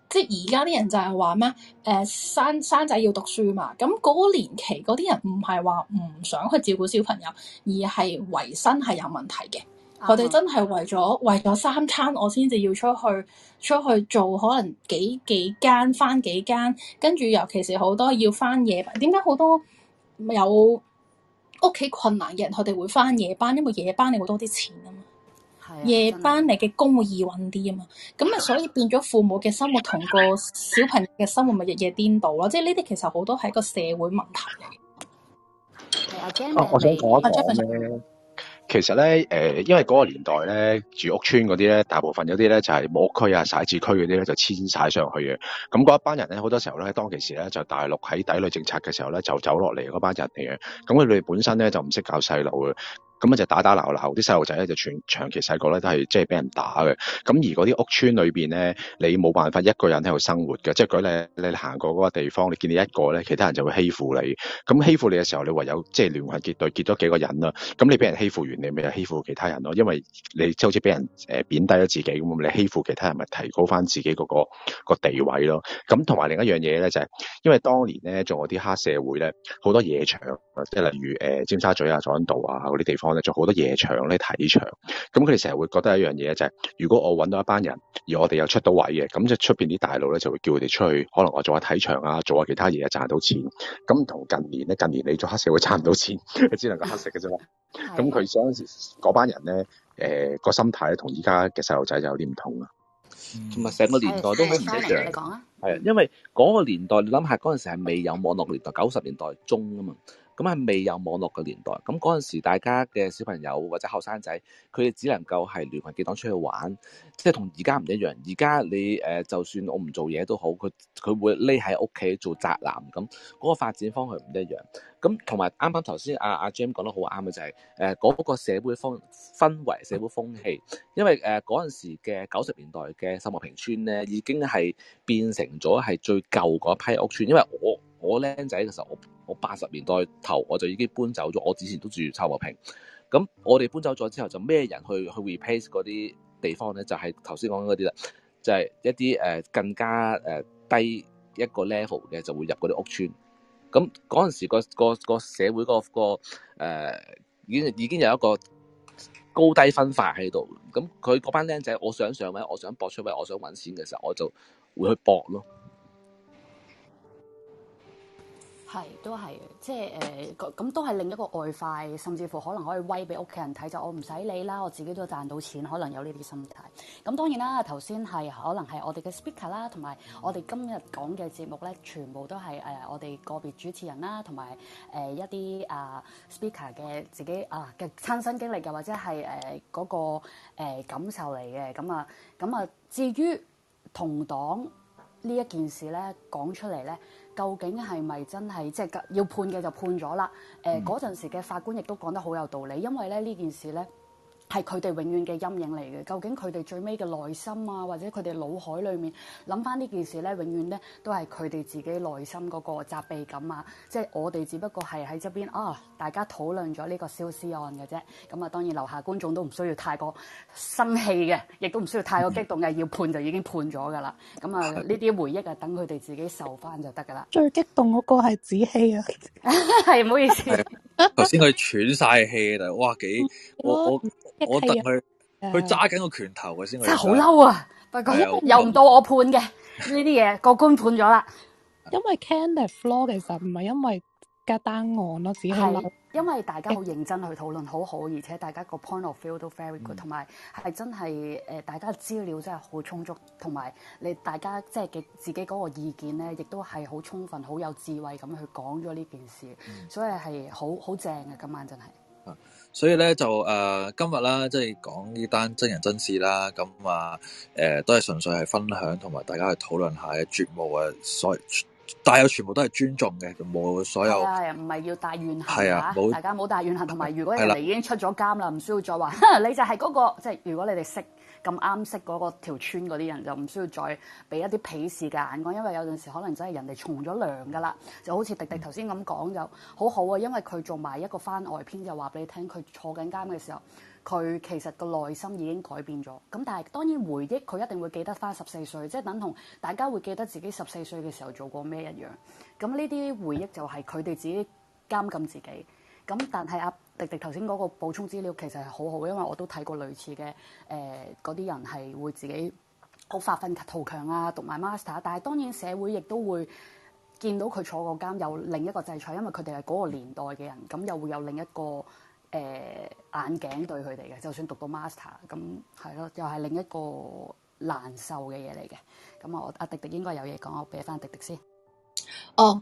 S5: 即係而家啲人就係話咩誒，生生仔要讀書嘛，咁嗰年期嗰啲人唔係話唔想去照顧小朋友，而係維生係有問題嘅。佢哋真係為咗為咗三餐，我先至要出去出去做，可能幾幾間翻幾間，跟住尤其是好多要翻夜班。點解好多有屋企困難嘅人，佢哋會翻夜班？因為夜班你會多啲錢啊嘛，夜班你嘅工會易揾啲啊嘛。咁啊，所以變咗父母嘅生活同個小朋友嘅生活咪日夜顛倒咯。即係呢啲其實好多係一個社會問題嚟。阿、啊、我想講
S7: 其實咧，誒、呃，因為嗰個年代咧，住屋村嗰啲咧，大部分呢、就是、有啲咧就係木屋區啊、徙字區嗰啲咧，就遷晒上去嘅。咁嗰一班人咧，好多時候咧，當其時咧，就是、大陸喺抵壘政策嘅時候咧，就走落嚟嗰班人嚟嘅。咁佢哋本身咧就唔識教細路嘅。咁啊，就打打鬧鬧，啲細路仔咧就全長期細個咧都係即係俾人打嘅。咁而嗰啲屋村裏邊咧，你冇辦法一個人喺度生活嘅，即係如果你，你行過嗰個地方，你見到一個咧，其他人就會欺負你。咁欺負你嘅時候，你唯有即係聯群結隊，結咗幾個人啦。咁你俾人欺負完，你咪就欺負其他人咯，因為你即係好似俾人誒貶低咗自己咁啊，你欺負其他人咪提高翻自己嗰個，個地位咯。咁同埋另一樣嘢咧就係，因為當年咧做嗰啲黑社會咧，好多夜場。即係例如誒，尖沙咀啊、佐敦道啊嗰啲地方咧，做好多夜場咧、睇場。咁佢哋成日會覺得一樣嘢、就是，就係如果我搵到一班人，而我哋又出到位嘅，咁即係出邊啲大佬咧就會叫佢哋出去，可能我做下睇場啊，做下其他嘢啊，賺到錢。咁同近年咧，近年你做黑社會賺唔到錢，只 能夠黑食嘅啫。咁佢嗰陣
S6: 時嗰班人咧，誒、呃、個心態咧，同而家嘅細路仔就有啲唔同啊。同埋成個年代都唔一樣。你講啊，係啊，因為嗰個年代你諗下，嗰陣時係未有網絡年代，九十年代中啊嘛。咁係未有網絡嘅年代，咁嗰陣時大家嘅小朋友或者後生仔，佢哋只能夠係聯群結黨出去玩，即係同而家唔一樣。而家你誒就算我唔做嘢都好，佢佢會匿喺屋企做宅男咁，嗰、嗰個發展方向唔一樣。咁同埋啱啱頭先阿阿 Jame 講得好啱嘅就係誒嗰個社會風氛，氛圍、社會風氣，因為誒嗰陣時嘅九十年代嘅秀茂坪村咧，已經係變成咗係最舊嗰批屋村，因為我。我僆仔嘅時候，我我八十年代頭我就已經搬走咗。我之前都住秀茂坪，咁我哋搬走咗之後，就咩人去去 replace 嗰啲地方咧？就係頭先講嗰啲啦，就係、是、一啲誒更加誒低一個 level 嘅，就會入嗰啲屋村。咁嗰陣時個個個社會個個誒已經已經有一個高低分化喺度。咁佢嗰班僆仔，我想上位，我想搏出位，我想搵錢嘅時候，我就會去搏咯。
S4: 係，都係，即係誒，咁、呃、都係另一個外快，Fi，甚至乎可能可以威俾屋企人睇，就我唔使理啦，我自己都賺到錢，可能有呢啲心態。咁當然啦，頭先係可能係我哋嘅 speaker 啦，同埋我哋今日講嘅節目咧，全部都係誒、呃、我哋個別主持人啦，同埋誒一啲啊 speaker 嘅自己啊嘅親身經歷，又或者係誒嗰個、呃、感受嚟嘅。咁啊，咁啊，至於童黨呢一件事咧講出嚟咧。究竟係咪真係即係要判嘅就判咗啦？誒嗰陣時嘅法官亦都講得好有道理，因為咧呢件事呢。係佢哋永遠嘅陰影嚟嘅。究竟佢哋最尾嘅內心啊，或者佢哋腦海裡面諗翻呢件事咧，永遠咧都係佢哋自己內心嗰個責備感啊。即係我哋只不過係喺側邊啊、哦，大家討論咗呢個燒屍案嘅啫。咁、嗯、啊，當然樓下觀眾都唔需要太過生氣嘅，亦都唔需要太過激動嘅。要判就已經判咗㗎啦。咁、嗯、啊，呢、嗯、啲、嗯嗯、回憶啊，等佢哋自己受翻就得㗎啦。
S3: 最激動嗰個係子希啊，
S4: 係 唔 好意思。頭先
S1: 佢喘晒氣，但係哇幾我。 我等佢，佢揸緊個拳頭嘅先。真係好嬲啊！因
S4: 為不過由唔到
S3: 我判嘅呢啲嘢，法 官判咗啦。因為 candidate floor 其實唔係因為加單案咯，只係
S4: 因為大家好認真去討論，好好，而且大家個 point of view 都 very good，同埋係真係誒、呃，大家資料真係好充足，同埋你大家即係嘅自己嗰個意見咧，亦都係好充分、好有智慧咁去講咗呢件事，嗯、所以係好好正嘅。今晚真係。嗯
S1: 所以咧就誒、呃、今日啦，即係講呢單真人真事啦，咁啊誒都係純粹係分享同埋大家去討論下嘅絕無啊。所，但有全部都係尊重嘅，冇所有。係啊，
S4: 唔係要帶怨恨嚇，啊、大家冇帶怨恨。同埋如果你已經出咗監啦，唔需要再話，你就係嗰個，即係如果你哋識。咁啱識嗰個條村嗰啲人就唔需要再俾一啲鄙視嘅眼光，因為有陣時可能真係人哋從咗良㗎喇，就好似迪迪頭先咁講就好好啊，因為佢做埋一個番外篇就話俾你聽，佢坐緊監嘅時候，佢其實個內心已經改變咗。咁但係當然回憶佢一定會記得返十四歲，即係等同大家會記得自己十四歲嘅時候做過咩一樣。咁呢啲回憶就係佢哋自己監禁自己。咁但係阿迪迪頭先嗰個補充資料其實係好好，因為我都睇過類似嘅，誒，嗰啲人係會自己好發奮圖強啊，讀埋 master，但係當然社會亦都會見到佢坐過監，有另一個制裁，因為佢哋係嗰個年代嘅人，咁又會有另一個誒眼鏡對佢哋嘅，就算讀到 master，咁係咯，又係另一個難受嘅嘢嚟嘅。咁啊，我阿迪迪應該有嘢講，我俾翻迪迪先。
S5: 哦。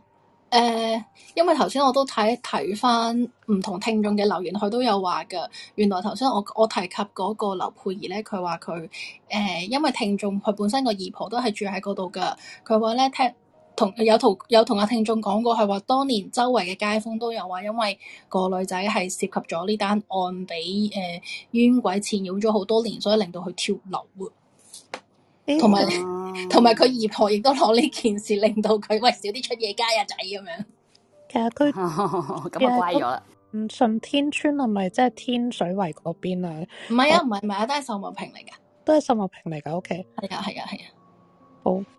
S5: 誒、呃，因為頭先我都睇睇翻唔同聽眾嘅留言，佢都有話㗎。原來頭先我我提及嗰個劉佩儀咧，佢話佢誒，因為聽眾佢本身個姨婆都係住喺嗰度噶，佢話咧聽同有，有同有同阿聽眾講過，係話當年周圍嘅街坊都有話，啊，因為個女仔係涉及咗呢單案，俾、呃、誒冤鬼纏繞咗好多年，所以令到佢跳樓。同埋，同埋佢姨婆亦都攞呢件事令到佢喂少啲出夜街啊，仔咁樣。
S3: 其實佢咁、哦、就乖咗啦。唔順天村係咪即係天水圍嗰邊啊？唔係我啊，唔係唔係啊，都係秀茂坪嚟噶，都係秀茂坪嚟噶。O K，係啊係啊係啊。啊啊好。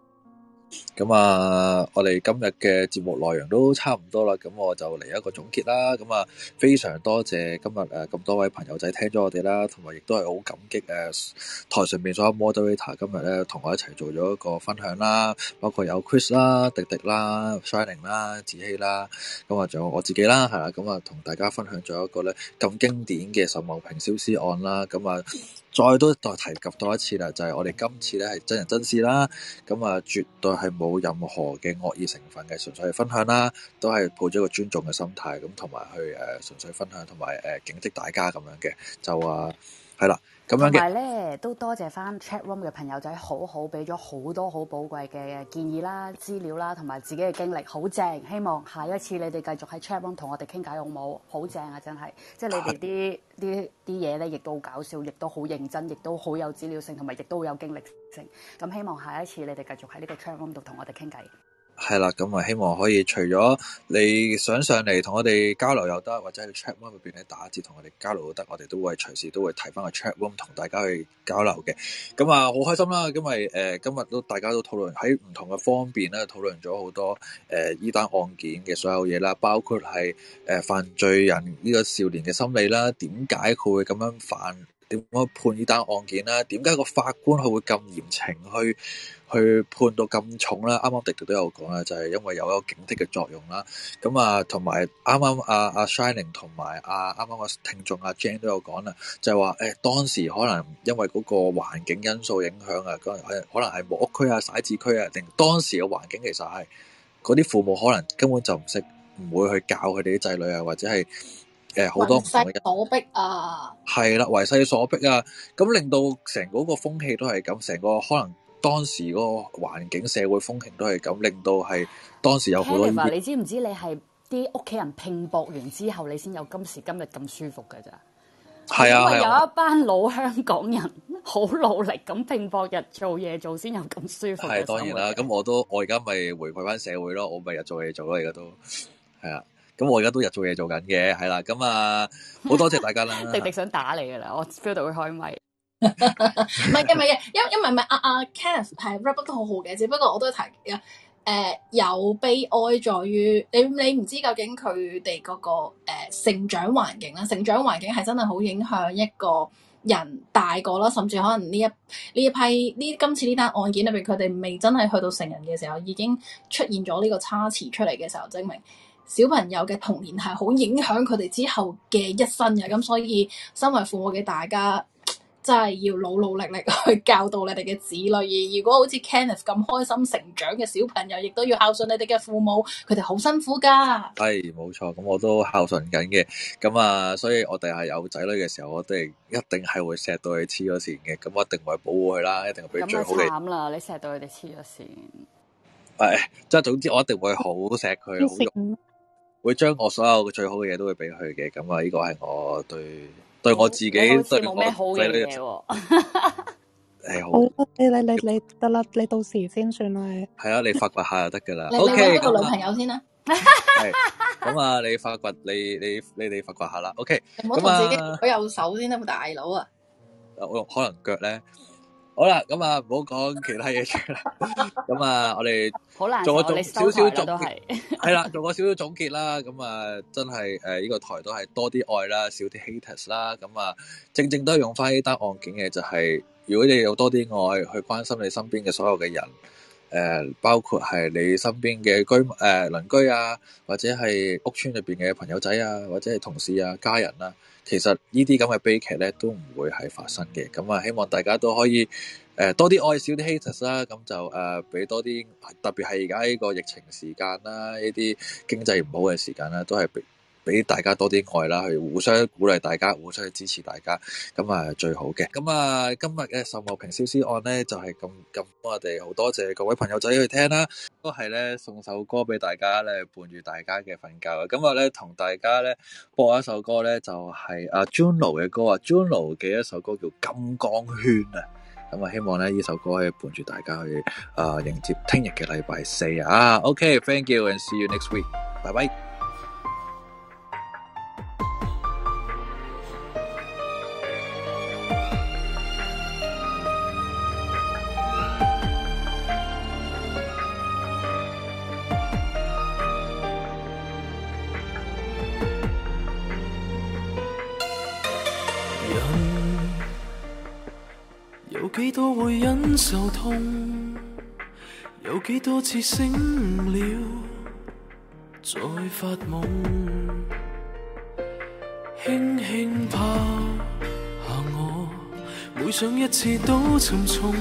S1: 咁啊，我哋今日嘅節目內容都差唔多啦，咁我就嚟一個總結啦。咁啊，非常多謝今日誒咁多位朋友仔聽咗我哋啦，同埋亦都係好感激誒、啊、台上面所有 moderator 今日咧同我一齊做咗一個分享啦，包括有 Chris 啦、迪迪啦、Shining 啦、子希啦，咁啊仲有我自己啦，係啦，咁啊同大家分享咗一個咧咁經典嘅秀茂坪燒屍案啦，咁啊。再都再提及多一次啦，就係、是、我哋今次咧係真人真事啦，咁、嗯、啊絕對係冇任何嘅惡意成分嘅，純粹係分享啦，都係抱咗一個尊重嘅心態，咁同埋去誒純、呃、粹分享，同埋誒警惕大家咁樣嘅，就話係啦。啊同埋
S4: 咧，都多謝翻 chat room 嘅朋友仔，好好俾咗好多好寶貴嘅建議啦、資料啦，同埋自己嘅經歷，好正！希望下一次你哋繼續喺 chat room 同我哋傾偈，好唔好？好正啊，真係！即係你哋啲啲啲嘢咧，亦 都好搞笑，亦都好認真，亦都好有資料性，同埋亦都好有經歷性。咁希望下一次你哋繼續喺呢個 chat room 度同我哋傾偈。
S1: 係啦，咁啊，希望可以除咗你想上嚟同我哋交流又得，或者喺 chat room 入邊咧打字同我哋交流都得，我哋都會隨時都會提翻個 chat room 同大家去交流嘅。咁啊，好開心啦，因為誒今日都、呃、大家都討論喺唔同嘅方面咧，討論咗好多誒呢單案件嘅所有嘢啦，包括係誒、呃、犯罪人呢、呢個少年嘅心理啦，點解佢會咁樣犯？點樣判呢單案件啦？點解個法官佢會咁嚴懲去去判到咁重咧？啱啱迪迪都有講啦，就係、是，因為有一個警惕嘅作用啦。咁啊，同埋啱啱阿阿 Shining 同埋阿啱啱個聽眾阿，啊、Jane 都有講啦，就係話誒，當時可能因為嗰個環境因素影響啊，可能可能係木屋區啊、徙置區啊，定當時嘅環境其實係嗰啲父母可能根本就唔識，唔會去教佢哋啲仔女啊，或者係。誒，好多唔係嘅，
S5: 所逼啊，
S1: 係啦，為勢所逼啊，咁令到成嗰個風氣都係咁，成個可能當時嗰個環境、社會風氣都係咁，令到係當時有好多。你
S4: 知唔知你係啲屋企人拼搏完之後，你先有今時今日咁舒服嘅咋？
S1: 係啊，有一
S4: 班老香港人好努力咁拼搏，日做嘢做先有咁舒服。係當然啦，
S1: 咁我都我而家咪回饋翻社會咯，我咪日做嘢做咯，而家都係啊。咁、嗯、我而家都日做嘢做緊嘅，係啦。咁啊，好多謝大家啦！迪迪
S4: 想打你噶啦，我 feel 到佢開咪唔係
S5: 嘅，唔係嘅，因為因唔係唔係啊，啊，Kenneth 係 rap 都好好嘅，只不過我都提誒有悲哀在於你你唔知究竟佢哋嗰個誒成長環境啦。成長環境係真係好影響一個人大個啦，甚至可能呢一呢一批呢今次呢單案件裏邊，佢哋未真係去到成人嘅時候，已經出現咗呢個差池出嚟嘅時候，證明。小朋友嘅童年係好影響佢哋之後嘅一生嘅、啊，咁所以身為父母嘅大家真係要努努力力去教導你哋嘅子女。而如果好似 Kenneth 咁開心成長嘅小朋友，亦都要孝順你哋嘅父母，佢哋好辛苦㗎。哎，
S1: 係冇錯，咁我都孝順緊嘅。咁啊，所以我哋係有仔女嘅時候，我哋一定係會錫到佢黐咗線嘅。咁我一定會保護佢啦，一定會俾最好你。咁慘
S4: 啦！你錫到佢哋黐咗線。
S1: 係、哎，即係總之我一定會好錫佢， 會將我所有嘅最好嘅嘢都會俾佢嘅，咁啊，呢個係我對對我自己對我仔女嘅嘢。誒，好，你好
S3: 好你你得啦，你到時先算啦。
S1: 係啊， 你發掘下就得噶啦。O K，揾個女朋友先啦。咁啊， 你發掘，你你你哋發掘下啦。O K，
S3: 唔好同自己佢 右
S5: 手先啦，大佬
S1: 啊。我可能腳咧。好啦，咁、嗯、啊，唔好講其他嘢啦。咁 啊、嗯，我哋做一個少少總
S5: 結，
S2: 係
S1: 啦， 做個少少總結啦。咁、嗯、啊，真係誒，呢、呃這個台都係多啲愛啦，少啲 haters 啦。咁、嗯、啊，正正都係用翻呢單案件嘅、就是，就係如果你有多啲愛去關心你身邊嘅所有嘅人，誒、呃，包括係你身邊嘅居誒鄰、呃、鄰居啊，或者係屋村裏邊嘅朋友仔啊，或者係同事啊、家人啊。其實呢啲咁嘅悲劇咧，都唔會係發生嘅。咁啊，希望大家都可以誒、呃、多啲愛少啲 hate 啦。咁就誒俾、呃、多啲，特別係而家呢個疫情時間啦，呢啲經濟唔好嘅時間啦，都係俾，俾大家多啲愛啦，去互相鼓勵大家，互相去支持大家，咁啊最好嘅。咁啊今日嘅《秀茂坪燒屍案》咧，就係咁咁，我哋好多謝各位朋友仔去聽啦，都係咧送首歌俾大家咧，伴住大家嘅瞓覺。咁啊咧同大家咧播一首歌咧，就係阿 Juno 嘅歌啊，Juno 嘅一首歌叫《金光圈》啊。咁啊希望咧呢首歌咧伴住大家去啊迎接聽日嘅禮拜四啊。OK，thank you and see you next week。拜拜。
S2: 幾多會忍受痛，有幾多次醒了再發夢，輕輕拋下、啊、我，每想一次都沉重，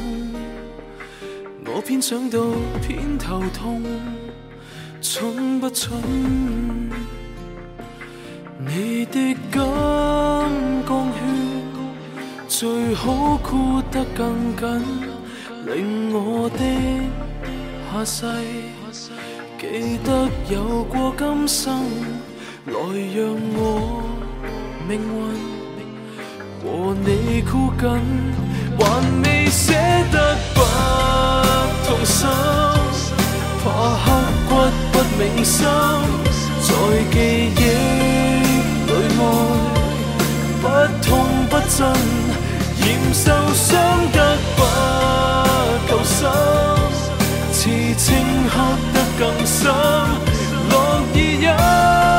S2: 我偏想到偏頭痛，蠢不蠢？你的感光最好箍得更緊，令我的下世記得有過今生，來讓我命運和你箍緊，還未捨得不痛心，怕刻骨不銘心，在記憶裏愛不痛不真。嫌受傷得不夠深，刺青刻得更深，樂意淫。